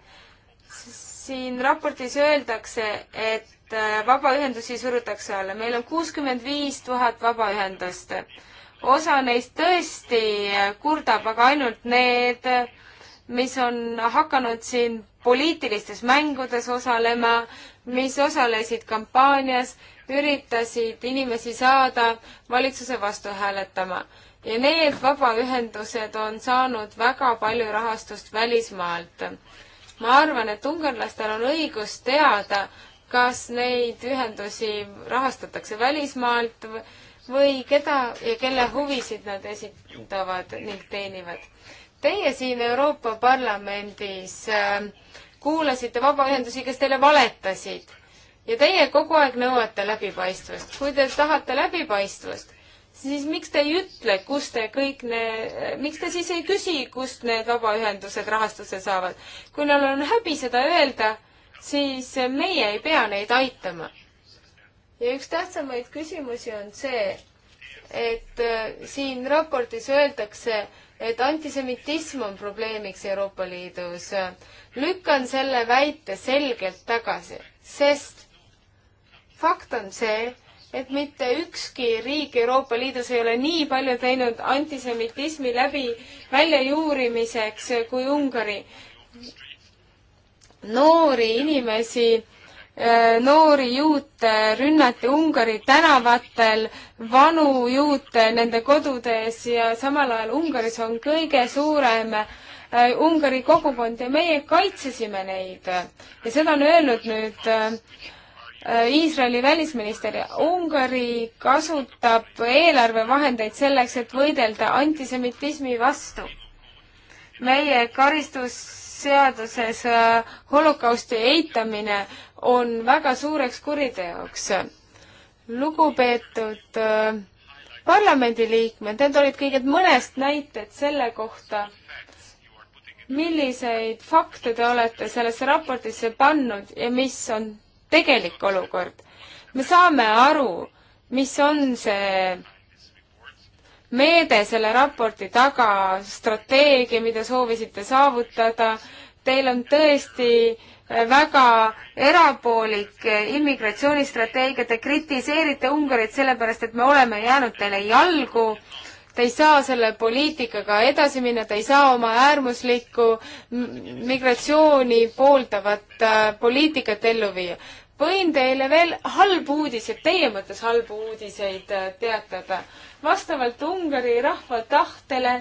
siin raportis öeldakse, et äh, vabaühendusi surutakse alla. meil on kuuskümmend viis tuhat vabaühendust. osa neist tõesti äh, kurdab, aga ainult need, mis on hakanud siin poliitilistes mängudes osalema, mis osalesid kampaanias, üritasid inimesi saada valitsuse vastu hääletama. ja need vabaühendused on saanud väga palju rahastust välismaalt ma arvan, et ungarlastel on õigus teada, kas neid ühendusi rahastatakse välismaalt või keda ja kelle huvisid nad esindavad ning teenivad. Teie siin Euroopa Parlamendis äh, kuulasite vabaühendusi, kes teile valetasid ja teie kogu aeg nõuate läbipaistvust. kui te tahate läbipaistvust, siis miks te ei ütle, kus te kõik need, miks te siis ei küsi, kust need vabaühendused rahastuse saavad? kui neil on häbi seda öelda, siis meie ei pea neid aitama. ja üks tähtsamaid küsimusi on see, et äh, siin raportis öeldakse, et antisemitism on probleemiks Euroopa Liidus. lükkan selle väite selgelt tagasi, sest fakt on see, et mitte ükski riik Euroopa Liidus ei ole nii palju teinud antisemitismi läbi väljajuurimiseks kui Ungari. noori inimesi, äh, noori juute rünnati Ungari tänavatel, vanu juute nende kodudes ja samal ajal Ungaris on kõige suurem äh, Ungari kogukond ja meie kaitsesime neid. ja seda on öelnud nüüd äh, Äh, Iisraeli välisminister ja Ungari kasutab eelarvevahendeid selleks, et võidelda antisemitismi vastu. meie karistusseaduses äh, holokausti eitamine on väga suureks kuriteoks. lugupeetud äh, parlamendiliikmed, need olid kõiged mõnest näited selle kohta, milliseid fakte te olete sellesse raportisse pannud ja mis on tegelik olukord. me saame aru, mis on see meede selle raporti taga, strateegia, mida soovisite saavutada, teil on tõesti eh, väga erapoolik eh, immigratsioonistrateegia, te kritiseerite Ungarit sellepärast, et me oleme jäänud teile jalgu, te ei saa selle poliitikaga edasi minna, te ei saa oma äärmuslikku migratsiooni pooldavat äh, poliitikat ellu viia võin teile veel halbu uudiseid, teie mõttes halbu uudiseid äh, teatada. vastavalt Ungari rahva tahtele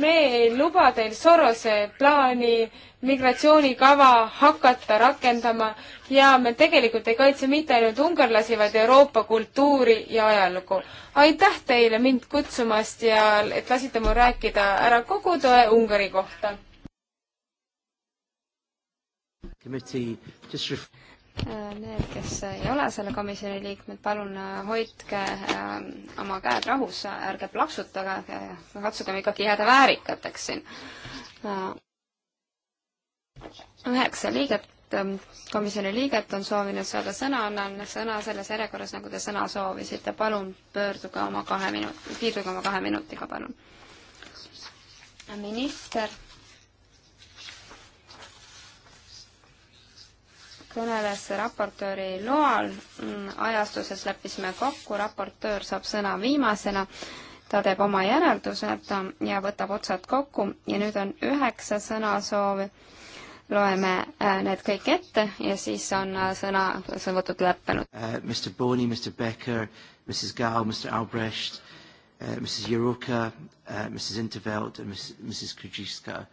me ei luba teil Sorose plaani migratsioonikava hakata rakendama ja me tegelikult ei kaitse mitte ainult ungarlasi, vaid Euroopa kultuuri ja ajalugu. aitäh teile mind kutsumast ja et lasite mul rääkida ära kogu tõe Ungari kohta. Need, kes ei ole selle komisjoni liikmed, palun äh, hoidke äh, oma käed rahus, ärge plaksutage, katsugem ikkagi jääda väärikateks siin. Äh, üheksa liiget, ähm, komisjoni liiget on soovinud saada sõna, annan sõna selles järjekorras, nagu te sõna soovisite, palun pöörduge oma kahe minut-, piirduge oma kahe minutiga, palun. minister kõneles raportööri loal, mm, ajastuses leppisime kokku, raportöör saab sõna viimasena, ta teeb oma järeldused ja võtab otsad kokku ja nüüd on üheksa sõnasoovi. loeme äh, need kõik ette ja siis on äh, sõna, sõnavõtud lõppenud uh,. Mr Boni, Mr Becker, Mrs Gao, Mr Albrecht uh,, Mrs Juroka uh,, Mrs Intervelt ja Mrs Kujiska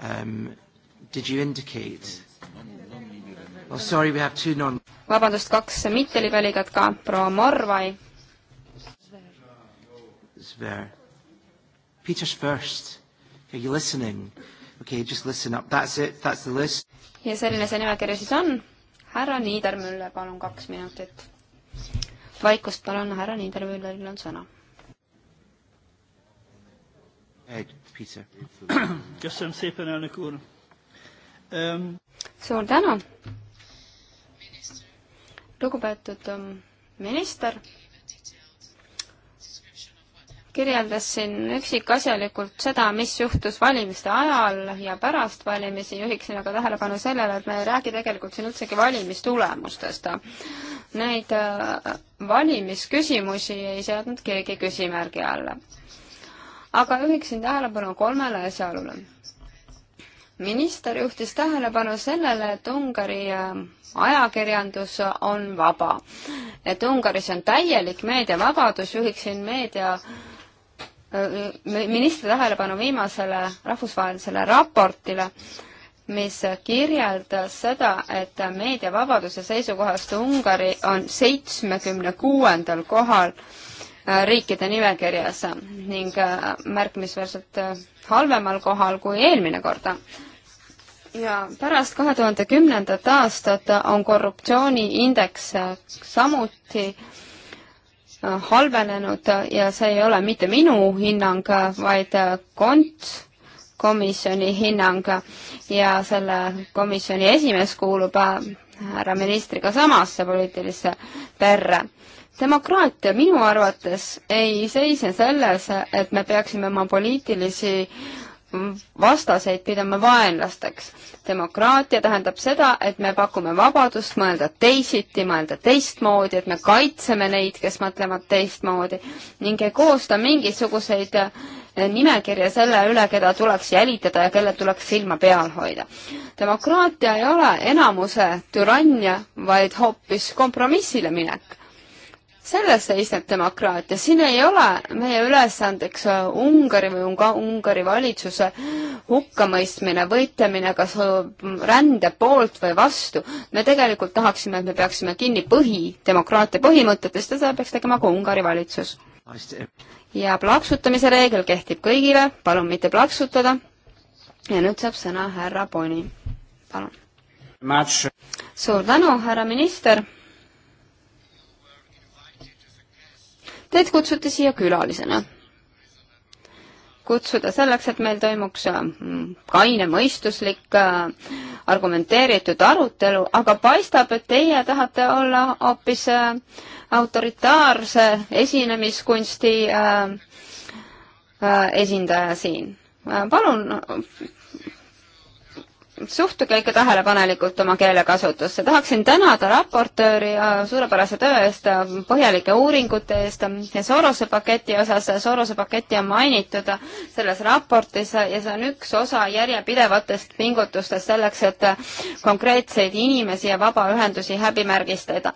um,. Did you indicate mm -hmm. Oh, sorry, we have two non- vabandust, kaks mittelibeligat ka, proua Morvai. Zver. Peter's first. Are you listening? Okay, just listen up. That's it, that's the list. ja selline see nimekiri siis on. härra Niidermüller, palun kaks minutit. vaikust palun, härra Niidermülleril on sõna. Ed, Peter. köszönöm szépen, elnök úr ähm.. suur tänu, lugupeetud ähm, minister. kirjeldasin üksikasjalikult seda, mis juhtus valimiste ajal ja pärast valimisi, juhiksin aga tähelepanu sellele, et me ei räägi tegelikult siin üldsegi valimistulemustest. Neid äh, valimisküsimusi ei seadnud keegi küsimärgi alla. aga juhiksin tähelepanu kolmele asjaolule minister juhtis tähelepanu sellele, et Ungari äh, ajakirjandus on vaba. et Ungaris on täielik meediavabadus, juhiksin meedia äh, ministri tähelepanu viimasele rahvusvahelisele raportile, mis kirjeldas seda, et meediavabaduse seisukohast Ungari on seitsmekümne kuuendal kohal äh, riikide nimekirjas ning märkimisväärselt halvemal kohal kui eelmine kord ja pärast kahe tuhande kümnendat aastat on korruptsiooniindeks äh, samuti äh, halvenenud ja see ei ole mitte minu hinnang, vaid äh, kont-, komisjoni hinnang ja selle komisjoni esimees kuulub härra ministriga samasse poliitilisse perre. demokraatia minu arvates ei seisne selles, et me peaksime oma poliitilisi äh, vastaseid pidame vaenlasteks. demokraatia tähendab seda, et me pakume vabadust mõelda teisiti, mõelda teistmoodi, et me kaitseme neid, kes mõtlevad teistmoodi ning ei koosta mingisuguseid eh, nimekirja selle üle, keda tuleks jälitada ja kellel tuleks silma peal hoida. demokraatia ei ole enamuse türannia, vaid hoopis kompromissile minek selles seisneb demokraatia, siin ei ole meie ülesandeks äh, Ungari või Unga-, Ungari valitsuse hukkamõistmine, võitlemine kas äh, rände poolt või vastu. me tegelikult tahaksime, et me peaksime kinni põhi, demokraatia põhimõtetest ja seda peaks tegema ka Ungari valitsus. ja plaksutamise reegel kehtib kõigile, palun mitte plaksutada. ja nüüd saab sõna härra Boni, palun. suur tänu, härra minister Teid kutsuti siia külalisena. kutsuda selleks, et meil toimuks äh, mm, kaine mõistuslik äh, argumenteeritud arutelu, aga paistab, et teie tahate olla hoopis äh, autoritaarse esinemiskunsti esindaja siin. palun suhtuge ikka tähelepanelikult oma keelekasutusse. tahaksin tänada raportööri suurepärase töö eest, põhjalike uuringute eest ja Sorose paketi osas, Sorose paketti on mainitud selles raportis ja see on üks osa järjepidevatest pingutustest selleks, et konkreetseid inimesi ja vabaühendusi häbimärgistada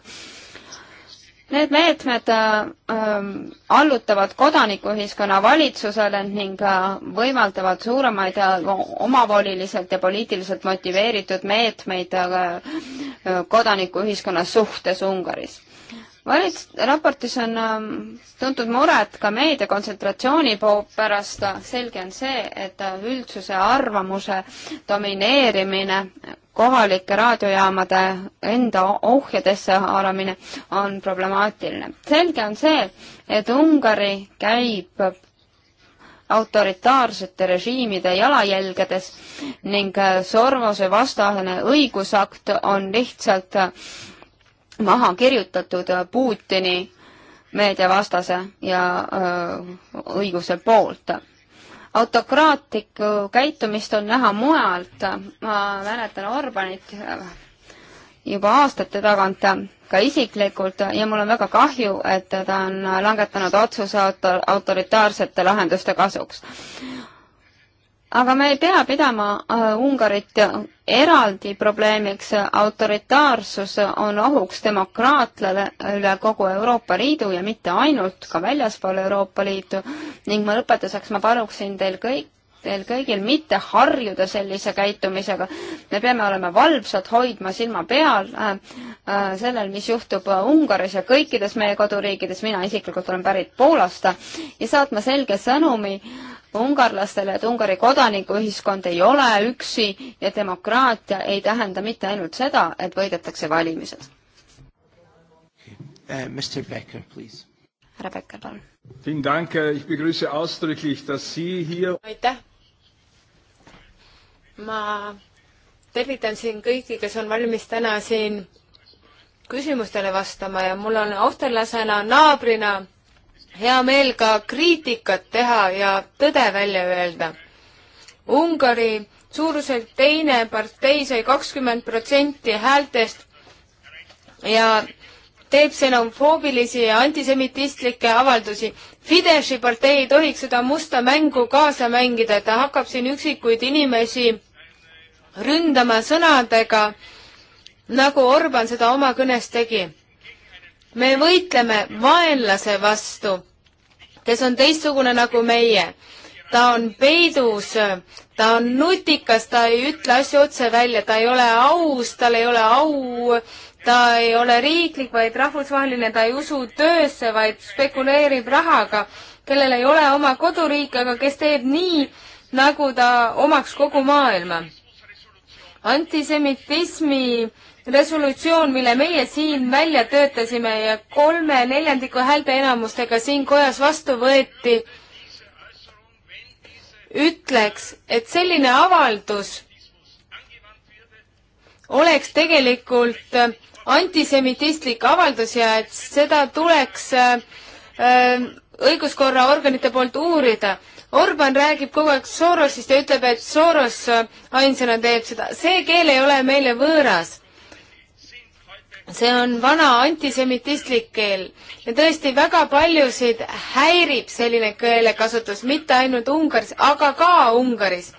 Need meetmed äh, ähm, allutavad kodanikuühiskonna valitsusele ning äh, võimaldavad suuremaid äh, omavoliliselt ja poliitiliselt motiveeritud meetmeid kodanikuühiskonna suhtes Ungaris. valits-, raportis on ähm, tuntud muret ka meedia kontsentratsiooni pärast, selge on see, et üldsuse arvamuse domineerimine kohalike raadiojaamade enda ohjadesse haaramine on problemaatiline. selge on see, et Ungari käib autoritaarsete režiimide jalajälgedes ning Sormose vastane õigusakt on lihtsalt maha kirjutatud Putini meediavastase ja öö, õiguse poolt autokraatlikku käitumist on näha mujalt, ma mäletan Orbanit juba aastate tagant ka isiklikult ja mul on väga kahju, et ta on langetanud otsuse auto, autoritaarsete lahenduste kasuks aga me ei pea pidama äh, Ungarit eraldi probleemiks, autoritaarsus on ohuks demokraatlale üle kogu Euroopa Liidu ja mitte ainult, ka väljaspool Euroopa Liitu. ning ma lõpetuseks ma paluksin teil kõik, teil kõigil mitte harjuda sellise käitumisega. me peame olema valvsad, hoidma silma peal äh, äh, sellel, mis juhtub Ungaris ja kõikides meie koduriikides, mina isiklikult olen pärit Poolast, ja saatma selge sõnumi äh, ungarlastele, et Ungari kodanikuühiskond ei ole üksi ja demokraatia ei tähenda mitte ainult seda, et võidetakse valimised uh,. Eh, Mr Becker, please. härra Becker, palun. Eh, aitäh. ma tervitan siin kõiki, kes on valmis täna siin küsimustele vastama ja mul on austerlasena, naabrina hea meel ka kriitikat teha ja tõde välja öelda. Ungari suuruselt teine partei sai kakskümmend protsenti häältest ja teeb xenofoobilisi ja antisemitistlikke avaldusi. Fideszi partei ei tohiks seda musta mängu kaasa mängida, ta hakkab siin üksikuid inimesi ründama sõnadega, nagu Orban seda oma kõnes tegi me võitleme vaenlase vastu, kes on teistsugune nagu meie. ta on peidus, ta on nutikas, ta ei ütle asju otse välja, ta ei ole aus, tal ei ole au, ta ei ole riiklik, vaid rahvusvaheline, ta ei usu töösse, vaid spekuleerib rahaga, kellel ei ole oma koduriiki, aga kes teeb nii, nagu ta omaks kogu maailma. antisemitismi resolutsioon, mille meie siin välja töötasime ja kolme neljandiku häälteenamustega siin kojas vastu võeti, ütleks, et selline avaldus oleks tegelikult äh, antisemitistlik avaldus ja et seda tuleks äh, äh, õiguskorraorganite poolt uurida Orban räägib kogu aeg Sorosist ja ütleb, et Soros ainsana teeb seda. see keel ei ole meile võõras see on vana antisemitistlik keel ja tõesti väga paljusid häirib selline keelekasutus, mitte ainult Ungaris, aga ka Ungaris.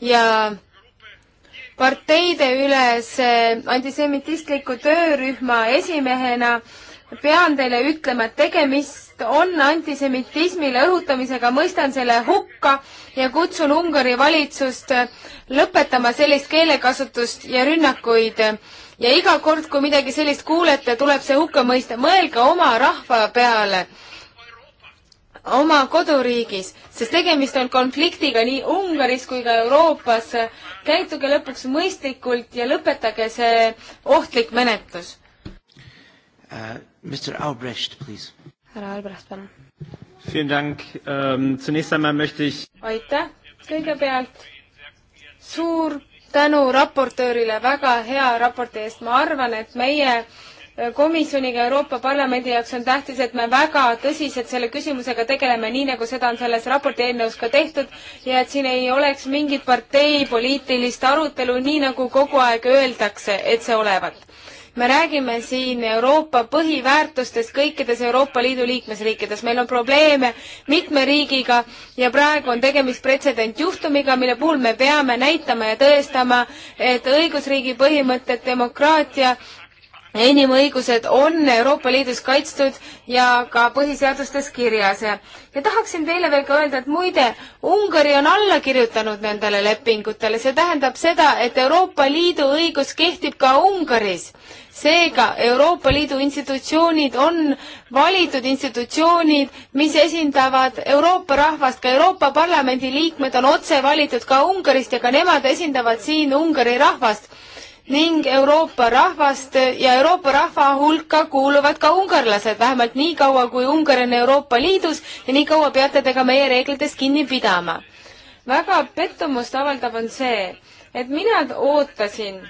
ja parteide üles antisemitistliku töörühma esimehena pean teile ütlema, et tegemist on antisemitismile õhutamisega, mõistan selle hukka ja kutsun Ungari valitsust lõpetama sellist keelekasutust ja rünnakuid ja iga kord, kui midagi sellist kuulete, tuleb see hukka mõista, mõelge oma rahva peale oma koduriigis, sest tegemist on konfliktiga nii Ungaris kui ka Euroopas. käituge lõpuks mõistlikult ja lõpetage see ohtlik menetlus uh,. Mr Albrecht, please. härra Albrecht, palun. Vielen Dank um,. Zunächst einmal möchte ich. aitäh, kõigepealt suur tänu raportöörile väga hea raporti eest, ma arvan, et meie komisjoniga Euroopa Parlamendi jaoks on tähtis, et me väga tõsiselt selle küsimusega tegeleme, nii nagu seda on selles raporti eelnõus ka tehtud ja et siin ei oleks mingit parteipoliitilist arutelu, nii nagu kogu aeg öeldakse, et see olevat me räägime siin Euroopa põhiväärtustest kõikides Euroopa Liidu liikmesriikides. meil on probleeme mitme riigiga ja praegu on tegemist pretsedentjuhtumiga, mille puhul me peame näitama ja tõestama, et õigusriigi põhimõtted, demokraatia inimõigused on Euroopa Liidus kaitstud ja ka põhiseadustes kirjas. ja tahaksin teile veel ka öelda, et muide, Ungari on alla kirjutanud nendele lepingutele, see tähendab seda, et Euroopa Liidu õigus kehtib ka Ungaris. seega Euroopa Liidu institutsioonid on valitud institutsioonid, mis esindavad Euroopa rahvast, ka Euroopa Parlamendi liikmed on otse valitud ka Ungarist ja ka nemad esindavad siin Ungari rahvast ning Euroopa rahvast ja Euroopa rahva hulka kuuluvad ka ungarlased, vähemalt nii kaua, kui Ungar on Euroopa Liidus ja nii kaua peate te ka meie reeglitest kinni pidama. väga pettumust avaldav on see, et mina ootasin,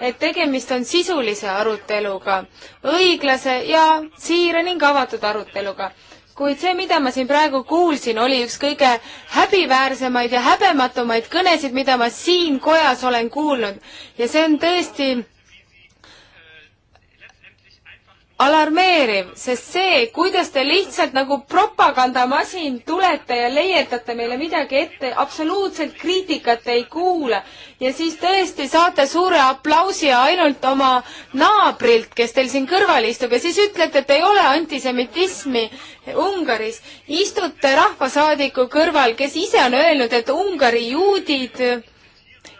et tegemist on sisulise aruteluga, õiglase ja siira ning avatud aruteluga kuid see, mida ma siin praegu kuulsin, oli üks kõige häbiväärsemaid ja häbematumaid kõnesid, mida ma siin kojas olen kuulnud. ja see on tõesti alarmeeriv, sest see, kuidas te lihtsalt nagu propagandamasin tulete ja leietate meile midagi ette, absoluutselt kriitikat ei kuula. ja siis tõesti saate suure aplausi ainult oma naabrilt, kes teil siin kõrval istub ja siis ütlete, et ei ole antisemitismi Ungaris. istute rahvasaadiku kõrval, kes ise on öelnud, et Ungari juudid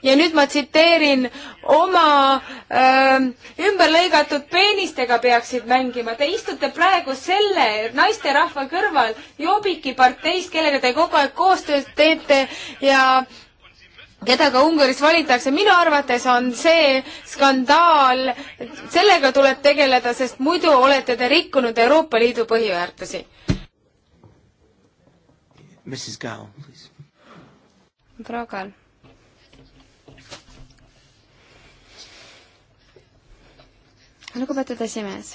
ja nüüd ma tsiteerin, oma äh, ümberlõigatud peenistega peaksid mängima. Te istute praegu selle naisterahva kõrval Jobiki parteis, kellega te kogu aeg koostööd teete ja keda ka Ungaris valitakse, minu arvates on see skandaal, sellega tuleb tegeleda, sest muidu olete te rikkunud Euroopa Liidu põhiväärtusi. proua Kaal lugupeetud esimees,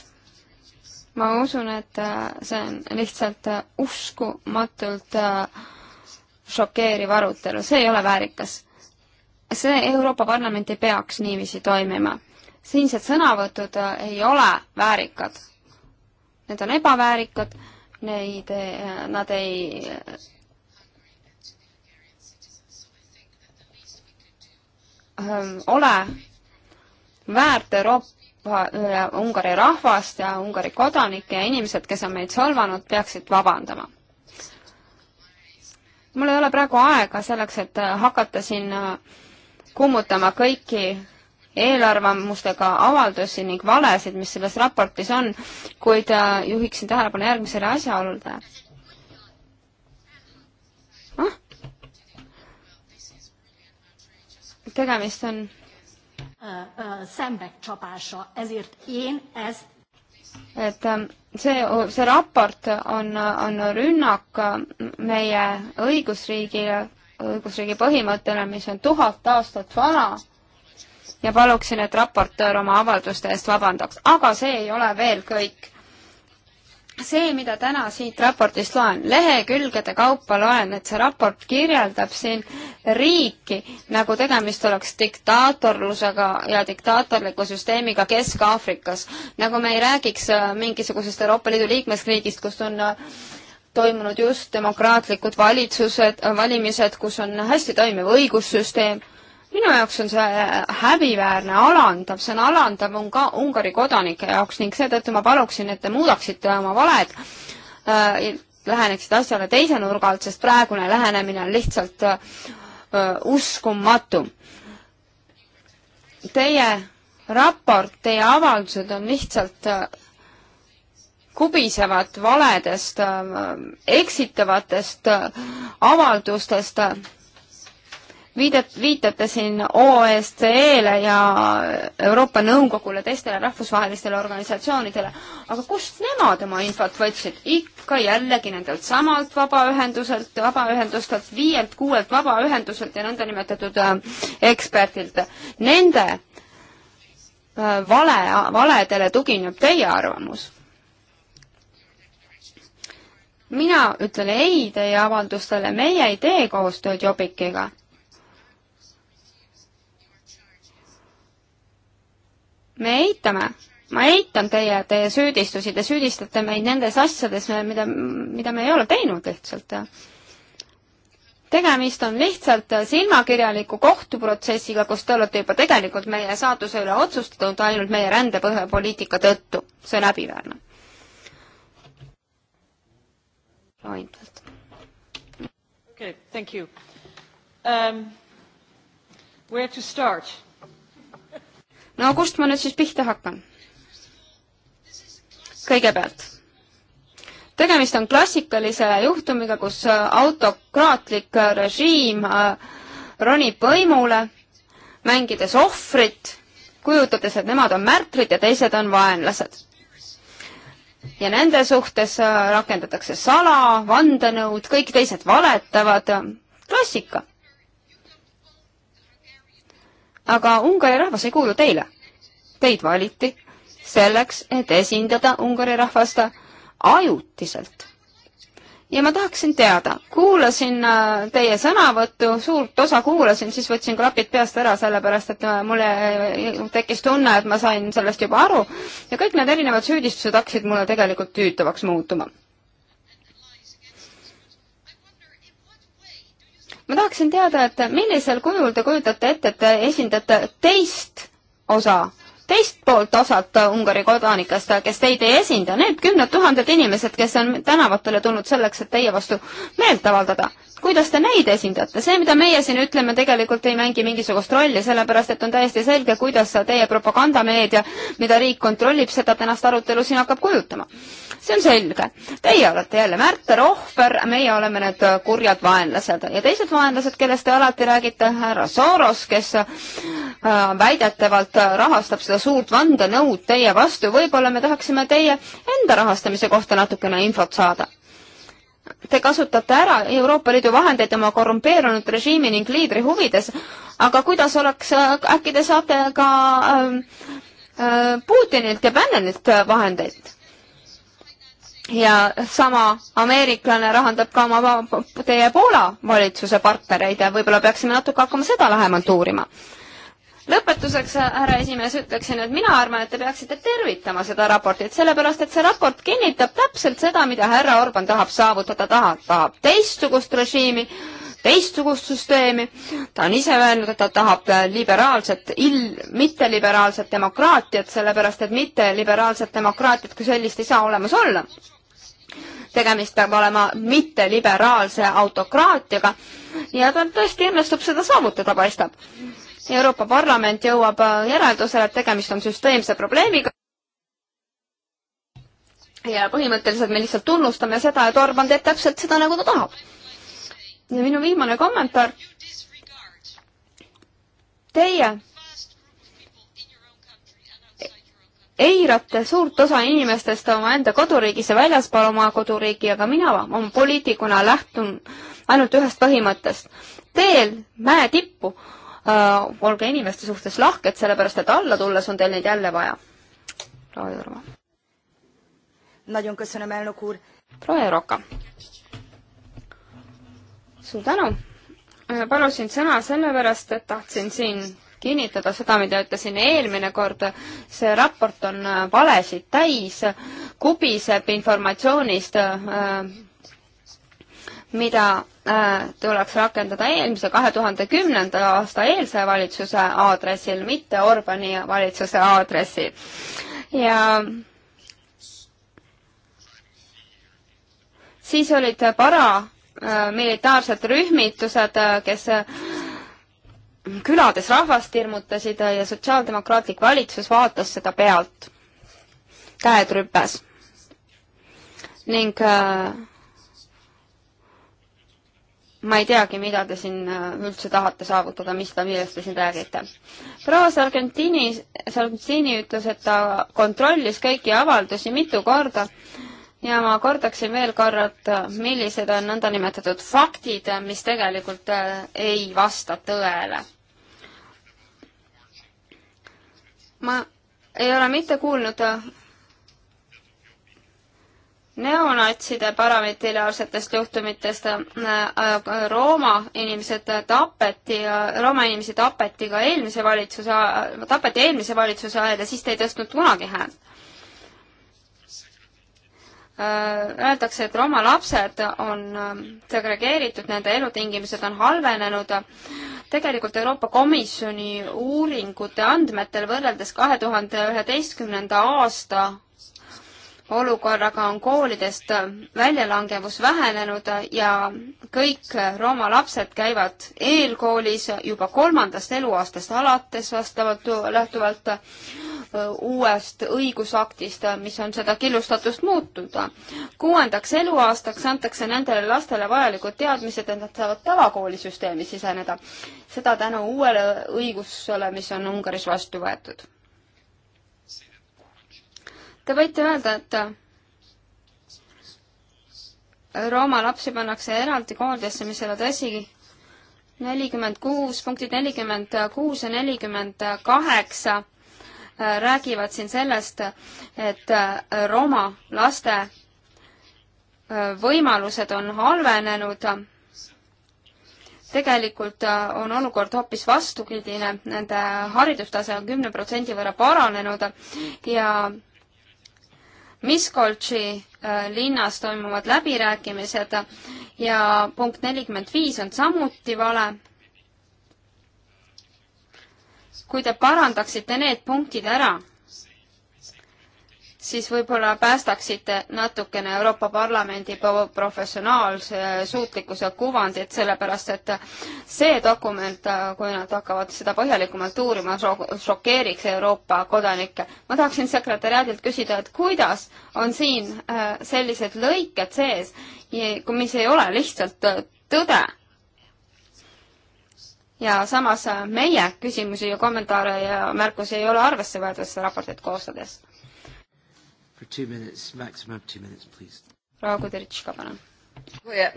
ma usun, et äh, see on lihtsalt äh, uskumatult äh, šokeeriv arutelu, see ei ole väärikas. see Euroopa Parlament ei peaks niiviisi toimima. siinsed sõnavõtud ei ole väärikad. Need on ebaväärikad, neid, nad ei ole väärt Euroopa Ungari rahvast ja Ungari kodanikke ja inimesed, kes on meid solvanud, peaksid vabandama. mul ei ole praegu aega selleks, et äh, hakata siin äh, kummutama kõiki eelarvamustega avaldusi ning valesid, mis selles raportis on, kuid äh, juhiksin tähelepanu järgmisele asjaolule ah?. tegemist on szembecsapása. Ezért én ezt et see, see raport on, on rünnak meie õigusriigile, õigusriigi põhimõttele, mis on tuhat aastat vana ja paluksin, et raportöör oma avalduste eest vabandaks, aga see ei ole veel kõik see, mida täna siit raportist loen, lehekülgede kaupa loen, et see raport kirjeldab siin riiki, nagu tegemist oleks diktaatorlusega ja diktaatorliku süsteemiga Kesk-Aafrikas. nagu me ei räägiks äh, mingisugusest Euroopa Liidu liikmesriigist, kus on äh, toimunud just demokraatlikud valitsused, äh, valimised, kus on hästi toimiv õigussüsteem minu jaoks on see häbiväärne, alandav, see on alandav Unga-, Ungari kodanike jaoks ning seetõttu ma paluksin, et te muudaksite oma valed äh,, läheneksid asjale teise nurga alt, sest praegune lähenemine on lihtsalt äh, uskumatu. Teie raport, teie avaldused on lihtsalt äh, kubisevad valedest, äh, eksitavatest äh, avaldustest äh, viidat-, viitate siin OSCE-le ja Euroopa Nõukogule, teistele rahvusvahelistele organisatsioonidele, aga kust nemad oma infot võtsid? ikka jällegi nendelt samalt vabaühenduselt, vabaühendustelt, viielt-kuuelt vabaühenduselt ja nõndanimetatud äh, eksperdilt. Nende äh, vale, valedele tugineb teie arvamus? mina ütlen ei teie avaldustele, meie ei tee koostööd Jobikiga me eitame, ma eitan teie, teie süüdistusi, te süüdistate meid nendes asjades, mida, mida me ei ole teinud lihtsalt. tegemist on lihtsalt silmakirjaliku kohtuprotsessiga, kus te olete juba tegelikult meie saatuse üle otsustanud ainult meie rändepõhjapoliitika tõttu. see on häbiväärne. ainult. okei okay,, thank you um,. Where to start? no kust ma nüüd siis pihta hakkan? kõigepealt, tegemist on klassikalise juhtumiga, kus äh, autokraatlik äh, režiim äh, ronib võimule, mängides ohvrit, kujutades, et nemad on märtrid ja teised on vaenlased. ja nende suhtes rakendatakse sala, vandenõud, kõik teised valetavad, klassika aga Ungari rahvas ei kuulu teile. Teid valiti selleks, et esindada Ungari rahvast ajutiselt. ja ma tahaksin teada, kuulasin äh, teie sõnavõttu, suurt osa kuulasin, siis võtsin klapid peast ära, sellepärast et äh, mulle äh, tekkis tunne, et ma sain sellest juba aru ja kõik need erinevad süüdistused hakkasid mulle tegelikult tüütavaks muutuma ma tahaksin teada, et millisel kujul te kujutate ette, et te esindate teist osa teist poolt osalt Ungari kodanikest, kes teid ei esinda, need kümned tuhanded inimesed, kes on tänavatele tulnud selleks, et teie vastu meelt avaldada, kuidas te neid esindate? see, mida meie siin ütleme, tegelikult ei mängi mingisugust rolli, sellepärast et on täiesti selge, kuidas teie propagandameedia, mida riik kontrollib, seda tänast arutelu siin hakkab kujutama. see on selge. Teie olete jälle märter, ohver, meie oleme need kurjad vaenlased ja teised vaenlased, kellest te alati räägite, härra Soros, kes äh, väidetavalt rahastab seda seda suurt vandenõud teie vastu, võib-olla me tahaksime teie enda rahastamise kohta natukene infot saada. Te kasutate ära Euroopa Liidu vahendeid oma korrumpeerunud režiimi ning liidri huvides, aga kuidas oleks, äkki te saate ka äh, äh, Putinilt ja Bannonilt vahendeid? ja sama ameeriklane rahandab ka oma teie Poola valitsuse partnereid ja võib-olla peaksime natuke hakkama seda lähemalt uurima lõpetuseks, härra esimees, ütleksin, et mina arvan, et te peaksite tervitama seda raportit, sellepärast et see raport kinnitab täpselt seda, mida härra Orban tahab saavutada, tahab, tahab teistsugust režiimi, teistsugust süsteemi, ta on ise öelnud, et ta tahab liberaalset, ill-, mitteliberaalset demokraatiat, sellepärast et mitteliberaalset demokraatiat kui sellist ei saa olemas olla. tegemist peab olema mitteliberaalse autokraatiaga ja tal tõesti õnnestub seda saavutada, paistab Euroopa Parlament jõuab äh, järeldusele, et tegemist on süsteemse probleemiga ja põhimõtteliselt me lihtsalt tunnustame seda, et Orban teeb täpselt seda, nagu ta tahab. ja minu viimane kommentaar. Teie eirate suurt osa inimestest omaenda koduriigis ja väljaspool oma koduriigi, aga mina oma poliitikuna lähtun ainult ühest põhimõttest. teel mäe tippu Äh, olge inimeste suhtes lahked, sellepärast et alla tulles on teil neid jälle vaja. proua Jurva. proua Juroka. suur tänu. Äh, palusin sõna sellepärast, et tahtsin siin kinnitada seda, mida ütlesin eelmine kord. see raport on äh, valesid täis, kubiseb informatsioonist äh, mida äh, tuleks rakendada eelmise, kahe tuhande kümnenda aasta eelse valitsuse aadressil, mitte Orbani valitsuse aadressil. ja siis olid paramilitaarsed äh, rühmitused, äh, kes külades rahvast hirmutasid ja sotsiaaldemokraatlik valitsus vaatas seda pealt, käed rüpes. ning äh, ma ei teagi, mida te siin äh, üldse tahate saavutada, mis te, millest te siin räägite. proua Sargentini, Sargentini ütles, et ta kontrollis kõiki avaldusi mitu korda ja ma kordaksin veel korralt, millised on nõndanimetatud faktid, mis tegelikult äh, ei vasta tõele. ma ei ole mitte kuulnud äh, neonatside paramilitaarsetest juhtumitest äh, äh, Rooma inimesed tapeti ja Rooma inimesi tapeti ka eelmise valitsuse, tapeti eelmise valitsuse ajal ja siis te ei tõstnud kunagi häält. Äh, öeldakse, et Rooma lapsed on segregeeritud, nende elutingimused on halvenenud. tegelikult Euroopa Komisjoni uuringute andmetel võrreldes kahe tuhande üheteistkümnenda aasta olukorraga on koolidest väljalangevus vähenenud ja kõik Rooma lapsed käivad eelkoolis juba kolmandast eluaastast alates vastavalt, lähtuvalt uuest õigusaktist, mis on seda killustatust muutnud. kuuendaks eluaastaks antakse nendele lastele vajalikud teadmised, et nad saavad tavakoolisüsteemi siseneda. seda tänu uuele õigusele, mis on Ungaris vastu võetud Te võite öelda, et Rooma lapsi pannakse eraldi koolidesse, mis ei ole tõsi, nelikümmend kuus, punktid nelikümmend kuus ja nelikümmend kaheksa äh, räägivad siin sellest, et äh, Rooma laste äh, võimalused on halvenenud. tegelikult on olukord hoopis vastupidine, nende haridustase on kümne protsendi võrra paranenud ja Miskolci äh, linnas toimuvad läbirääkimised ja punkt nelikümmend viis on samuti vale. kui te parandaksite need punktid ära siis võib-olla päästaksite natukene Euroopa Parlamendi professionaalse äh, suutlikkuse kuvandit, sellepärast et see dokument, äh, kui nad hakkavad seda põhjalikumalt uurima, šokeeriks Euroopa kodanikke. ma tahaksin sekretäriaadilt küsida, et kuidas on siin äh, sellised lõiked sees, mis ei ole lihtsalt tõde? ja samas meie küsimusi ja kommentaare ja märkusi ei ole arvesse võetud seda raportit koostades for two minutes, maximum two minutes, please. Frau Kuderczka, pana. Dziękuję.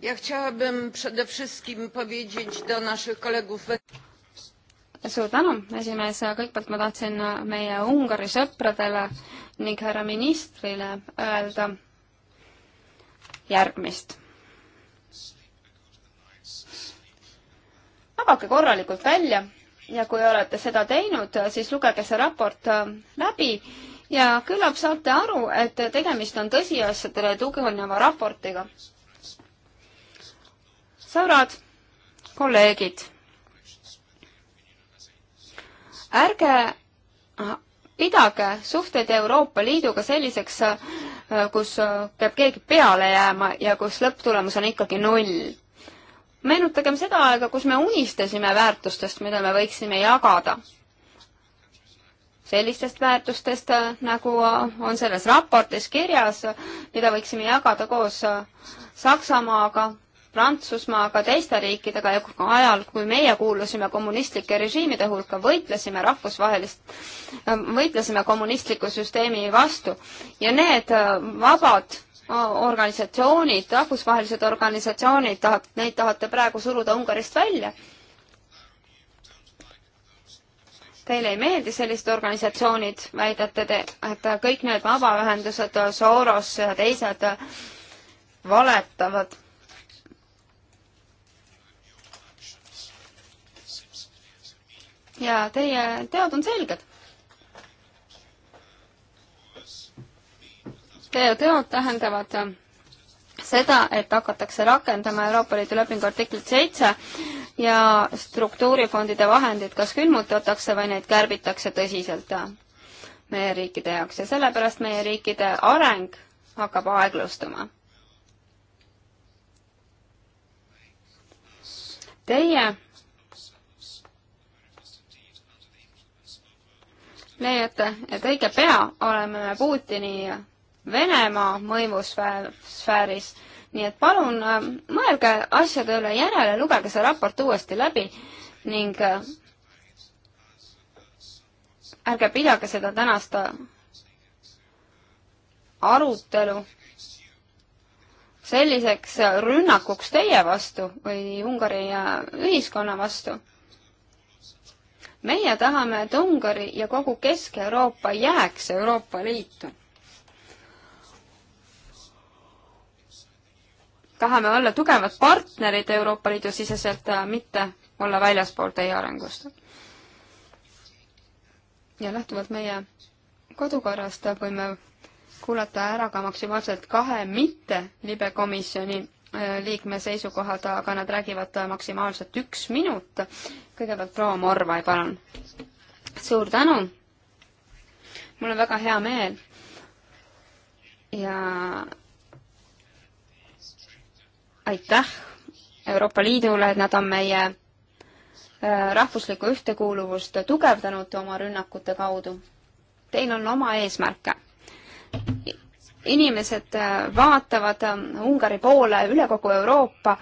Ja chciałabym przede wszystkim powiedzieć do naszych kolegów suur tänu, esimees, kõigepealt ma tahtsin meie Ungari sõpradele ning härra ministrile öelda järgmist. magage korralikult välja ja kui olete seda teinud, siis lugege see raport läbi ja küllap saate aru, et tegemist on tõsiasjadele tugineva raportiga. sõbrad, kolleegid, ärge äh, pidage suhted Euroopa Liiduga selliseks, äh, kus äh, peab keegi peale jääma ja kus lõpptulemus on ikkagi null. meenutagem seda aega, kus me unistasime väärtustest, mida me võiksime jagada sellistest väärtustest, äh, nagu äh, on selles raportis kirjas, mida võiksime jagada koos äh, Saksamaaga, Prantsusmaaga, teiste riikidega ja ka ajal, kui meie kuulusime kommunistlike režiimide hulka, võitlesime rahvusvahelist, võitlesime kommunistliku süsteemi vastu ja need vabad organisatsioonid, rahvusvahelised organisatsioonid, tahab, neid tahate praegu suruda Ungarist välja Teile ei meeldi sellised organisatsioonid, väidate te, et kõik need vabaühendused, Soros ja teised valetavad. ja teie teod on selged. Teie teod tähendavad seda, et hakatakse rakendama Euroopa Liidu lepingu artiklit seitse ja struktuurifondide vahendid kas külmutatakse või neid kärbitakse tõsiselt meie riikide jaoks ja sellepärast meie riikide areng hakkab aeglustuma. Teie leiate, et õige pea oleme me Putini Venemaa mõjusfääris sfääris nii et palun äh, mõelge asjade üle järele, lugege see raport uuesti läbi ning äh, ärge pidage seda tänast äh, arutelu selliseks rünnakuks teie vastu või Ungari ühiskonna vastu. meie tahame, et Ungari ja kogu Kesk-Euroopa jääks Euroopa Liitu tahame olla tugevad partnerid Euroopa Liidu siseselt, äh, mitte olla väljaspool teie arengust. ja lähtuvalt meie kodukorrast võime kuulata ära ka maksimaalselt kahe mitte libekomisjoni äh, liikme seisukohad, aga nad räägivad äh, maksimaalselt üks minut. kõigepealt proua Morvai, palun. suur tänu. mul on väga hea meel ja aitäh Euroopa Liidule, et nad on meie äh, rahvuslikku ühtekuuluvust tugevdanud oma rünnakute kaudu. Teil on oma eesmärke. inimesed äh, vaatavad äh, Ungari poole üle kogu Euroopa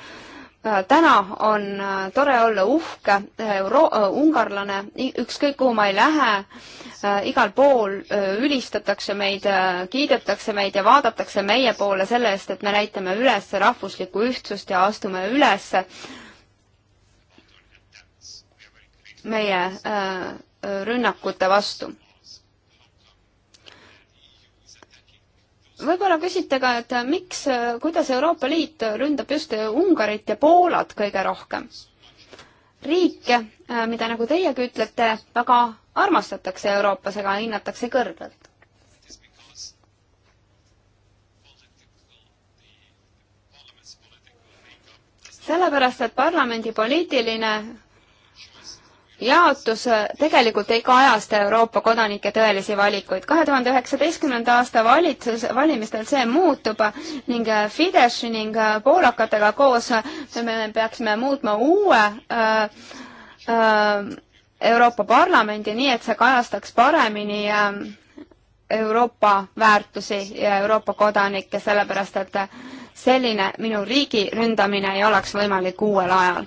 Äh, täna on äh, tore olla uhke äh, euro-, ungarlane, ükskõik kuhu ma ei lähe, igal pool ülistatakse meid, kiidetakse meid ja vaadatakse meie poole selle eest, et me näitame üles rahvuslikku ühtsust ja astume üles meie rünnakute vastu võib-olla küsite ka, et miks, kuidas Euroopa Liit ründab just Ungarit ja Poolat kõige rohkem? riike, mida nagu teiegi ütlete, väga armastatakse Euroopas, aga hinnatakse kõrgelt. sellepärast, et parlamendi poliitiline jaotus äh, tegelikult ei kajasta Euroopa kodanike tõelisi valikuid. kahe tuhande üheksateistkümnenda aasta valitsus, valimistel see muutub ning äh, Fidesz ning äh, poolakatega koos me peaksime muutma uue äh, äh, Euroopa Parlamendi, nii et see kajastaks paremini äh, Euroopa väärtusi ja Euroopa kodanikke, sellepärast et selline minu riigi ründamine ei oleks võimalik uuel ajal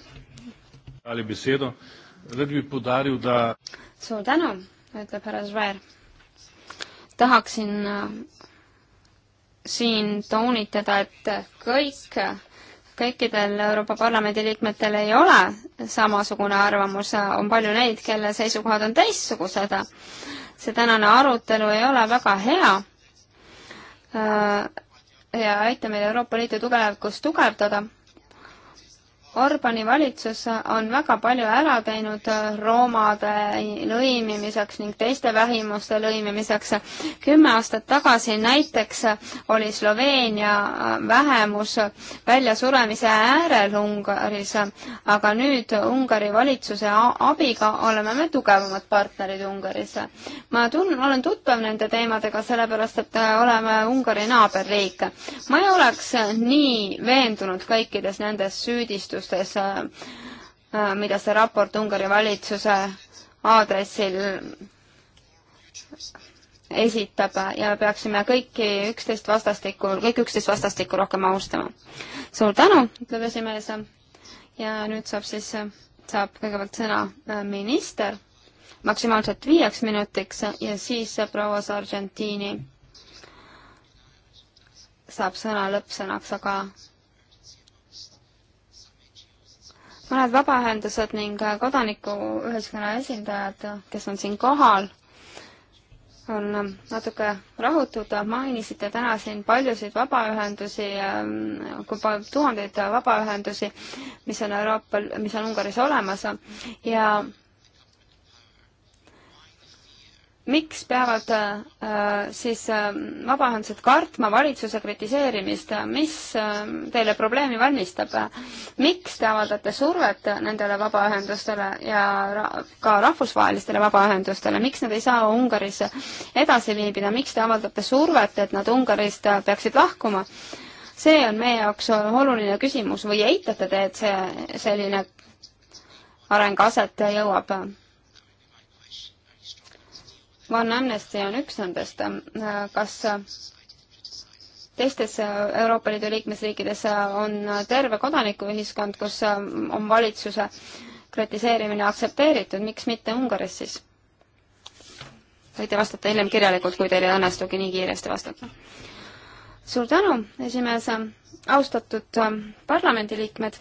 rad bi podaril, da suur tänu, ütleb härra Zver. tahaksin äh, siin toonitada, et kõik, kõikidel Euroopa Parlamendi liikmetel ei ole samasugune arvamus, on palju neid, kelle seisukohad on teistsugused. see tänane arutelu ei ole väga hea äh, ja aita meil Euroopa Liitu tulevikus tugevdada Orbani valitsus on väga palju ära teinud roomade lõimimiseks ning teiste vähimuste lõimimiseks. kümme aastat tagasi näiteks oli Sloveenia vähemus väljasuremise äärel Ungaris, aga nüüd Ungari valitsuse abiga oleme me tugevamad partnerid Ungaris. ma tun-, olen tuttav nende teemadega, sellepärast et oleme Ungari naaberriik. ma ei oleks nii veendunud kõikides nendes süüdistustes, avaldustes, äh, mida see raport Ungari valitsuse aadressil esitab ja me peaksime kõiki üksteist vastastikku, kõik üksteist vastastikku rohkem austama. suur tänu, ütleb esimees. ja nüüd saab siis, saab kõigepealt sõna äh, minister maksimaalselt viieks minutiks ja siis proua Sargentini saab sõna lõppsõnaks, aga mõned vabaühendused ning kodanikuühiskonna esindajad, kes on siin kohal, on natuke rahutud, mainisite täna siin paljusid vabaühendusi, ähm, kui tuhandeid vabaühendusi, mis on Euroopa, mis on Ungaris olemas ja miks peavad äh, siis äh, vabaühendused kartma valitsuse kritiseerimist, äh, mis äh, teile probleemi valmistab? miks te avaldate survet nendele vabaühendustele ja ra ka rahvusvahelistele vabaühendustele, miks nad ei saa Ungaris edasi viibida, miks te avaldate survet, et nad Ungarist äh, peaksid lahkuma? see on meie jaoks oluline küsimus või eitate te, et see, selline areng aset jõuab? One Amnesty on üks nendest, kas teistes Euroopa Liidu liikmesriikides on terve kodanikuühiskond, kus on valitsuse kritiseerimine aktsepteeritud, miks mitte Ungaris siis? võite vastata hiljem kirjalikult, kui teil ei õnnestugi nii kiiresti vastata. suur tänu, esimees, austatud parlamendiliikmed.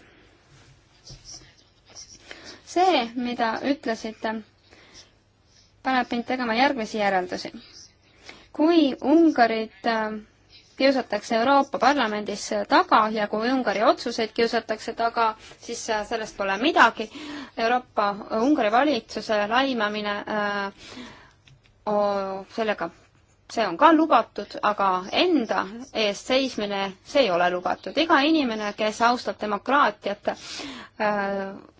see, mida ütlesite paneb mind tegema järgmisi järeldusi. kui Ungarit äh, kiusatakse Euroopa Parlamendis taga ja kui Ungari otsuseid kiusatakse taga, siis äh, sellest pole midagi. Euroopa, Ungari valitsuse laimamine äh,, sellega, see on ka lubatud, aga enda eest seismine, see ei ole lubatud. iga inimene, kes austab demokraatiat äh,,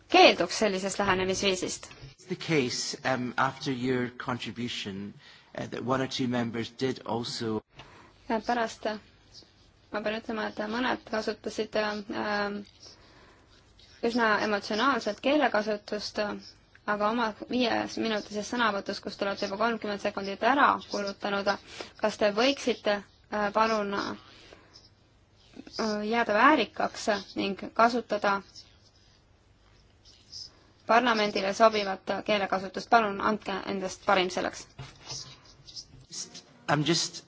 keelduks sellisest lähenemisviisist the case um, after your contribution uh, that one or two members did also ja pärast äh, ma pean ütlema, et mõned kasutasid äh, üsna emotsionaalset keelekasutust, aga oma viieminutilises sõnavõtus, kus te olete juba kolmkümmend sekundit ära kulutanud, kas te võiksite äh, palun äh, jääda väärikaks ning kasutada parlamendile sobivat keelekasutust, palun andke endast parim selleks. I am just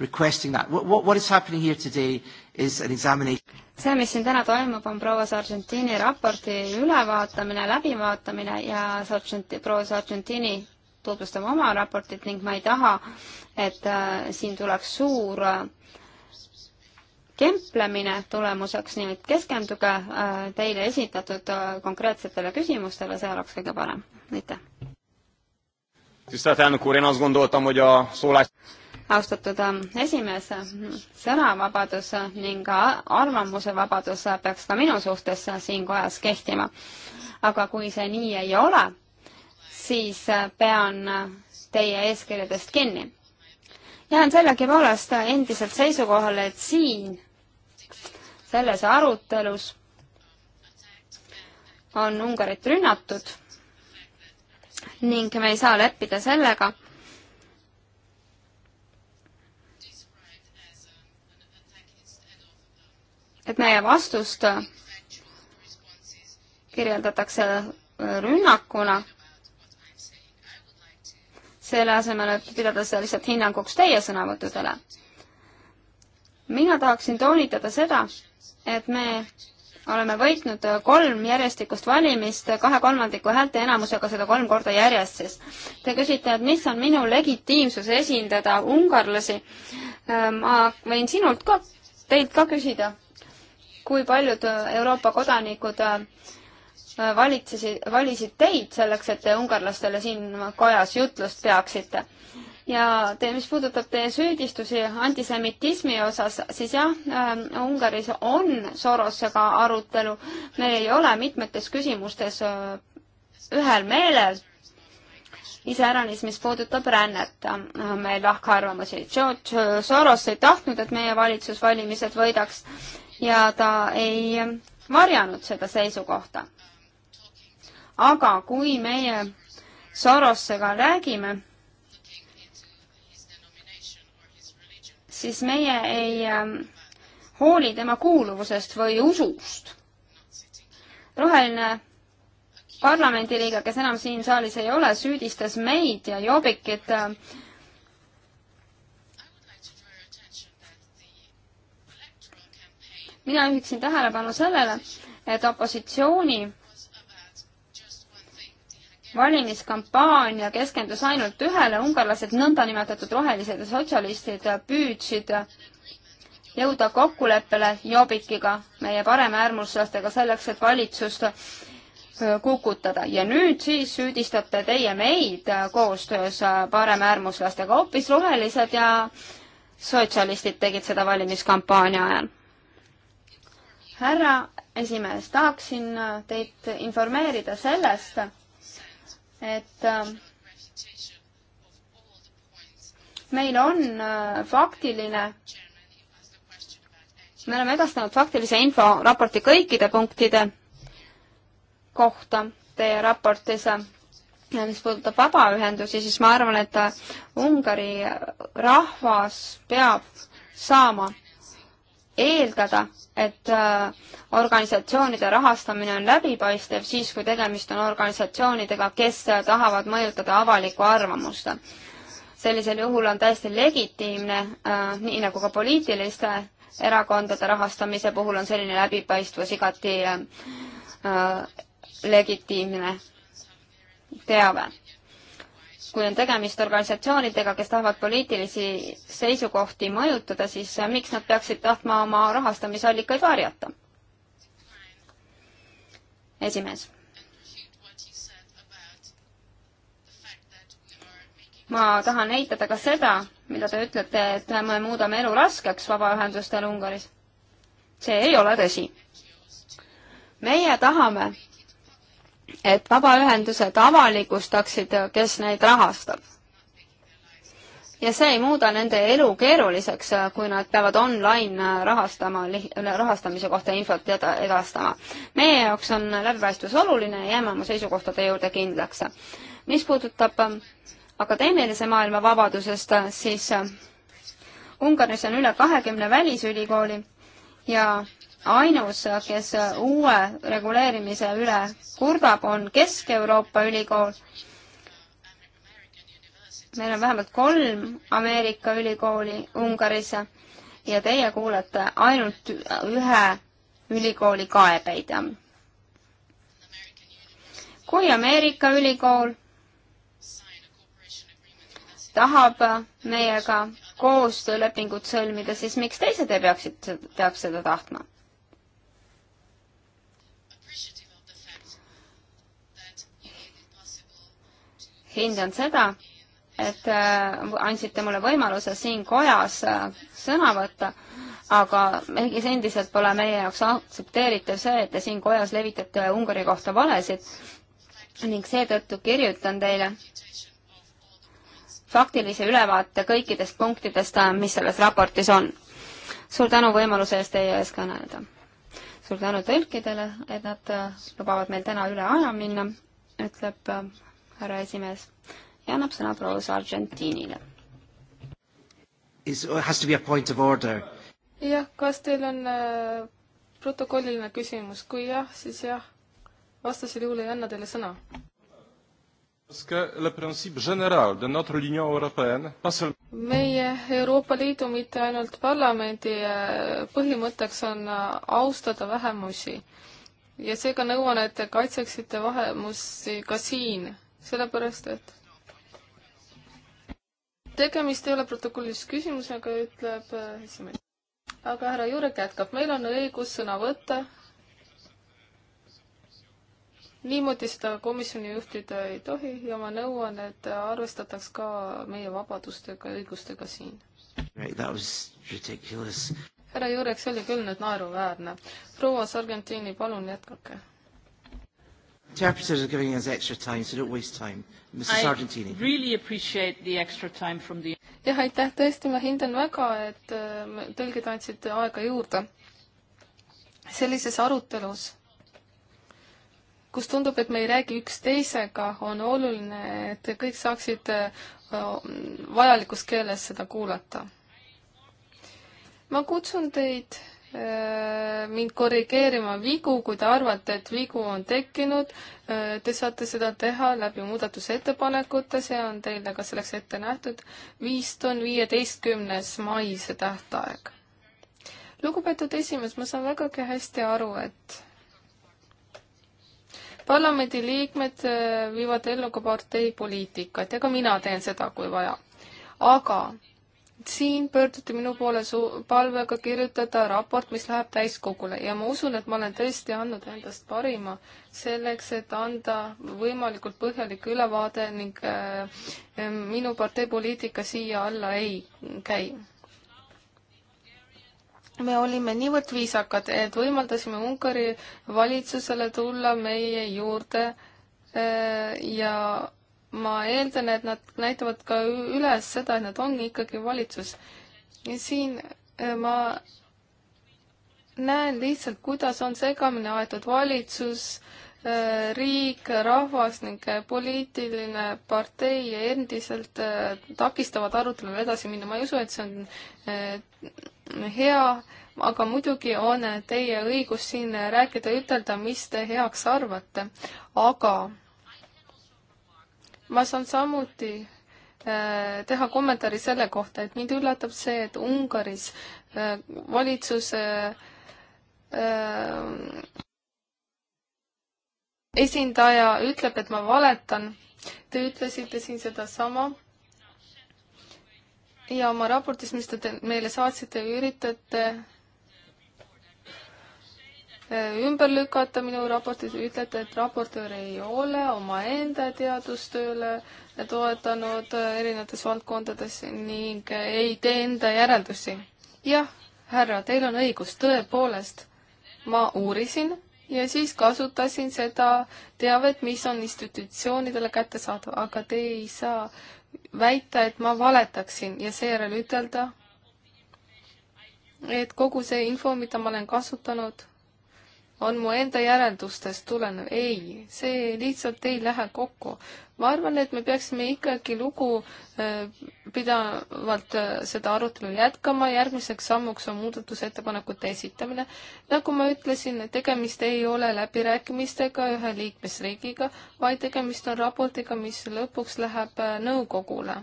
requesting that. What, what, what is happening here today is an examination. see, mis siin täna toimub, on proua Sargentini raporti ülevaatamine, läbivaatamine ja Sargenti, proua Sargentini tutvustab oma raportit ning ma ei taha, et äh, siin tuleks suur äh, kemplemine tulemuseks, nii et keskenduge äh, teile esitatud äh, konkreetsetele küsimustele, see oleks kõige parem. aitäh! austatud ähm, esimees, sõnavabadus ning äh, arvamuse vabadus peaks ka minu suhtes siin kojas kehtima. aga kui see nii ei ole, siis pean teie eeskirjadest kinni jään sellegipoolest endiselt seisukohale, et siin selles arutelus on Ungarit rünnatud ning me ei saa leppida sellega, et meie vastust kirjeldatakse rünnakuna selle asemel, et pidada seda lihtsalt hinnanguks teie sõnavõttudele. mina tahaksin toonitada seda, et me oleme võitnud kolm järjestikust valimist kahe kolmandiku häälteenamusega, seda kolm korda järjest siis. Te küsite, et mis on minu legitiimsus esindada ungarlasi. Ähm, ma võin sinult ka, teilt ka küsida, kui paljud Euroopa kodanikud äh, Äh, valitsesid, valisid teid selleks, et te ungarlastele siin kojas jutlust peaksite. ja te, mis puudutab teie süüdistusi antisemitismi osas, siis jah äh,, Ungaris on Sorosega arutelu, me ei ole mitmetes küsimustes äh, ühel meelel, iseäranis, mis puudutab rännet äh,, meil lahkarvamusi. George äh, Soros ei tahtnud, et meie valitsus valimised võidaks ja ta ei äh, varjanud seda seisukohta aga kui meie Sorosega räägime, siis meie ei ähm, hooli tema kuuluvusest või usust. roheline parlamendiliige, kes enam siin saalis ei ole, süüdistas meid ja Jobbikit äh, mina juhiksin tähelepanu sellele, et opositsiooni valimiskampaania keskendus ainult ühele, ungarlased, nõndanimetatud rohelised ja sotsialistid püüdsid jõuda kokkuleppele Jobikiga, meie paremäärmuslastega, selleks, et valitsust kukutada ja nüüd siis süüdistate teie meid äh, koostöös äh, paremäärmuslastega, hoopis rohelised ja sotsialistid tegid seda valimiskampaania ajal. härra esimees, tahaksin äh, teid informeerida sellest, et ähm, meil on äh, faktiline, me oleme edastanud faktilise info raporti kõikide punktide kohta teie raportis. mis puudutab vabaühendusi, siis ma arvan, et äh, Ungari rahvas peab saama eeldada, et äh, organisatsioonide rahastamine on läbipaistev siis, kui tegemist on organisatsioonidega, kes tahavad mõjutada avalikku arvamust. sellisel juhul on täiesti legitiimne, äh, nii nagu ka poliitiliste erakondade rahastamise puhul on selline läbipaistvus igati äh, legitiimne teave kui on tegemist organisatsioonidega, kes tahavad poliitilisi seisukohti mõjutada, siis äh, miks nad peaksid tahtma oma rahastamisallikaid varjata? esimees. ma tahan eitada ka seda, mida te ütlete, et me muudame elu raskeks vabaühendustel Ungaris. see ei ole tõsi. meie tahame et vabaühendused avalikustaksid, kes neid rahastab. ja see ei muuda nende elu keeruliseks, kui nad peavad online rahastama, rahastamise kohta infot edastama. meie jaoks on läbipaistvus oluline ja jääme oma seisukohtade juurde kindlaks. mis puudutab ähm, akadeemilise maailma vabadusest, siis äh, Ungaris on üle kahekümne välisülikooli ja ainus, kes uue reguleerimise üle kurdab, on Kesk-Euroopa ülikool. meil on vähemalt kolm Ameerika ülikooli Ungaris ja teie kuulete ainult ühe ülikooli kaebeid. kui Ameerika ülikool tahab meiega koostöölepingut sõlmida, siis miks teised ei peaksid, peaks seda tahtma? hindan seda, et äh, andsite mulle võimaluse siin kojas äh, sõna võtta, aga mingis endiselt pole meie jaoks aktsepteeritav see, et te siin kojas levitate Ungari kohta valesid ning seetõttu kirjutan teile faktilise ülevaate kõikidest punktidest, äh, mis selles raportis on. suur tänu võimaluse eest teie ees kõneleda. suur tänu tõlkidele, et nad lubavad meil täna üle aja minna, ütleb härra esimees ja annab sõna proua Sargentinile. Oh, jah, kas teil on äh, protokolliline küsimus, kui jah, siis jah. vastasel juhul ei anna teile sõna. meie Euroopa Liidu, mitte ainult parlamendi äh, põhimõtteks on äh, austada vähemusi ja seega nõuan, et te kaitseksite vähemusi ka siin sellepärast et tegemist ei ole protokollilise küsimusega, ütleb äh, esimees. aga härra Jurek jätkab, meil on õigus sõna võtta. niimoodi seda komisjoni juhtida ei tohi ja ma nõuan, et arvestataks ka meie vabadustega ja õigustega siin right,. härra Jurek, see oli küll nüüd naeruväärne. proua Sargentini, palun jätkake Interpreters are giving us extra time, so don't waste time. Mrs Argentini. I really appreciate the extra time from the jah, aitäh, tõesti, ma hindan väga, et äh, tõlgid andsid aega juurde. sellises arutelus, kus tundub, et me ei räägi üksteisega, on oluline, et kõik saaksid äh, vajalikus keeles seda kuulata. ma kutsun teid mind korrigeerima vigu, kui te arvate, et vigu on tekkinud. Te saate seda teha läbi muudatusettepanekute, see on teile ka selleks ette nähtud. vist on viieteistkümnes mai see tähtaeg. lugupeetud esimees, ma saan vägagi hästi aru, et parlamendiliikmed äh, viivad ellu ka parteipoliitikat ja ka mina teen seda, kui vaja. aga siin pöörduti minu poole su-, palvega kirjutada raport, mis läheb täiskogule ja ma usun, et ma olen tõesti andnud endast parima selleks, et anda võimalikult põhjalik ülevaade ning äh, minu partei poliitika siia alla ei käi. me olime niivõrd viisakad, et võimaldasime Ungari valitsusele tulla meie juurde äh, ja ma eeldan, et nad näitavad ka üles seda, et nad on ikkagi valitsus. siin äh, ma näen lihtsalt, kuidas on segamini aetud valitsus, äh, riik, rahvas ning äh, poliitiline partei endiselt takistavad arutelul edasi minna. ma ei usu, et see on hea, aga muidugi on teie õigus siin rääkida, ütelda, mis te heaks arvate. aga ma saan samuti äh, teha kommentaari selle kohta, et mind üllatab see, et Ungaris äh, valitsuse äh, esindaja ütleb, et ma valetan. Te ütlesite siin sedasama. ja oma raportis, mis te meile saatsite, üritate Äh, ümber lükata minu raportis, ütlete, et raportöör ei ole omaenda teadustööle toetanud äh, erinevates valdkondades ning äh, ei tee enda järeldusi. jah, härra, teil on õigus, tõepoolest, ma uurisin ja siis kasutasin seda teavet, mis on institutsioonidele kättesaadav, aga te ei saa väita, et ma valetaksin ja seejärel ütelda, et kogu see info, mida ma olen kasutanud on mu enda järeldustest tulenev. ei, see lihtsalt ei lähe kokku. ma arvan, et me peaksime ikkagi lugupidavalt äh, äh, seda arutelu jätkama, järgmiseks sammuks on muudatusettepanekute esitamine. nagu ma ütlesin, tegemist ei ole läbirääkimistega ühe liikmesriigiga, vaid tegemist on raportiga, mis lõpuks läheb äh, nõukogule.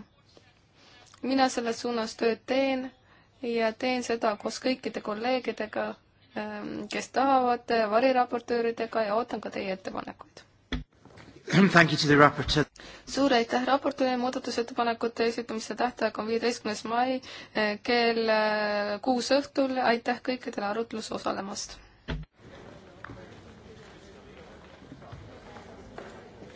mina selles suunas tööd teen ja teen seda koos kõikide kolleegidega Ähm, kes tahavad, äh, variraportööridega ja ootan ka teie ettepanekuid. suur aitäh raportööri muudatusettepanekute esitamise tähtaeg on viieteistkümnes mai äh, kell äh, kuus õhtul, aitäh kõikidele arutluses osalemast!